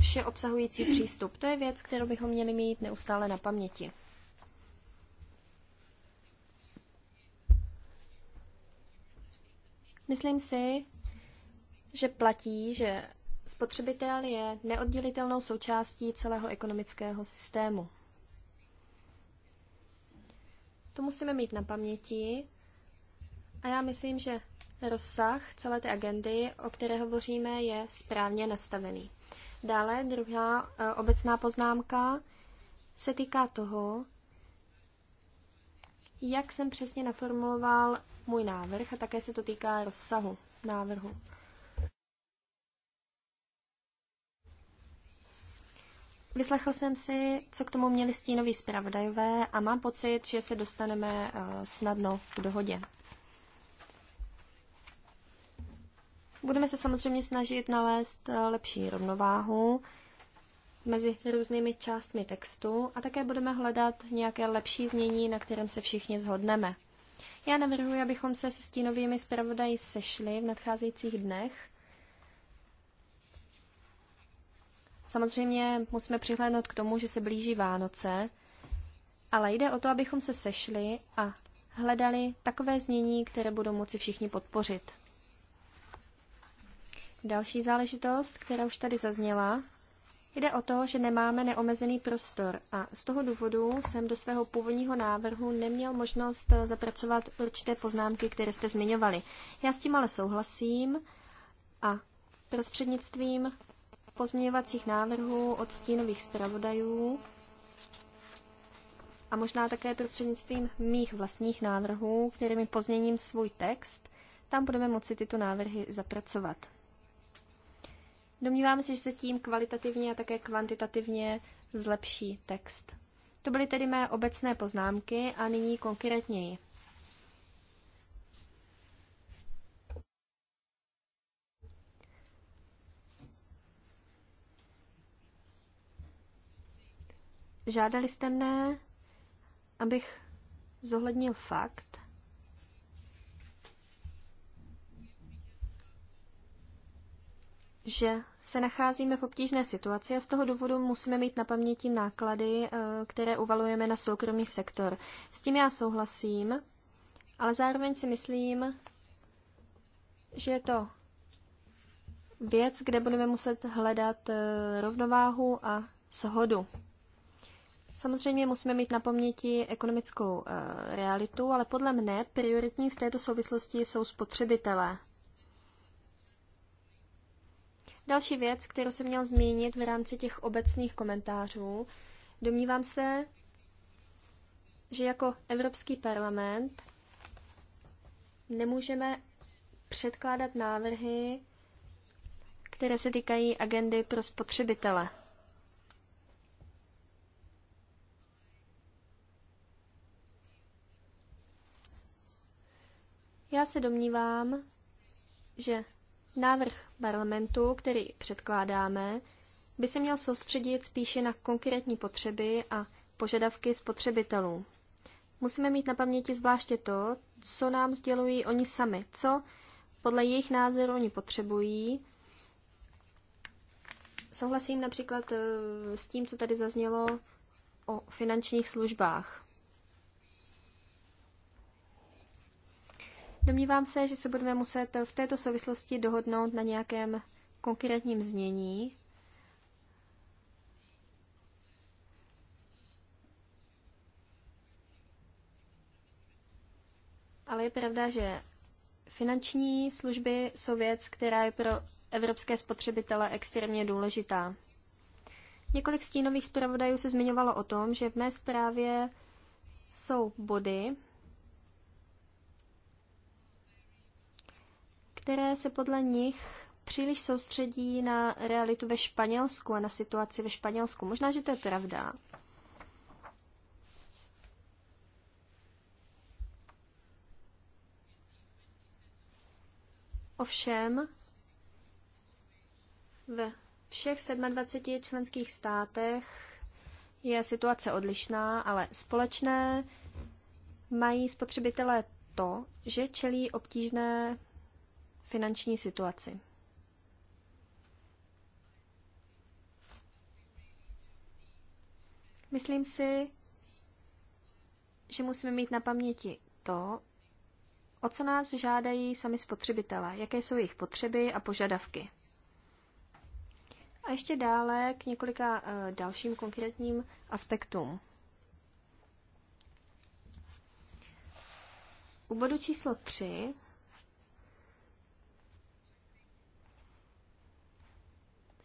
S5: všeobsahující přístup. To je věc, kterou bychom měli mít neustále na paměti. Myslím si, že platí, že spotřebitel je neoddělitelnou součástí celého ekonomického systému. To musíme mít na paměti. A já myslím, že rozsah celé té agendy, o které hovoříme, je správně nastavený. Dále druhá e, obecná poznámka se týká toho, jak jsem přesně naformuloval můj návrh a také se to týká rozsahu návrhu. Vyslechl jsem si, co k tomu měli stínoví zpravodajové a mám pocit, že se dostaneme eh, snadno k dohodě. Budeme se samozřejmě snažit nalézt eh, lepší rovnováhu mezi různými částmi textu a také budeme hledat nějaké lepší znění, na kterém se všichni zhodneme. Já navrhuji, abychom se se stínovými zpravodaji sešli v nadcházejících dnech. Samozřejmě musíme přihlédnout k tomu, že se blíží Vánoce, ale jde o to, abychom se sešli a hledali takové znění, které budou moci všichni podpořit. Další záležitost, která už tady zazněla, Jde o to, že nemáme neomezený prostor a z toho důvodu jsem do svého původního návrhu neměl možnost zapracovat určité poznámky, které jste zmiňovali. Já s tím ale souhlasím a prostřednictvím pozměňovacích návrhů od stínových zpravodajů a možná také prostřednictvím mých vlastních návrhů, kterými pozměním svůj text, tam budeme moci tyto návrhy zapracovat. Domníváme se, že se tím kvalitativně a také kvantitativně zlepší text. To byly tedy mé obecné poznámky a nyní konkrétněji. Žádali jste mne, abych zohlednil fakt, že se nacházíme v obtížné situaci a z toho důvodu musíme mít na paměti náklady, eh, které uvalujeme na soukromý sektor. S tím já souhlasím, ale zároveň si myslím, že je to věc, kde budeme muset hledat eh, rovnováhu a shodu. Samozřejmě musíme mít na paměti ekonomickou eh, realitu, ale podle mne prioritní v této souvislosti jsou spotřebitelé. Další věc, kterou jsem měl zmínit v rámci těch obecných komentářů, domnívám se, že jako Evropský parlament nemůžeme předkládat návrhy, které se týkají agendy pro spotřebitele. Já se domnívám, že Návrh parlamentu, který předkládáme, by se měl soustředit spíše na konkrétní potřeby a požadavky spotřebitelů. Musíme mít na paměti zvláště to, co nám sdělují oni sami, co podle jejich názoru oni potřebují. Souhlasím například eh, s tím, co tady zaznělo o finančních službách. Domnívám se, že se budeme muset v této souvislosti dohodnout na nějakém konkrétním znění. Ale je pravda, že finanční služby jsou věc, která je pro evropské spotřebitele extrémně důležitá. Několik stínových zpravodajů se zmiňovalo o tom, že v mé zprávě jsou body, které se podle nich příliš soustředí na realitu ve Španělsku a na situaci ve Španělsku. Možná, že to je pravda. Ovšem, ve všech 27 členských státech je situace odlišná, ale společné mají spotřebitelé to, že čelí obtížné finanční situaci. Myslím si, že musíme mít na paměti to, o co nás žádají sami spotřebitelé, jaké jsou jejich potřeby a požadavky. A ještě dále k několika eh, dalším konkrétním aspektům. U bodu číslo 3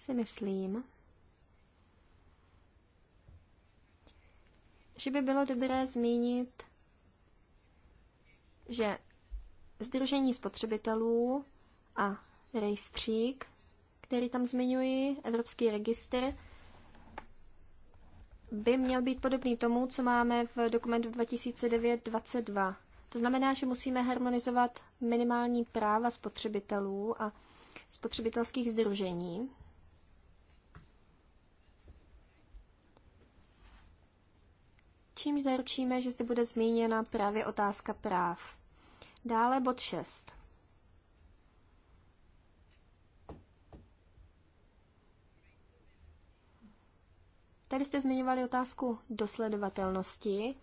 S5: si myslím, že by bylo dobré zmínit, že Združení spotřebitelů a rejstřík, který tam zmiňuji, Evropský registr, by měl být podobný tomu, co máme v dokumentu 2009-22. To znamená, že musíme harmonizovat minimální práva spotřebitelů a spotřebitelských združení čímž zaručíme, že zde bude zmíněna právě otázka práv. Dále bod 6. Tady jste zmiňovali otázku dosledovatelnosti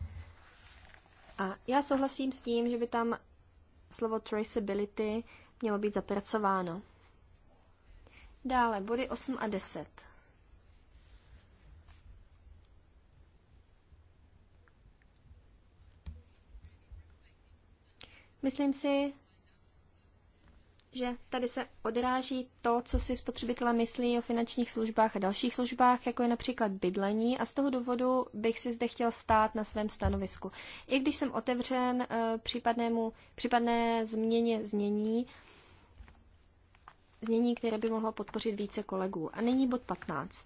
S5: a já souhlasím s tím, že by tam slovo traceability mělo být zapracováno. Dále body 8 a 10. Myslím si, že tady se odráží to, co si spotřebitelé myslí o finančních službách a dalších službách, jako je například bydlení a z toho důvodu bych si zde chtěl stát na svém stanovisku. I když jsem otevřen eh, případnému, případné změně znění, znění, které by mohlo podpořit více kolegů. A nyní bod 15.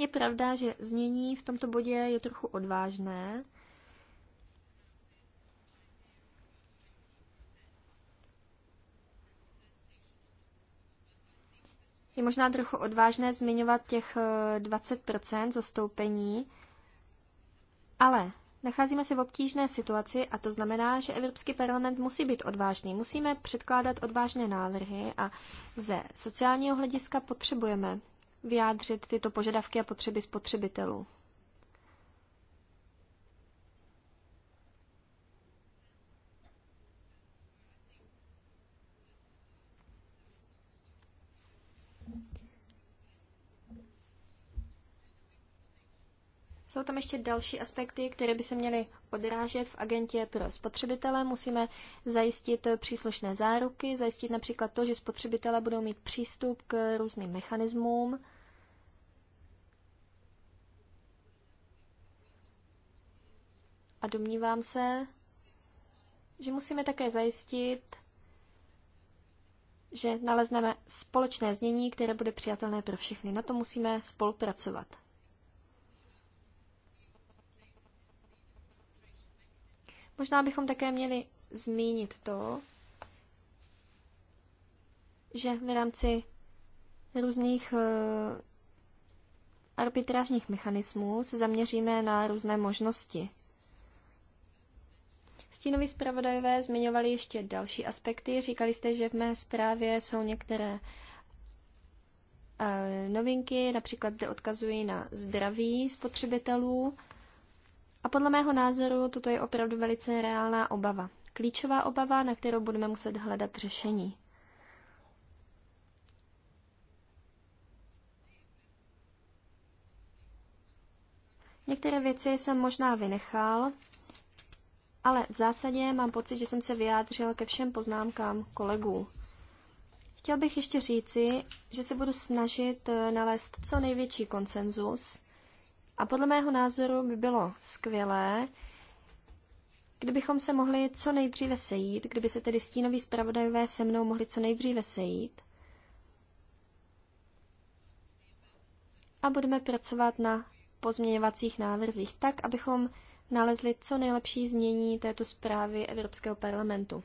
S5: Je pravda, že znění v tomto bodě je trochu odvážné. Je možná trochu odvážné zmiňovat těch 20% eh, zastoupení, ale nacházíme se v obtížné situaci a to znamená, že Evropský parlament musí být odvážný. Musíme předkládat odvážné návrhy a ze sociálního hlediska potřebujeme vyjádřit tyto požadavky a potřeby spotřebitelů. Jsou tam ještě další aspekty, které by se měly odrážet v agentě pro spotřebitele. Musíme zajistit příslušné záruky, zajistit například to, že spotřebitele budou mít přístup k různým mechanismům. A domnívám se, že musíme také zajistit, že nalezneme společné znění, které bude přijatelné pro všechny. Na to musíme spolupracovat. Možná bychom také měli zmínit to, že v rámci různých eh, arbitrážních mechanismů se zaměříme na různé možnosti. Stínoví zpravodajové zmiňovali ještě další aspekty. Říkali jste, že v mé zprávě jsou některé eh, novinky, například zde odkazují na zdraví spotřebitelů. A podle mého názoru toto je opravdu velice reálná obava. Klíčová obava, na kterou budeme muset hledat řešení. Některé věci jsem možná vynechal, ale v zásadě mám pocit, že jsem se vyjádřil ke všem poznámkám kolegů. Chtěl bych ještě říci, že se budu snažit nalézt co největší konsenzus a podle mého názoru by bylo skvělé, kdybychom se mohli co nejdříve sejít, kdyby se tedy stínoví zpravodajové se mnou mohli co nejdříve sejít. A budeme pracovat na pozměňovacích návrzích tak, abychom nalezli co nejlepší znění této zprávy Evropského parlamentu.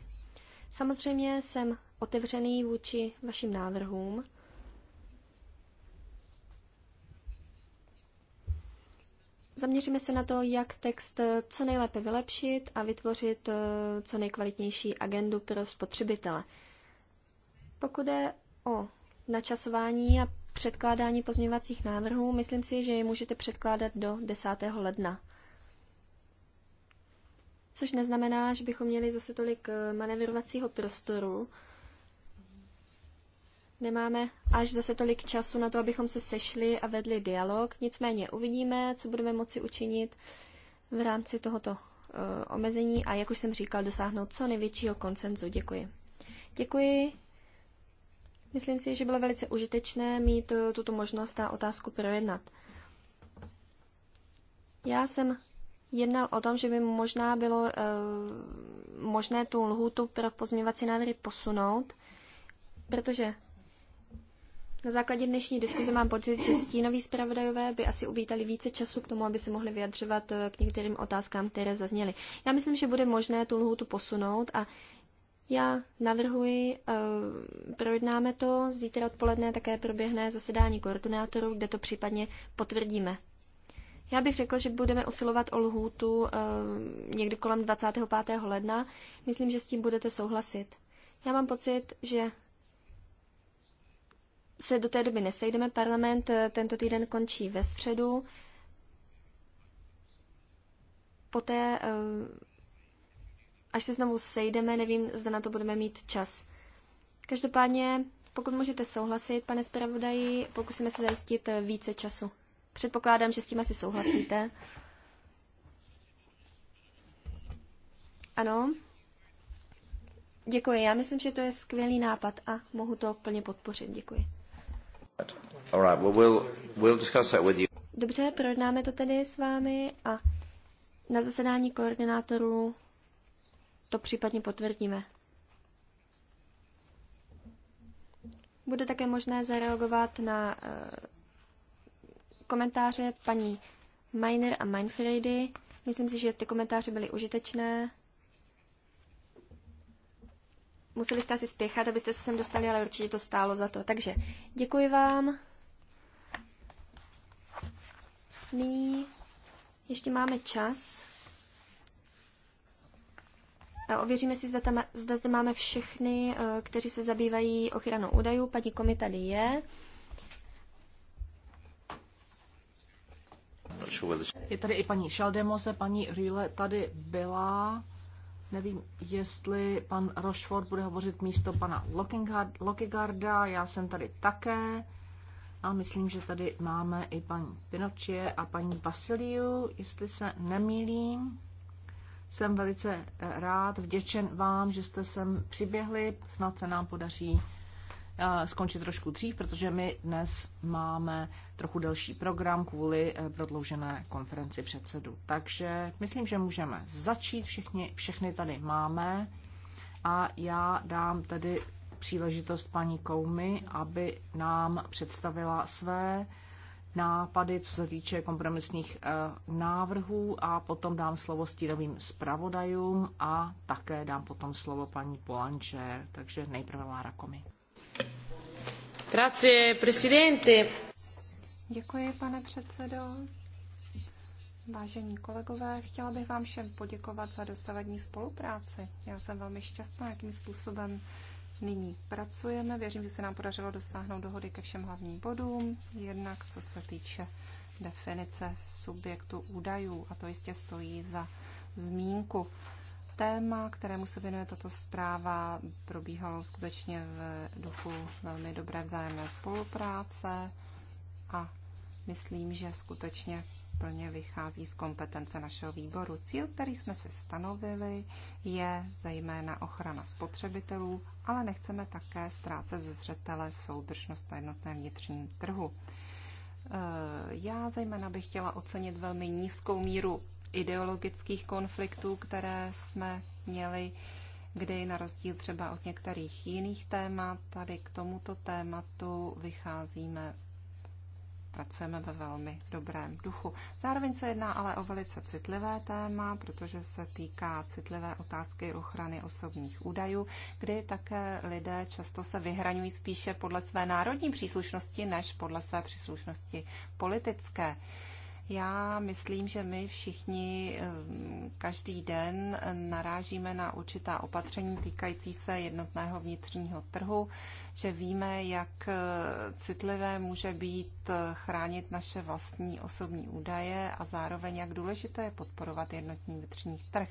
S5: Samozřejmě jsem otevřený vůči vašim návrhům. Zaměříme se na to, jak text eh, co nejlépe vylepšit a vytvořit eh, co nejkvalitnější agendu pro spotřebitele. Pokud je o načasování a předkládání pozměňovacích návrhů, myslím si, že je můžete předkládat do 10. ledna. Což neznamená, že bychom měli zase tolik eh, manevrovacího prostoru, nemáme až zase tolik času na to, abychom se sešli a vedli dialog. Nicméně uvidíme, co budeme moci učinit v rámci tohoto uh, omezení a, jak už jsem říkal, dosáhnout co největšího konsenzu. Děkuji. Děkuji. Myslím si, že bylo velice užitečné mít uh, tuto možnost a otázku projednat. Já jsem jednal o tom, že by možná bylo uh, možné tu lhůtu pro pozměňovací návrhy posunout, protože na základě dnešní diskuze mám pocit, že stínoví zpravodajové by asi uvítali více času k tomu, aby se mohli vyjadřovat eh, k některým otázkám, které zazněly. Já myslím, že bude možné tu lhůtu posunout a já navrhuji, eh, projednáme to, zítra odpoledne také proběhne zasedání koordinátorů, kde to případně potvrdíme. Já bych řekl, že budeme usilovat o lhůtu eh, někdy kolem 25. ledna. Myslím, že s tím budete souhlasit. Já mám pocit, že se do té doby nesejdeme. Parlament eh, tento týden končí ve středu. Poté, eh, až se znovu sejdeme, nevím, zda na to budeme mít čas. Každopádně, pokud můžete souhlasit, pane zpravodaji, pokusíme se zajistit eh, více času. Předpokládám, že s tím asi souhlasíte. Ano. Děkuji, já myslím, že to je skvělý nápad a mohu to plně podpořit. Děkuji. Dobře, projednáme to tedy s vámi a na zasedání koordinátorů to případně potvrdíme. Bude také možné zareagovat na eh, komentáře paní Miner a Meinfredy. Myslím si, že ty komentáře byly užitečné museli jste asi spěchat, abyste se sem dostali, ale určitě to stálo za to. Takže děkuji vám. Ní, ještě máme čas. A ověříme si, zda, tam, zda zde máme všechny, eh, kteří se zabývají ochranou údajů. Paní Komi tady je.
S2: Je tady i paní Šaldemose, paní Rýle tady byla. Nevím, jestli pan Rochefort bude hovořit místo pana Lockigarda, já jsem tady také a myslím, že tady máme i paní Pinochie a paní Basiliu. jestli se nemýlím. Jsem velice eh, rád, vděčen vám, že jste sem přiběhli, snad se nám podaří skončit trošku dřív, protože my dnes máme trochu delší program kvůli e, prodloužené konferenci předsedu. Takže myslím, že můžeme začít. Všichni, všechny tady máme. A já dám tedy příležitost paní Koumy, aby nám představila své nápady, co se týče kompromisních e, návrhů a potom dám slovo stínovým zpravodajům a také dám potom slovo paní Polančer, takže nejprve Lára Komi.
S3: Děkuji, pane předsedo. chtěla bych vám všem poděkovat za dosavadní spolupráci. Já jsem velmi šťastná, jakým způsobem nyní pracujeme. Věřím, že se nám podařilo dosáhnout dohody ke všem hlavním bodům, jednak co se týče definice subjektu údajů, a to jistě stojí za zmínku téma, kterému se věnuje tato zpráva, probíhalo skutečně v duchu velmi dobré vzájemné spolupráce a myslím, že skutečně plně vychází z kompetence našeho výboru. Cíl, který jsme si stanovili, je zejména ochrana spotřebitelů, ale nechceme také ztrácet ze zřetele soudržnost na jednotném vnitřním trhu. E, já zejména bych chtěla ocenit velmi nízkou míru ideologických konfliktů, které jsme měli kdy na rozdíl třeba od některých jiných témat, tady k tomuto tématu vycházíme, pracujeme ve velmi dobrém duchu. Zároveň se jedná ale o velice citlivé téma, protože se týká citlivé otázky ochrany osobních údajů, kdy také lidé často se vyhraňují spíše podle své národní příslušnosti než podle své příslušnosti politické. Já myslím, že my všichni eh, každý den narážíme na určitá opatření týkající se jednotného vnitřního trhu, že víme, jak eh, citlivé může být eh, chránit naše vlastní osobní údaje a zároveň jak důležité je podporovat jednotný vnitřní trh.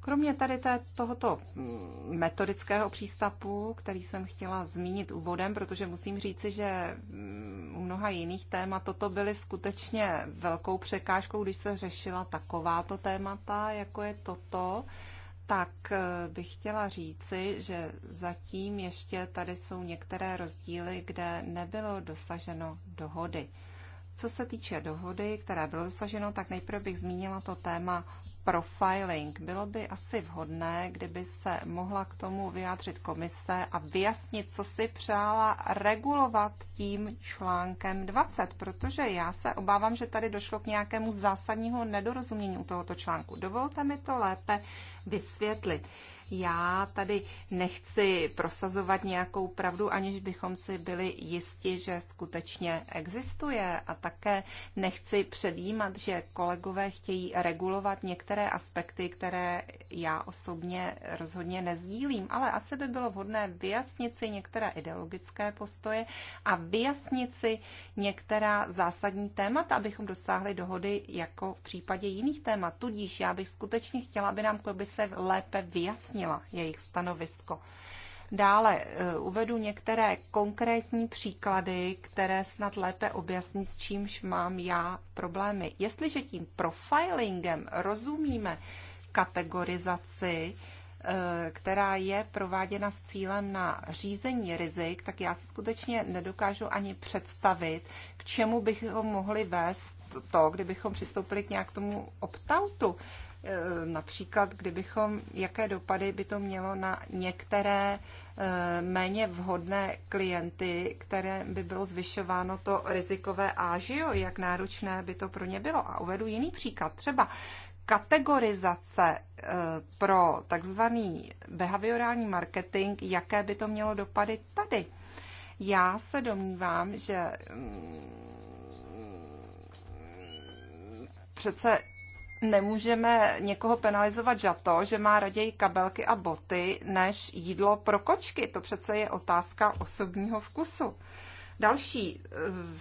S3: Kromě tady té, tohoto mm, metodického přístupu, který jsem chtěla zmínit úvodem, protože musím říci, že mm, u mnoha jiných témat toto byly skutečně velkou překážkou, když se řešila takováto témata, jako je toto, tak eh, bych chtěla říci, že zatím ještě tady jsou některé rozdíly, kde nebylo dosaženo dohody. Co se týče dohody, které bylo dosaženo, tak nejprve bych zmínila to téma profiling. Bylo by asi vhodné, kdyby se mohla k tomu vyjádřit komise a vyjasnit, co si přála regulovat tím článkem 20, protože já se obávám, že tady došlo k nějakému zásadního nedorozumění u tohoto článku. Dovolte mi to lépe vysvětlit. Já tady nechci prosazovat nějakou pravdu, aniž bychom si byli jisti, že skutečně existuje a také nechci předjímat, že kolegové chtějí regulovat některé aspekty, které já osobně rozhodně nezdílím, ale asi by bylo vhodné vyjasnit si některé ideologické postoje a vyjasnit si některá zásadní témata, abychom dosáhli dohody jako v případě jiných témat. Tudíž já bych skutečně chtěla, aby nám se lépe vyjasnil upřesnila jejich stanovisko. Dále eh, uvedu některé konkrétní příklady, které snad lépe objasní, s čímž mám já problémy. Jestliže tím profilingem rozumíme kategorizaci, eh, která je prováděna s cílem na řízení rizik, tak já si skutečně nedokážu ani představit, k čemu bychom mohli vést to, kdybychom přistoupili k nějak tomu optautu Eh, například kdybychom, jaké dopady by to mělo na některé eh, méně vhodné klienty, které by bylo zvyšováno to rizikové ážio, jak náročné by to pro ně bylo. A uvedu jiný příklad, třeba kategorizace eh, pro takzvaný behaviorální marketing, jaké by to mělo dopady tady. Já se domnívám, že
S1: mm,
S3: přece nemůžeme někoho penalizovat za to, že má raději kabelky a boty než jídlo pro kočky. To přece je otázka osobního vkusu. Další eh,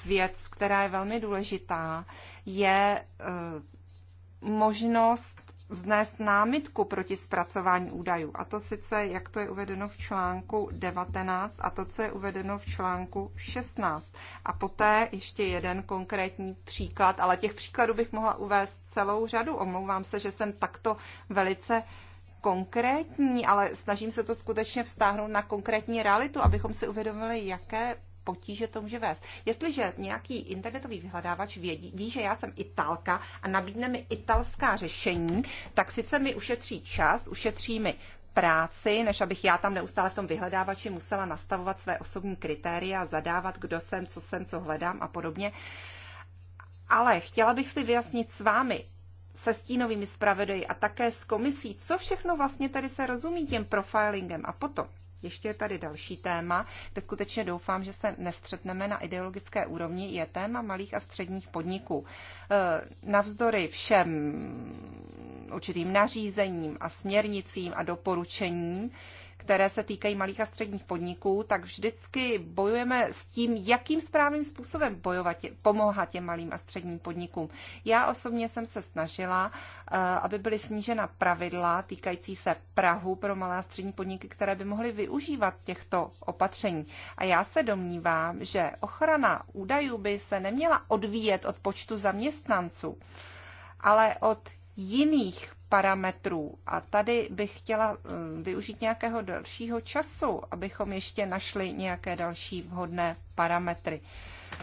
S3: věc, která je velmi důležitá, je eh, možnost vznést námitku proti zpracování údajů. A to sice, jak to je uvedeno v článku 19 a to, co je uvedeno v článku 16. A poté ještě jeden konkrétní příklad, ale těch příkladů bych mohla uvést celou řadu. Omlouvám se, že jsem takto velice konkrétní, ale snažím se to skutečně vztáhnout na konkrétní realitu, abychom si uvědomili, jaké potíže to může vést. Jestliže nějaký internetový vyhledávač vědí, ví, že já jsem Italka a nabídne mi italská řešení, tak sice mi ušetří čas, ušetří mi práci, než abych já tam neustále v tom vyhledávači musela nastavovat své osobní kritéria, zadávat, kdo jsem, co jsem, co hledám a podobně. Ale chtěla bych si vyjasnit s vámi, se stínovými zpravodaji a také s komisí, co všechno vlastně tady se rozumí tím profilingem. A potom, ještě je tady další téma, kde skutečně doufám, že se nestřetneme na ideologické úrovni, je téma malých a středních podniků. E, navzdory všem určitým nařízením a směrnicím a doporučením které se týkají malých a středních podniků, tak vždycky bojujeme s tím, jakým správným způsobem bojovat, pomáhat těm malým a středním podnikům. Já osobně jsem se snažila, eh, aby byly snížena pravidla týkající se Prahu pro malé a střední podniky, které by mohly využívat těchto opatření. A já se domnívám, že ochrana údajů by se neměla odvíjet od počtu zaměstnanců, ale od jiných parametrů. A tady bych chtěla mm, využít nějakého dalšího času, abychom ještě našli nějaké další vhodné parametry.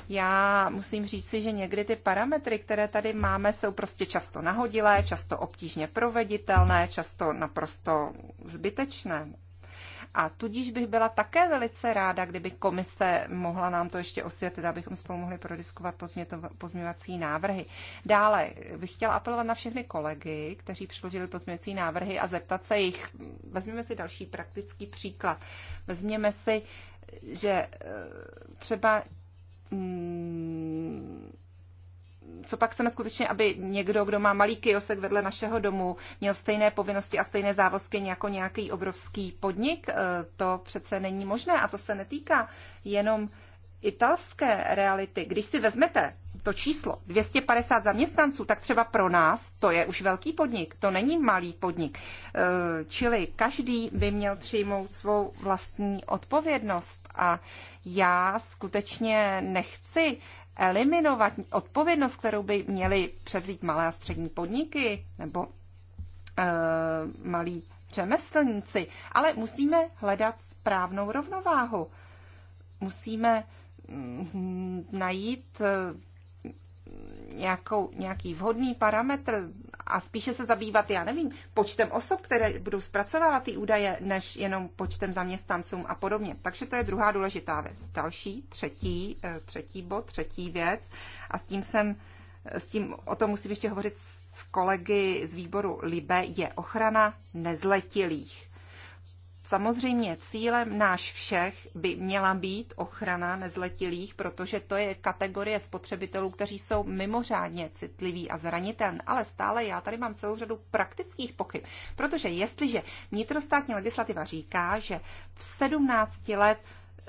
S3: Já musím říci, že někdy ty parametry, které tady máme, jsou prostě často nahodilé, často obtížně proveditelné, často naprosto zbytečné. A tudíž bych byla také velice ráda, kdyby komise mohla nám to ještě osvětlit, abychom spolu mohli prodiskovat pozměňovací návrhy. Dále bych chtěla apelovat na všechny kolegy, kteří předložili pozměňovací návrhy a zeptat se jich. Vezměme si další praktický příklad. Vezměme si, že eh, třeba mm, co pak chceme skutečně, aby někdo, kdo má malý kiosek vedle našeho domu, měl stejné povinnosti a stejné závazky jako nějaký obrovský podnik? E, to přece není možné a to se netýká jenom italské reality. Když si vezmete to číslo 250 zaměstnanců, tak třeba pro nás to je už velký podnik, to není malý podnik. E, čili každý by měl přijmout svou vlastní odpovědnost a já skutečně nechci eliminovat odpovědnost, kterou by měly převzít malé a střední podniky nebo e, malí řemeslníci, ale musíme hledat správnou rovnováhu. Musíme mm, najít eh, nějakou, nějaký vhodný parametr, a spíše se zabývat, já nevím, počtem osob, které budou zpracovávat ty údaje, než jenom počtem zaměstnancům a podobně. Takže to je druhá důležitá věc. Další, třetí, eh, třetí bod, třetí věc a s tím jsem, eh, s tím o tom musím ještě hovořit s kolegy z výboru LIBE, je ochrana nezletilých. Samozřejmě cílem náš všech by měla být ochrana nezletilých, protože to je kategorie spotřebitelů, kteří jsou mimořádně citliví a zranitelní. Ale stále já tady mám celou řadu praktických pochyb, protože jestliže vnitrostátní legislativa říká, že v 17, let,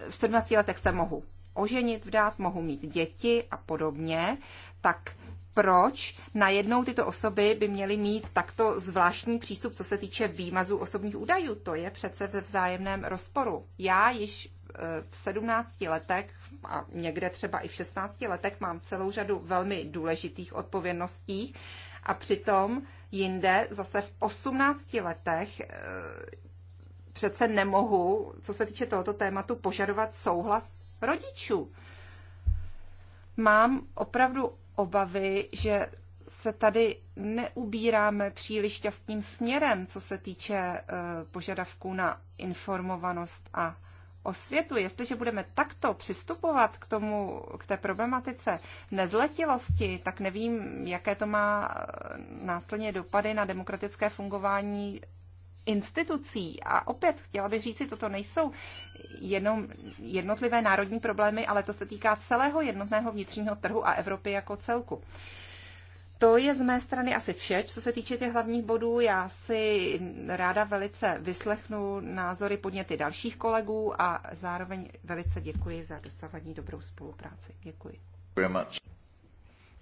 S3: v 17 letech se mohu oženit, vdát, mohu mít děti a podobně, tak proč najednou tyto osoby by měly mít takto zvláštní přístup, co se týče výmazu osobních údajů. To je přece ve vzájemném rozporu. Já již eh, v 17 letech a někde třeba i v 16 letech mám celou řadu velmi důležitých odpovědností a přitom jinde zase v 18 letech eh, přece nemohu, co se týče tohoto tématu, požadovat souhlas rodičů. Mám opravdu obavy, že se tady neubíráme příliš šťastným směrem, co se týče e, požadavků na informovanost a osvětu. Jestliže budeme takto přistupovat k, tomu, k té problematice nezletilosti, tak nevím, jaké to má e, následně dopady na demokratické fungování institucí. A opět chtěla bych říci, toto nejsou jenom jednotlivé národní problémy, ale to se týká celého jednotného vnitřního trhu a Evropy jako celku. To je z mé strany asi vše, co se týče těch hlavních bodů. Já si ráda velice vyslechnu názory podněty dalších kolegů a zároveň velice děkuji za dosavadní dobrou spolupráci. Děkuji.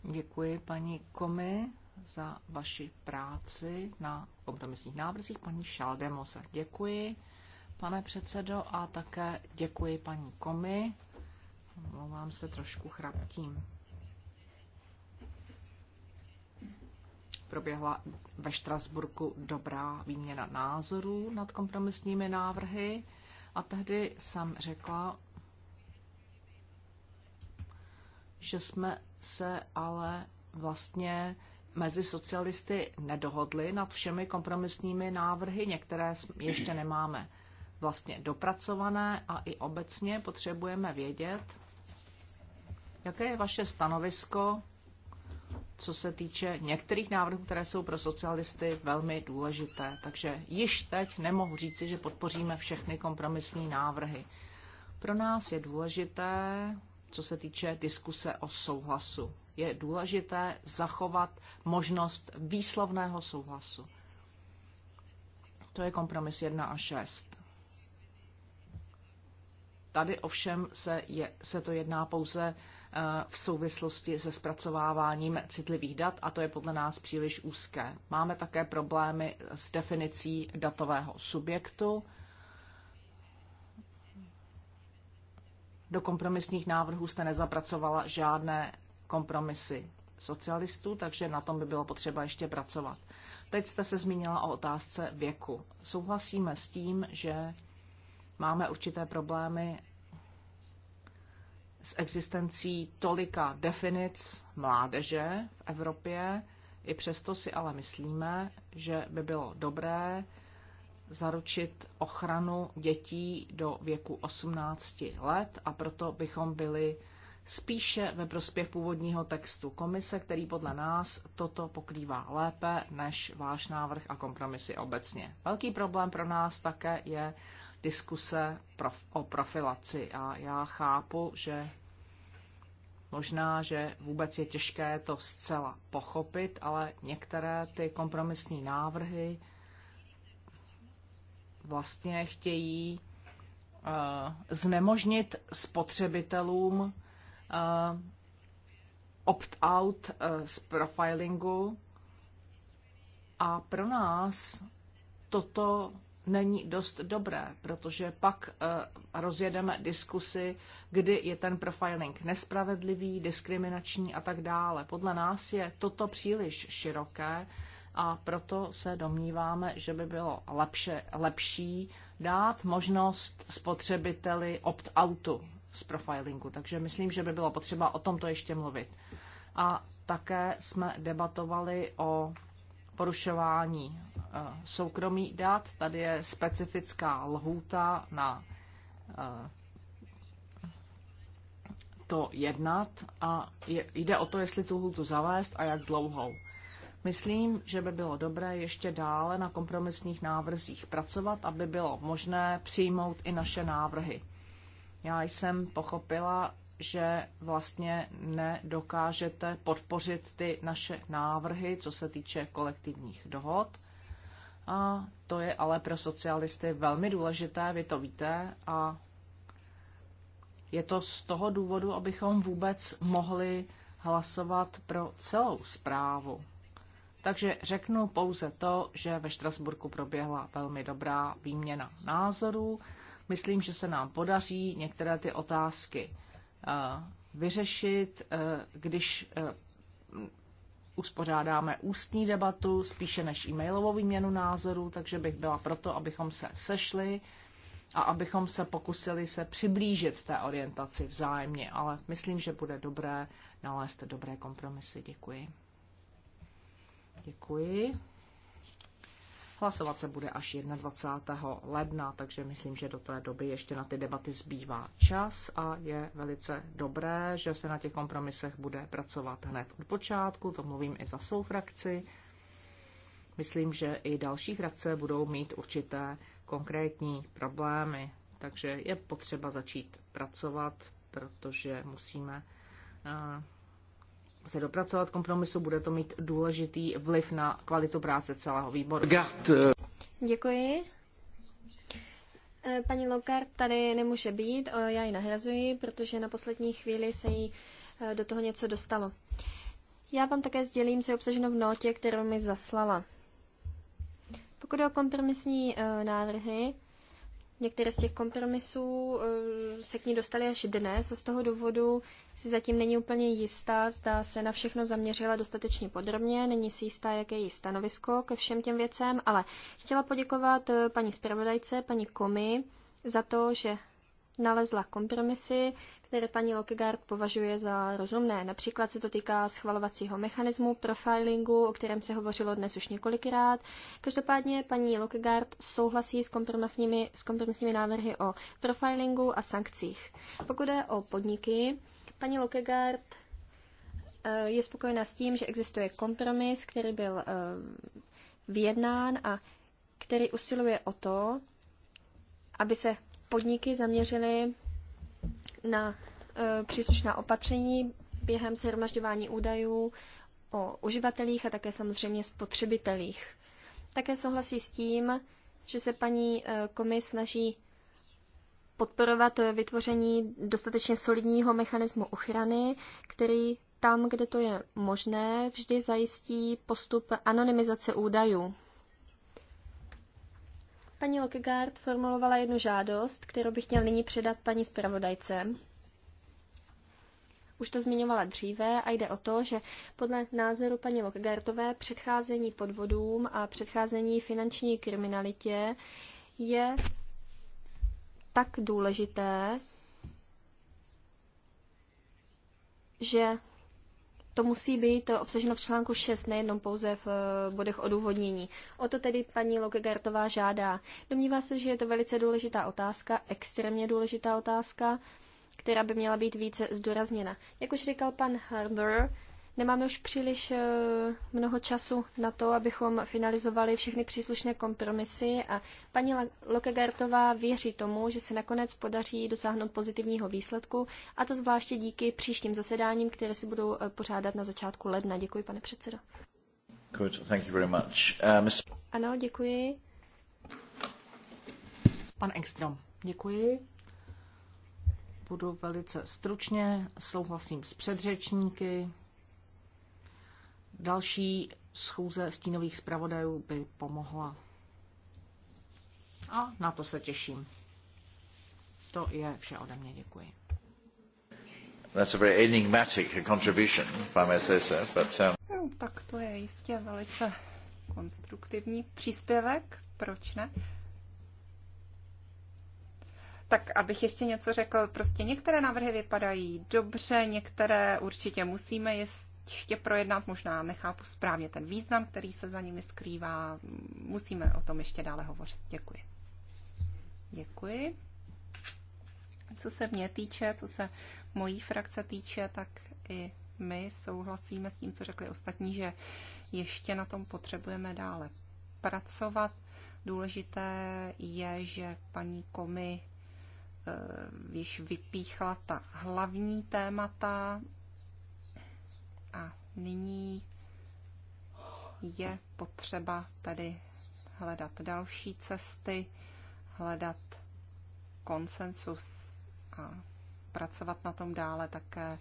S3: Děkuji paní
S2: Komi za vaši práci na kompromisních návrzích. Paní Šaldemose, děkuji, pane předsedo, a také děkuji paní Komi. Omlouvám se trošku chraptím. Proběhla ve Štrasburku dobrá výměna názorů nad kompromisními návrhy a tehdy jsem řekla, že jsme se ale vlastně mezi socialisty nedohodli nad všemi kompromisními návrhy. Některé ještě nemáme vlastně dopracované a i obecně potřebujeme vědět, jaké je vaše stanovisko, co se týče některých návrhů, které jsou pro socialisty velmi důležité. Takže již teď nemohu říci, že podpoříme všechny kompromisní návrhy. Pro nás je důležité, co se týče diskuse o souhlasu je důležité zachovat možnost výslovného souhlasu. To je kompromis 1 a 6. Tady ovšem se, je, se to jedná pouze eh, v souvislosti se zpracováváním citlivých dat a to je podle nás příliš úzké. Máme také problémy s definicí datového subjektu. Do kompromisních návrhů jste nezapracovala žádné kompromisy socialistů, takže na tom by bylo potřeba ještě pracovat. Teď jste se zmínila o otázce věku. Souhlasíme s tím, že máme určité problémy s existencí tolika definic mládeže v Evropě. I přesto si ale myslíme, že by bylo dobré zaručit ochranu dětí do věku 18 let a proto bychom byli spíše ve prospěch původního textu komise, který podle nás toto pokrývá lépe než váš návrh a kompromisy obecně. Velký problém pro nás také je diskuse o profilaci a já chápu, že možná, že vůbec je těžké to zcela pochopit, ale některé ty kompromisní návrhy vlastně chtějí eh, znemožnit spotřebitelům Eh, opt-out eh, z profilingu a pro nás toto není dost dobré, protože pak eh, rozjedeme diskusy, kdy je ten profiling nespravedlivý, diskriminační a tak dále. Podle nás je toto příliš široké a proto se domníváme, že by bylo lepše, lepší dát možnost spotřebiteli opt-outu z profilingu. Takže myslím, že by bylo potřeba o tomto ještě mluvit. A také jsme debatovali o porušování eh, soukromí dat. Tady je specifická lhůta na eh, to jednat a jde o to, jestli tu lhůtu zavést a jak dlouhou. Myslím, že by bylo dobré ještě dále na kompromisních návrzích pracovat, aby bylo možné přijmout i naše návrhy. Já jsem pochopila, že vlastně nedokážete podpořit ty naše návrhy, co se týče kolektivních dohod. A to je ale pro socialisty velmi důležité, vy to víte, a je to z toho důvodu, abychom vůbec mohli hlasovat pro celou zprávu. Takže řeknu pouze to, že ve Štrasburku proběhla velmi dobrá výměna názorů. Myslím, že se nám podaří některé ty otázky eh, vyřešit, eh, když eh, uspořádáme ústní debatu spíše než e-mailovou výměnu názorů, takže bych byla proto, abychom se sešli a abychom se pokusili se přiblížit té orientaci vzájemně, ale myslím, že bude dobré nalézt dobré kompromisy. Děkuji. Děkuji. Hlasovat se bude až 21. ledna, takže myslím, že do té doby ještě na ty debaty zbývá čas a je velice dobré, že se na těch kompromisech bude pracovat hned od počátku, to mluvím i za svou frakci. Myslím, že i další frakce budou mít určité konkrétní problémy, takže je potřeba začít pracovat, protože musíme eh, se dopracovat kompromisu, bude to mít důležitý vliv na kvalitu práce celého výboru.
S5: Děkuji. Eh, paní Lokar tady nemůže být, eh, já ji nahrazuji, protože na poslední chvíli se jí eh, do toho něco dostalo. Já vám také sdělím, co je obsaženo v notě, kterou mi zaslala. Pokud je o kompromisní návrhy, Některé z těch kompromisů eh, se k ní dostaly až dnes a z toho důvodu si zatím není úplně jistá, zda se na všechno zaměřila dostatečně podrobně, není si jistá, jaké je její stanovisko ke všem těm věcem, ale chtěla poděkovat eh, paní zpravodajce, paní Komi, za to, že nalezla kompromisy, které paní Lokegaard považuje za rozumné. Například se to týká schvalovacího mechanismu, profilingu, o kterém se hovořilo dnes už několikrát. Každopádně paní Lokegaard souhlasí s kompromisními, s kompromisními návrhy o profilingu a sankcích. Pokud je o podniky, paní Lokegaard eh, je spokojená s tím, že existuje kompromis, který byl eh, vyjednán a který usiluje o to, aby se podniky zaměřily na eh, příslušná opatření během shromažďování údajů o uživatelích a také samozřejmě spotřebitelích. Také souhlasí s tím, že se paní eh, komis snaží podporovat eh, vytvoření dostatečně solidního mechanismu ochrany, který tam, kde to je možné, vždy zajistí postup anonymizace údajů. Paní Lokegaard formulovala jednu žádost, kterou bych měl nyní předat paní zpravodajce. Už to zmiňovala dříve a jde o to, že podle názoru paní Lokegaardové předcházení podvodům a předcházení finanční kriminalitě je tak důležité, že to musí být obsaženo v článku 6, nejenom pouze v eh, bodech odůvodnění. O to tedy paní Lokegartová žádá. Domnívá se, že je to velice důležitá otázka, extrémně důležitá otázka, která by měla být více zdůrazněna. Jak už říkal pan Harbour, Nemáme už příliš eh, mnoho času na to, abychom finalizovali všechny příslušné kompromisy a paní Lokegartová věří tomu, že se nakonec podaří dosáhnout pozitivního výsledku a to zvláště díky příštím zasedáním, které se budou eh, pořádat na začátku ledna. Děkuji, pane předsedo.
S1: Good, thank you very much. Uh, Mr.
S5: Ano, děkuji.
S2: Pan Engstrom, děkuji budu velice stručně, souhlasím s předřečníky, Další schůze stínových zpravodajů by pomohla. A na to se těším. To je vše ode mě. Děkuji.
S1: That's a very enigmatic contribution, if I may say so, but, um...
S3: no, tak to je jistě velice konstruktivní příspěvek, proč ne? Tak abych ještě něco řekl, prostě některé návrhy vypadají dobře, některé určitě musíme ještě projednat, možná nechápu správně ten význam, který se za nimi skrývá. Musíme o tom ještě dále hovořit. Děkuji. Děkuji. Co se mě týče, co se mojí frakce týče, tak i my souhlasíme s tím, co řekli ostatní, že ještě na tom potřebujeme dále pracovat. Důležité je, že paní Komi eh, již vypíchla ta hlavní témata a nyní je potřeba tady hledat další cesty, hledat konsensus a pracovat na tom dále také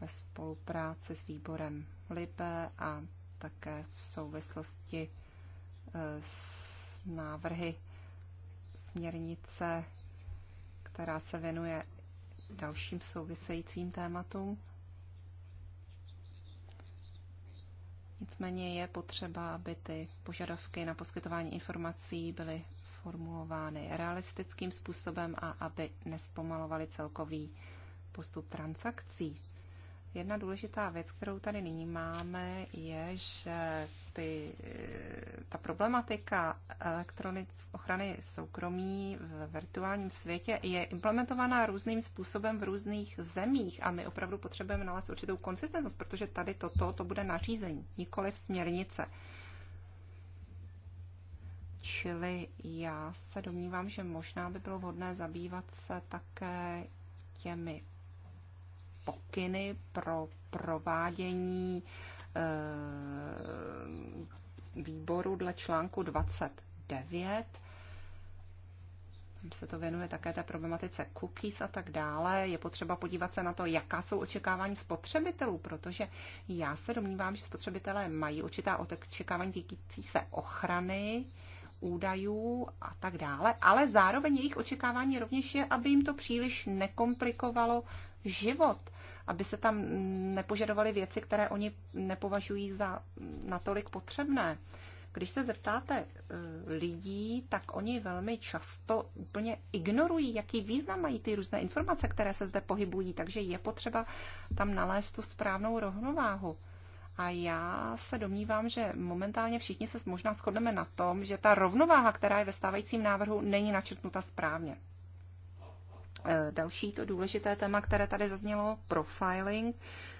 S3: ve spolupráci s výborem Libe a také v souvislosti e, s návrhy směrnice, která se věnuje dalším souvisejícím tématům. Nicméně je potřeba, aby ty požadavky na poskytování informací byly formulovány realistickým způsobem a aby nespomalovaly celkový postup transakcí. Jedna důležitá věc, kterou tady nyní máme, je, že ty, eh, ta problematika elektronic, ochrany soukromí v virtuálním světě je implementovaná různým způsobem v různých zemích a my opravdu potřebujeme nalézt určitou konsistentnost, protože tady toto to bude nařízení, nikoli v směrnice. Čili já se domnívám, že možná by bylo vhodné zabývat se také těmi pokyny pro provádění eh, výboru dle článku 29. se to věnuje také té problematice cookies a tak dále. Je potřeba podívat se na to, jaká jsou očekávání spotřebitelů, protože já se domnívám, že spotřebitelé mají určitá očekávání týkající se ochrany údajů a tak dále, ale zároveň jejich očekávání rovněž je, aby jim to příliš nekomplikovalo život, aby se tam nepožadovaly věci, které oni nepovažují za natolik potřebné. Když se zeptáte eh, lidí, tak oni velmi často úplně ignorují, jaký význam mají ty různé informace, které se zde pohybují, takže je potřeba tam nalézt tu správnou rovnováhu. A já se domnívám, že momentálně všichni se možná shodneme na tom, že ta rovnováha, která je ve stávajícím návrhu, není načrtnuta správně. Eh, další to důležité téma, které tady zaznělo, profiling.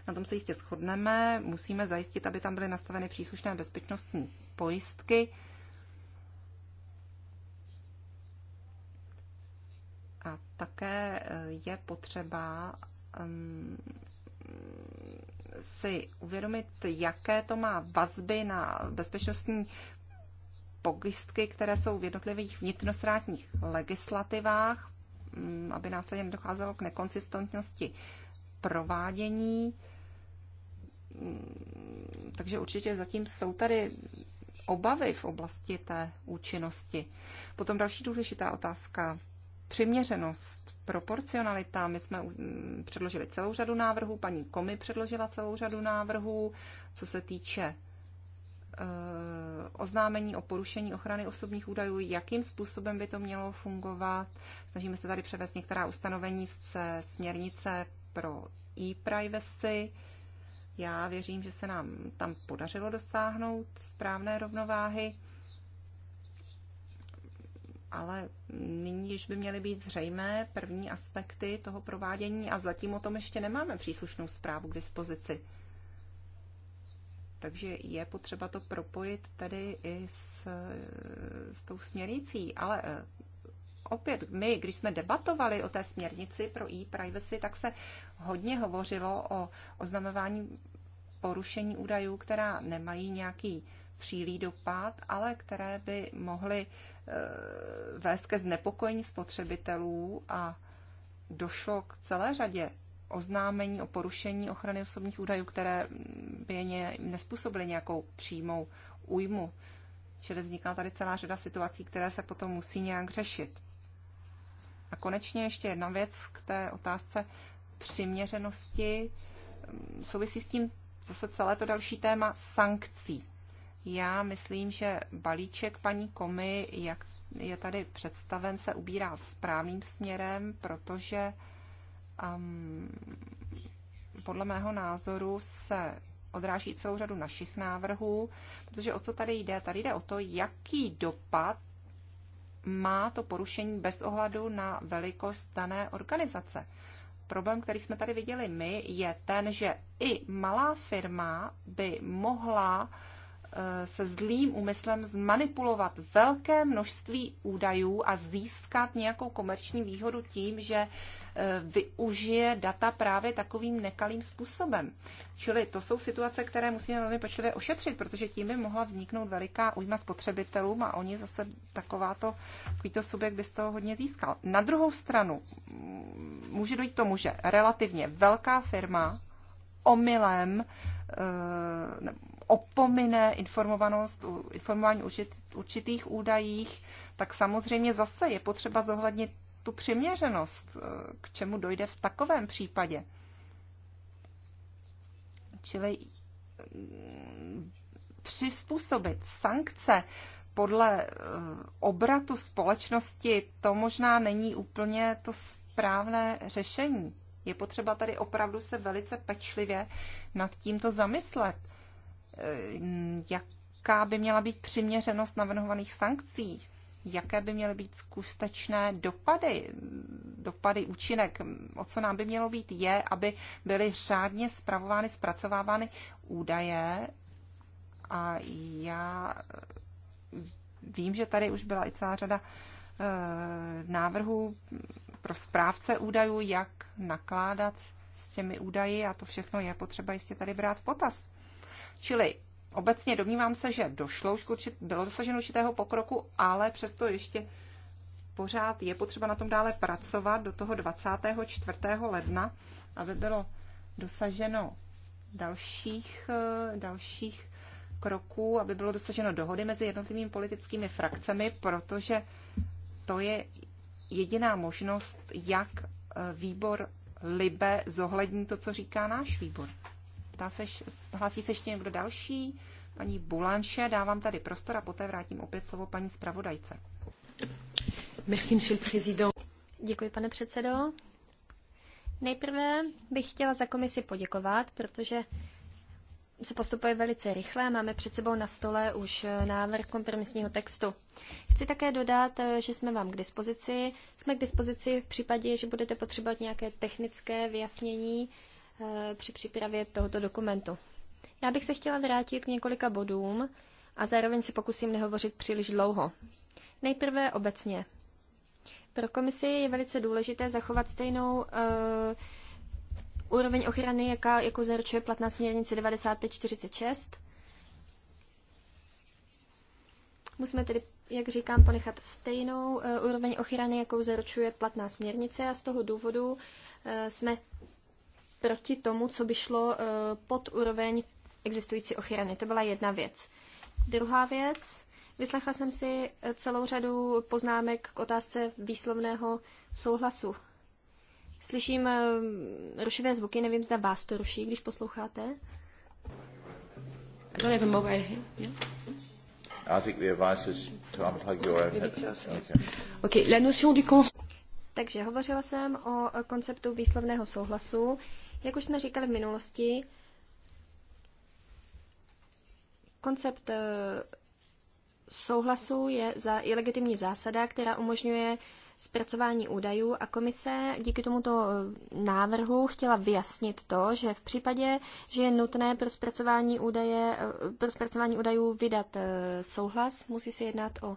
S3: Na tom se jistě shodneme. Musíme zajistit, aby tam byly nastaveny příslušné bezpečnostní pojistky. A také eh, je potřeba ehm, si uvědomit, jaké to má vazby na bezpečnostní pojistky, které jsou v jednotlivých vnitrostátních legislativách. Mm, aby následně docházelo k nekonsistentnosti provádění. Mm, takže určitě zatím jsou tady obavy v oblasti té účinnosti. Potom další důležitá otázka. Přiměřenost, proporcionalita. My jsme předložili celou řadu návrhů, paní Komi předložila celou řadu návrhů, co se týče Eh, oznámení o porušení ochrany osobních údajů, jakým způsobem by to mělo fungovat. Snažíme se tady převést některá ustanovení ze směrnice pro e-privacy. Já věřím, že se nám tam podařilo dosáhnout správné rovnováhy, ale nyní již by měly být zřejmé první aspekty toho provádění a zatím o tom ještě nemáme příslušnou zprávu k dispozici. Takže je potřeba to propojit tady i s, s tou směrnicí. Ale eh, opět, my, když jsme debatovali o té směrnici pro e-privacy, tak se hodně hovořilo o oznamování porušení údajů, která nemají nějaký přílý dopad, ale které by mohly eh, vést ke znepokojení spotřebitelů a došlo k celé řadě oznámení o porušení ochrany osobních údajů, které by je nespůsobily nějakou přímou újmu. Čili vzniká tady celá řada situací, které se potom musí nějak řešit. A konečně ještě jedna věc k té otázce přiměřenosti. Mm, souvisí s tím zase celé to další téma sankcí. Já myslím, že balíček paní Komy, jak je tady představen, se ubírá správným směrem, protože um, podle mého názoru se odráží celou řadu našich návrhů, protože o co tady jde? Tady jde o to, jaký dopad má to porušení bez ohledu na velikost dané organizace. Problém, který jsme tady viděli my, je ten, že i malá firma by mohla uh, se zlým úmyslem zmanipulovat velké množství údajů a získat nějakou komerční výhodu tím, že e, využije data právě takovým nekalým způsobem. Čili to jsou situace, které musíme velmi pečlivě ošetřit, protože tím by mohla vzniknout veliká újma spotřebitelům a oni zase takováto, takovýto subjekt by z toho hodně získal. Na druhou stranu může dojít k tomu, že relativně velká firma omylem e, opomine informovanost, informování určit, určitých údajích, tak samozřejmě zase je potřeba zohlednit tu přiměřenost, eh, k čemu dojde v takovém případě. Čili mm, přizpůsobit sankce podle eh, obratu společnosti, to možná není úplně to správné řešení. Je potřeba tady opravdu se velice pečlivě nad tímto zamyslet. Eh, jaká by měla být přiměřenost navrhovaných sankcí, jaké by měly být skutečné dopady, dopady účinek, o co nám by mělo být, je, aby byly řádně zpravovány, zpracovávány údaje a já vím, že tady už byla i celá řada eh, návrhů pro správce údajů, jak nakládat s těmi údaji a to všechno je potřeba jistě tady brát potaz. Čili obecně domnívám se, že došlo už určit, bylo dosaženo určitého pokroku, ale přesto ještě pořád je potřeba na tom dále pracovat do toho 24. ledna, aby bylo dosaženo dalších, eh, dalších kroků, aby bylo dosaženo dohody mezi jednotlivými politickými frakcemi, protože to je jediná možnost, jak eh, výbor Libe zohlední to, co říká náš výbor. Ptá se, hlásí se ještě někdo další? Paní Bulanše, dávám tady prostor a poté vrátím opět slovo paní zpravodajce.
S5: Merci, monsieur le président. Děkuji, pane předsedo. Nejprve bych chtěla za komisi poděkovat, protože se postupuje velice rychle. Máme před sebou na stole už návrh kompromisního textu. Chci také dodat, že jsme vám k dispozici. Jsme k dispozici v případě, že budete potřebovat nějaké technické vyjasnění Eh, při přípravě tohoto dokumentu. Já bych se chtěla vrátit k několika bodům a zároveň se pokusím nehovořit příliš dlouho. Nejprve obecně. Pro komisi je velice důležité zachovat stejnou uh, úroveň ochrany, jaká, jakou zaručuje platná směrnice 9546. Musíme tedy, jak říkám, ponechat stejnou uh, úroveň ochrany, jakou zaručuje platná směrnice a z toho důvodu uh, jsme proti tomu, co by šlo eh, pod úroveň existující ochrany. To byla jedna věc. Druhá věc, vyslechla jsem si eh, celou řadu poznámek k otázce výslovného souhlasu. Slyším eh, rušivé zvuky, nevím, zda vás to ruší, když posloucháte. I don't have a mobile here. Yeah.
S1: I think the advice is to unplug your own okay.
S2: okay, la notion du cons-
S5: Takže hovořila jsem o konceptu výslovného souhlasu. Jak už jsme říkali v minulosti, koncept eh, souhlasu je za legitimní zásada, která umožňuje zpracování údajů a komise díky tomuto eh, návrhu chtěla vyjasnit to, že v případě, že je nutné pro zpracování, údaje, eh, pro zpracování údajů vydat souhlas, musí se jednat o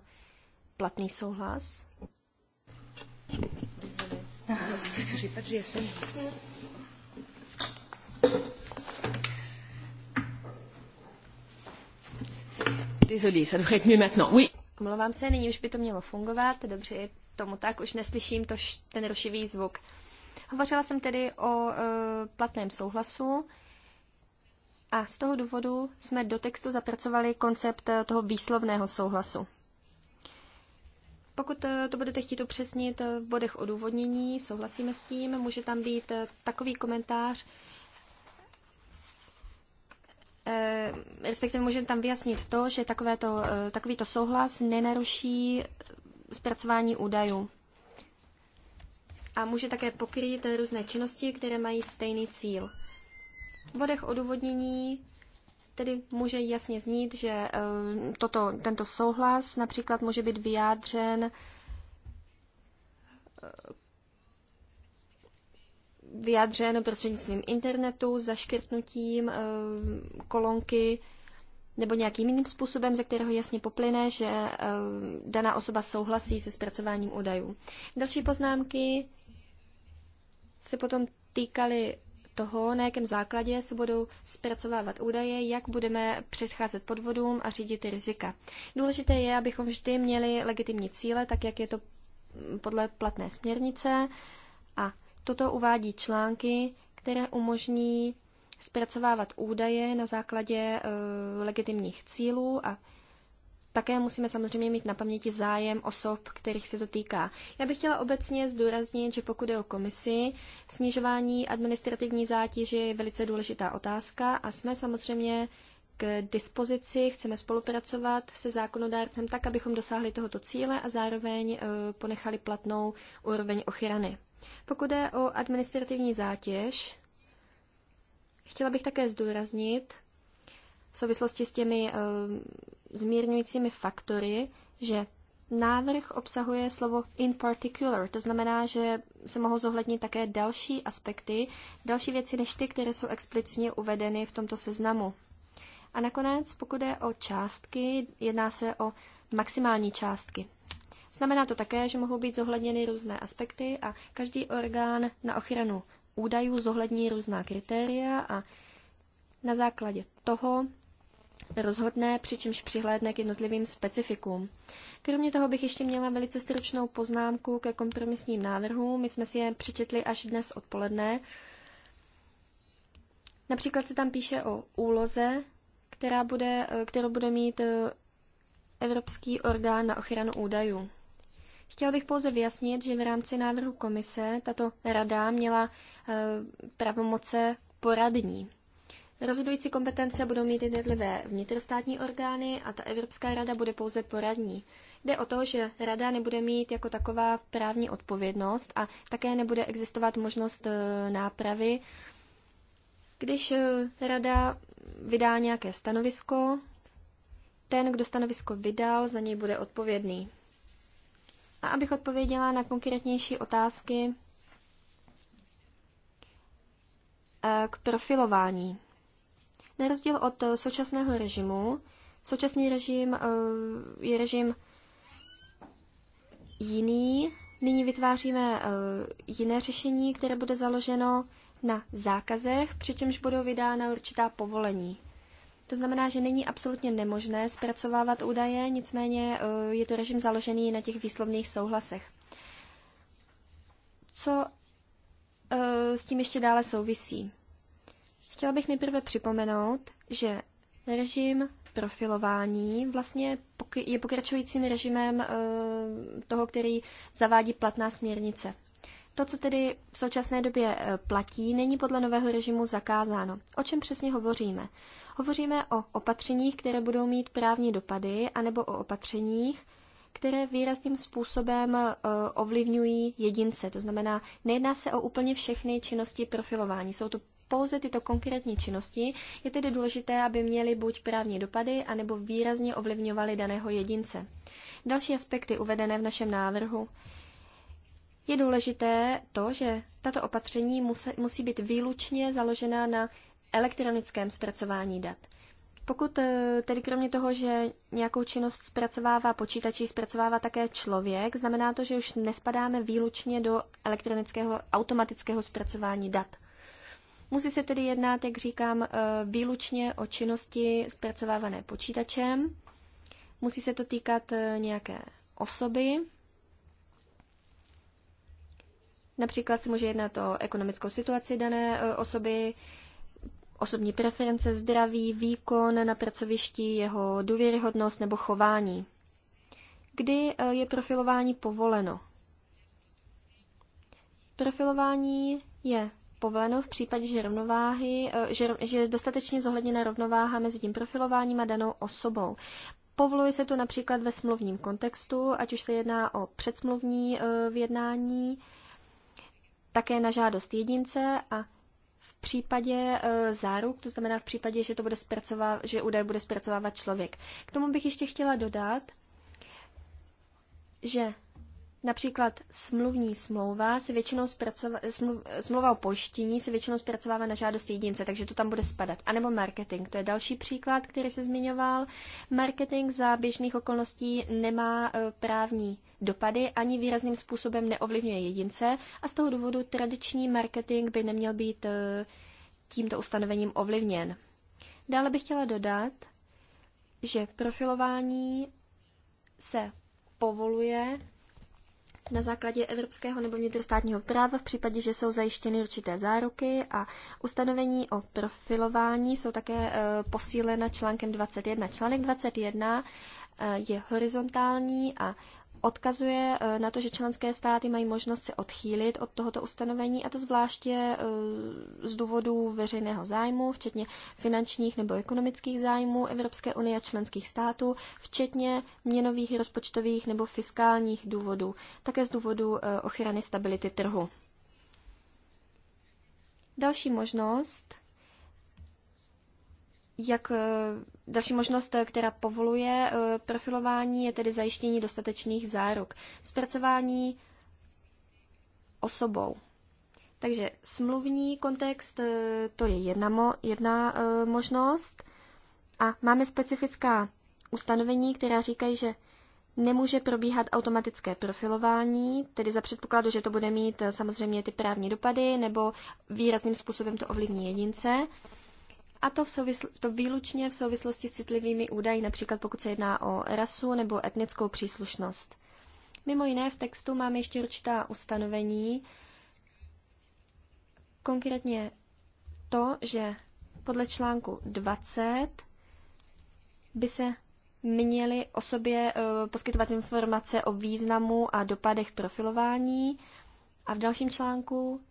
S5: platný souhlas.
S2: Désolé, ça devrait être mieux maintenant. Oui.
S5: Omlouvám se, nyní už by to mělo fungovat. Dobře, je tomu tak, už neslyším to, ten rušivý zvuk. Hovořila jsem tedy o e, platném souhlasu a z toho důvodu jsme do textu zapracovali koncept e, toho výslovného souhlasu. Pokud e, to budete chtít upřesnit e, v bodech odůvodnění, souhlasíme s tím, může tam být takový komentář, Eh, respektive můžeme tam vyjasnit to, že takovéto, eh, takovýto souhlas nenaruší zpracování údajů. A může také pokrýt různé činnosti, které mají stejný cíl. V bodech odůvodnění tedy může jasně znít, že eh, toto, tento souhlas například může být vyjádřen vyjádřeno prostřednictvím internetu, zaškrtnutím eh, kolonky nebo nějakým jiným způsobem, ze kterého jasně poplyne, že eh, daná osoba souhlasí se zpracováním údajů. Další poznámky se potom týkaly toho, na jakém základě se budou zpracovávat údaje, jak budeme předcházet podvodům a řídit rizika. Důležité je, abychom vždy měli legitimní cíle, tak jak je to podle platné směrnice, Toto uvádí články, které umožní zpracovávat údaje na základě e, legitimních cílů a také musíme samozřejmě mít na paměti zájem osob, kterých se to týká. Já bych chtěla obecně zdůraznit, že pokud je o komisi, snižování administrativní zátěže je velice důležitá otázka a jsme samozřejmě k dispozici, chceme spolupracovat se zákonodárcem tak, abychom dosáhli tohoto cíle a zároveň e, ponechali platnou úroveň ochrany. Pokud je o administrativní zátěž, chtěla bych také zdůraznit v souvislosti s těmi uh, zmírňujícími faktory, že návrh obsahuje slovo in particular, to znamená, že se mohou zohlednit také další aspekty, další věci než ty, které jsou explicitně uvedeny v tomto seznamu. A nakonec, pokud je o částky, jedná se o maximální částky. Znamená to také, že mohou být zohledněny různé aspekty a každý orgán na ochranu údajů zohlední různá kritéria a na základě toho rozhodné, přičemž přihlédne k jednotlivým specifikům. Kromě toho bych ještě měla velice stručnou poznámku ke kompromisním návrhům. My jsme si je přečetli až dnes odpoledne. Například se tam píše o úloze, která bude, kterou bude mít eh, Evropský orgán na ochranu údajů. Chtěl bych pouze vyjasnit, že v rámci návrhu komise tato rada měla eh, pravomoce poradní. Rozhodující kompetence budou mít jednotlivé vnitrostátní orgány a ta Evropská rada bude pouze poradní. Jde o to, že rada nebude mít jako taková právní odpovědnost a také nebude existovat možnost eh, nápravy. Když eh, rada vydá nějaké stanovisko, ten, kdo stanovisko vydal, za něj bude odpovědný. A abych odpověděla na konkrétnější otázky eh, k profilování. Na rozdíl od eh, současného režimu, současný režim eh, je režim jiný. Nyní vytváříme jiné řešení, které bude založeno na zákazech, přičemž budou vydána určitá povolení. To znamená, že není absolutně nemožné zpracovávat údaje, nicméně e, je to režim založený na těch výslovných souhlasech. Co e, s tím ještě dále souvisí? Chtěla bych nejprve připomenout, že režim profilování vlastně je pokračujícím režimem e, toho, který zavádí platná směrnice. To, co tedy v současné době platí, není podle nového režimu zakázáno. O čem přesně hovoříme? Hovoříme o opatřeních, které budou mít právní dopady, anebo o opatřeních, které výrazným způsobem e, ovlivňují jedince. To znamená, nejedná se o úplně všechny činnosti profilování. Jsou to pouze tyto konkrétní činnosti. Je tedy důležité, aby měly buď právní dopady, anebo výrazně ovlivňovaly daného jedince. Další aspekty uvedené v našem návrhu. Je důležité to, že tato opatření musí, musí být výlučně založena na elektronickém zpracování dat. Pokud eh, tedy kromě toho, že nějakou činnost zpracovává počítačí, zpracovává také člověk, znamená to, že už nespadáme výlučně do elektronického automatického zpracování dat. Musí se tedy jednat, jak říkám, eh, výlučně o činnosti zpracovávané počítačem. Musí se to týkat eh, nějaké osoby. Například se může jednat o ekonomickou situaci dané osoby, osobní preference, zdraví, výkon na pracovišti, jeho důvěryhodnost nebo chování. Kdy eh, je profilování povoleno? Profilování je povoleno v případě, že, rovnováhy, eh, že, že je dostatečně zohledněna rovnováha mezi tím profilováním a danou osobou. Povoluje se to například ve smluvním kontextu, ať už se jedná o předsmluvní eh, vyjednání, také na žádost jedince a v případě eh, záruk, to znamená v případě, že, to bude že údaj bude zpracovávat člověk. K tomu bych ještě chtěla dodat, že Například smluvní smlouva se většinou zpracová, smluv, smlouva o pojištění se většinou zpracovává na žádost jedince, takže to tam bude spadat. A nebo marketing, to je další příklad, který se zmiňoval. Marketing za běžných okolností nemá e, právní dopady, ani výrazným způsobem neovlivňuje jedince a z toho důvodu tradiční marketing by neměl být e, tímto ustanovením ovlivněn. Dále bych chtěla dodat, že profilování se povoluje na základě evropského nebo vnitrostátního práva v případě, že jsou zajištěny určité záruky a ustanovení o profilování jsou také eh, posílena článkem 21. Článek 21 eh, je horizontální a odkazuje eh, na to, že členské státy mají možnost se odchýlit od tohoto ustanovení, a to zvláště eh, z důvodu veřejného zájmu, včetně finančních nebo ekonomických zájmů Evropské unie a členských států, včetně měnových, rozpočtových nebo fiskálních důvodů, také z důvodu eh, ochrany stability trhu. Další možnost jak eh, další možnost, eh, která povoluje eh, profilování, je tedy zajištění dostatečných záruk. Zpracování osobou. Takže smluvní kontext, to je jedna, mo, jedna možnost. A máme specifická ustanovení, která říkají, že nemůže probíhat automatické profilování, tedy za předpokladu, že to bude mít samozřejmě ty právní dopady nebo výrazným způsobem to ovlivní jedince. A to, v souvisl- to výlučně v souvislosti s citlivými údaji, například pokud se jedná o rasu nebo etnickou příslušnost. Mimo jiné v textu máme ještě určitá ustanovení, konkrétně to, že podle článku 20 by se měly o sobě e, poskytovat informace o významu a dopadech profilování a v dalším článku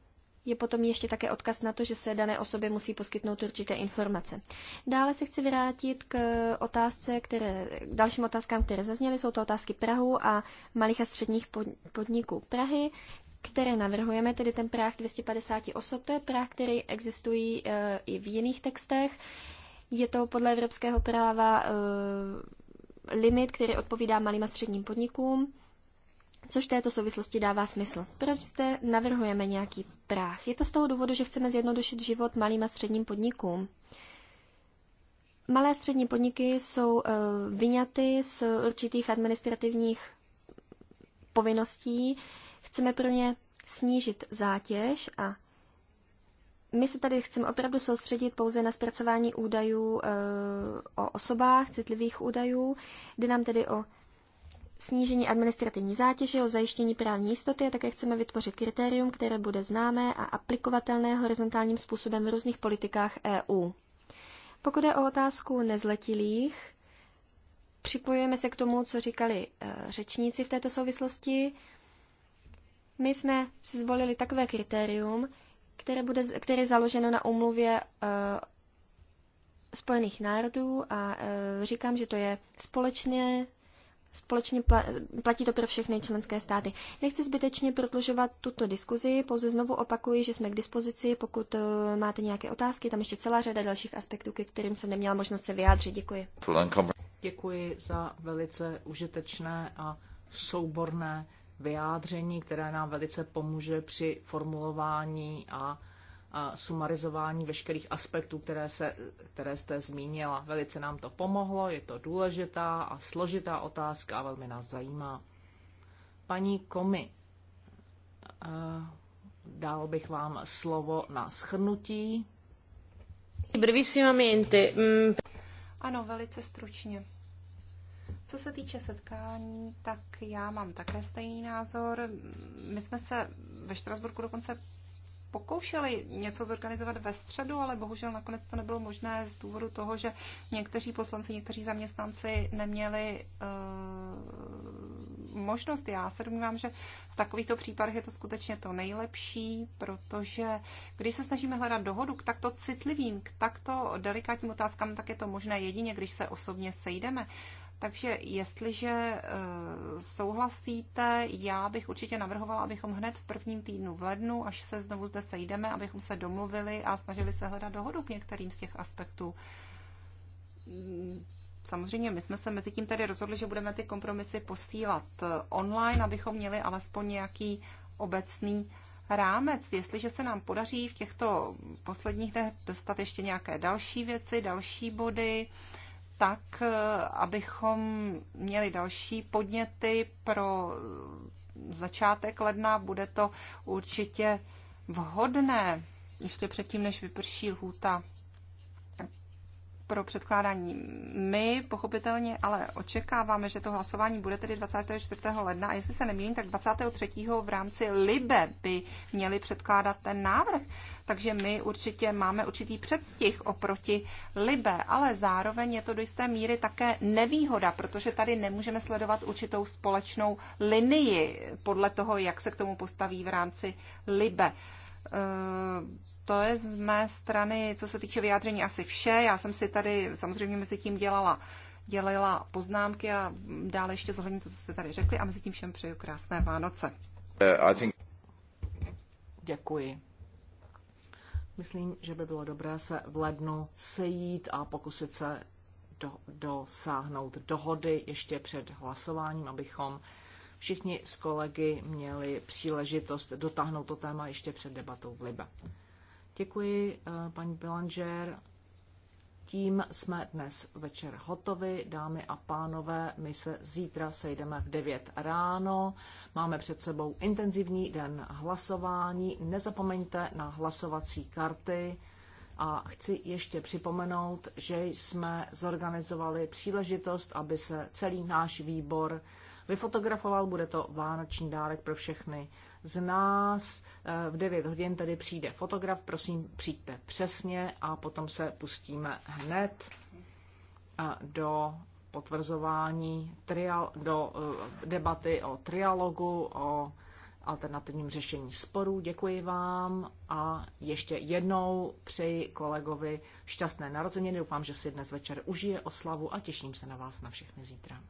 S5: je potom ještě také odkaz na to, že se dané osobě musí poskytnout určité informace. Dále se chci vrátit k otázce, které, k dalším otázkám, které zazněly. Jsou to otázky Prahu a malých a středních podniků Prahy, které navrhujeme, tedy ten práh 250 osob. To je práh, který existují e, i v jiných textech. Je to podle evropského práva e, limit, který odpovídá malým a středním podnikům což této souvislosti dává smysl. Proč zde navrhujeme nějaký práh? Je to z toho důvodu, že chceme zjednodušit život malým a středním podnikům. Malé a střední podniky jsou eh, vyňaty z určitých administrativních povinností. Chceme pro ně snížit zátěž a my se tady chceme opravdu soustředit pouze na zpracování údajů e, o osobách, citlivých údajů. Jde nám tedy o snížení administrativní zátěže, o zajištění právní jistoty a také chceme vytvořit kritérium, které bude známé a aplikovatelné horizontálním způsobem v různých politikách EU. Pokud je o otázku nezletilých, připojujeme se k tomu, co říkali eh, řečníci v této souvislosti. My jsme si zvolili takové kritérium, které, bude, které je založeno na umluvě eh, Spojených národů a eh, říkám, že to je společné Společně platí to pro všechny členské státy. Nechci zbytečně prodlužovat tuto diskuzi, pouze znovu opakuji, že jsme k dispozici, pokud eh, máte nějaké otázky, tam ještě celá řada dalších aspektů, ke kterým jsem neměla možnost se vyjádřit. Děkuji.
S2: Děkuji za velice užitečné a souborné vyjádření, které nám velice pomůže při formulování a sumarizování veškerých aspektů, které, se, které jste zmínila. Velice nám to pomohlo, je to důležitá a složitá otázka a velmi nás zajímá. Paní Komi, eh, dal bych vám slovo na schrnutí. Mm.
S3: Ano, velice stručně. Co se týče setkání, tak já mám také stejný názor. My jsme se ve Štrasburku dokonce pokoušeli něco zorganizovat ve středu, ale bohužel nakonec to nebylo možné z důvodu toho, že někteří poslanci, někteří zaměstnanci neměli uh, možnost. Já se domnívám, že v takovýchto případech je to skutečně to nejlepší, protože když se snažíme hledat dohodu k takto citlivým, k takto delikátním otázkám, tak je to možné jedině, když se osobně sejdeme. Uh, takže jestliže eh, souhlasíte, já bych určitě navrhovala, abychom hned v prvním týdnu v lednu, až se znovu zde sejdeme, abychom se domluvili a snažili se hledat dohodu k některým z těch aspektů. Mm, samozřejmě my jsme se mezi tím tady rozhodli, že budeme ty kompromisy posílat eh, online, abychom měli alespoň nějaký obecný rámec. Jestliže se nám podaří v těchto posledních dnech dostat ještě nějaké další věci, další body, tak, eh, abychom měli další podněty pro eh, začátek ledna. Bude to určitě vhodné ještě předtím, než vyprší lhůta pro předkládání my, pochopitelně, ale očekáváme, že to hlasování bude tedy 24. ledna a jestli se nemýlím, tak 23. v rámci LIBE by měli předkládat ten návrh. Takže my určitě máme určitý předstih oproti LIBE, ale zároveň je to do jisté míry také nevýhoda, protože tady nemůžeme sledovat určitou společnou linii podle toho, jak se k tomu postaví v rámci LIBE to je z mé strany, co se týče vyjádření, asi vše. Já jsem si tady samozřejmě mezi tím dělala, dělala poznámky a dále ještě zohledním to, co jste tady řekli a mezi tím všem přeju krásné Vánoce.
S1: Uh, think...
S2: Děkuji. Myslím, že by bylo dobré se v lednu sejít a pokusit se do, dosáhnout dohody ještě před hlasováním, abychom všichni s kolegy měli příležitost dotáhnout to téma ještě před debatou v Libe. Děkuji, eh, paní Belanger. Tím jsme dnes večer hotovi. Dámy a pánové, my se zítra sejdeme v 9 ráno. Máme před sebou intenzivní den hlasování. Nezapomeňte na hlasovací karty. A chci ještě připomenout, že jsme zorganizovali příležitost, aby se celý náš výbor vyfotografoval. Bude to vánoční dárek pro všechny z nás. Eh, v 9 hodin tedy přijde fotograf, prosím přijďte přesně a potom se pustíme hned eh, do potvrzování, trial, do eh, debaty o trialogu, o alternativním řešení sporů. Děkuji vám a ještě jednou přeji kolegovi šťastné narozeniny. Doufám, že si dnes večer užije oslavu a těším se na vás na všechny zítra.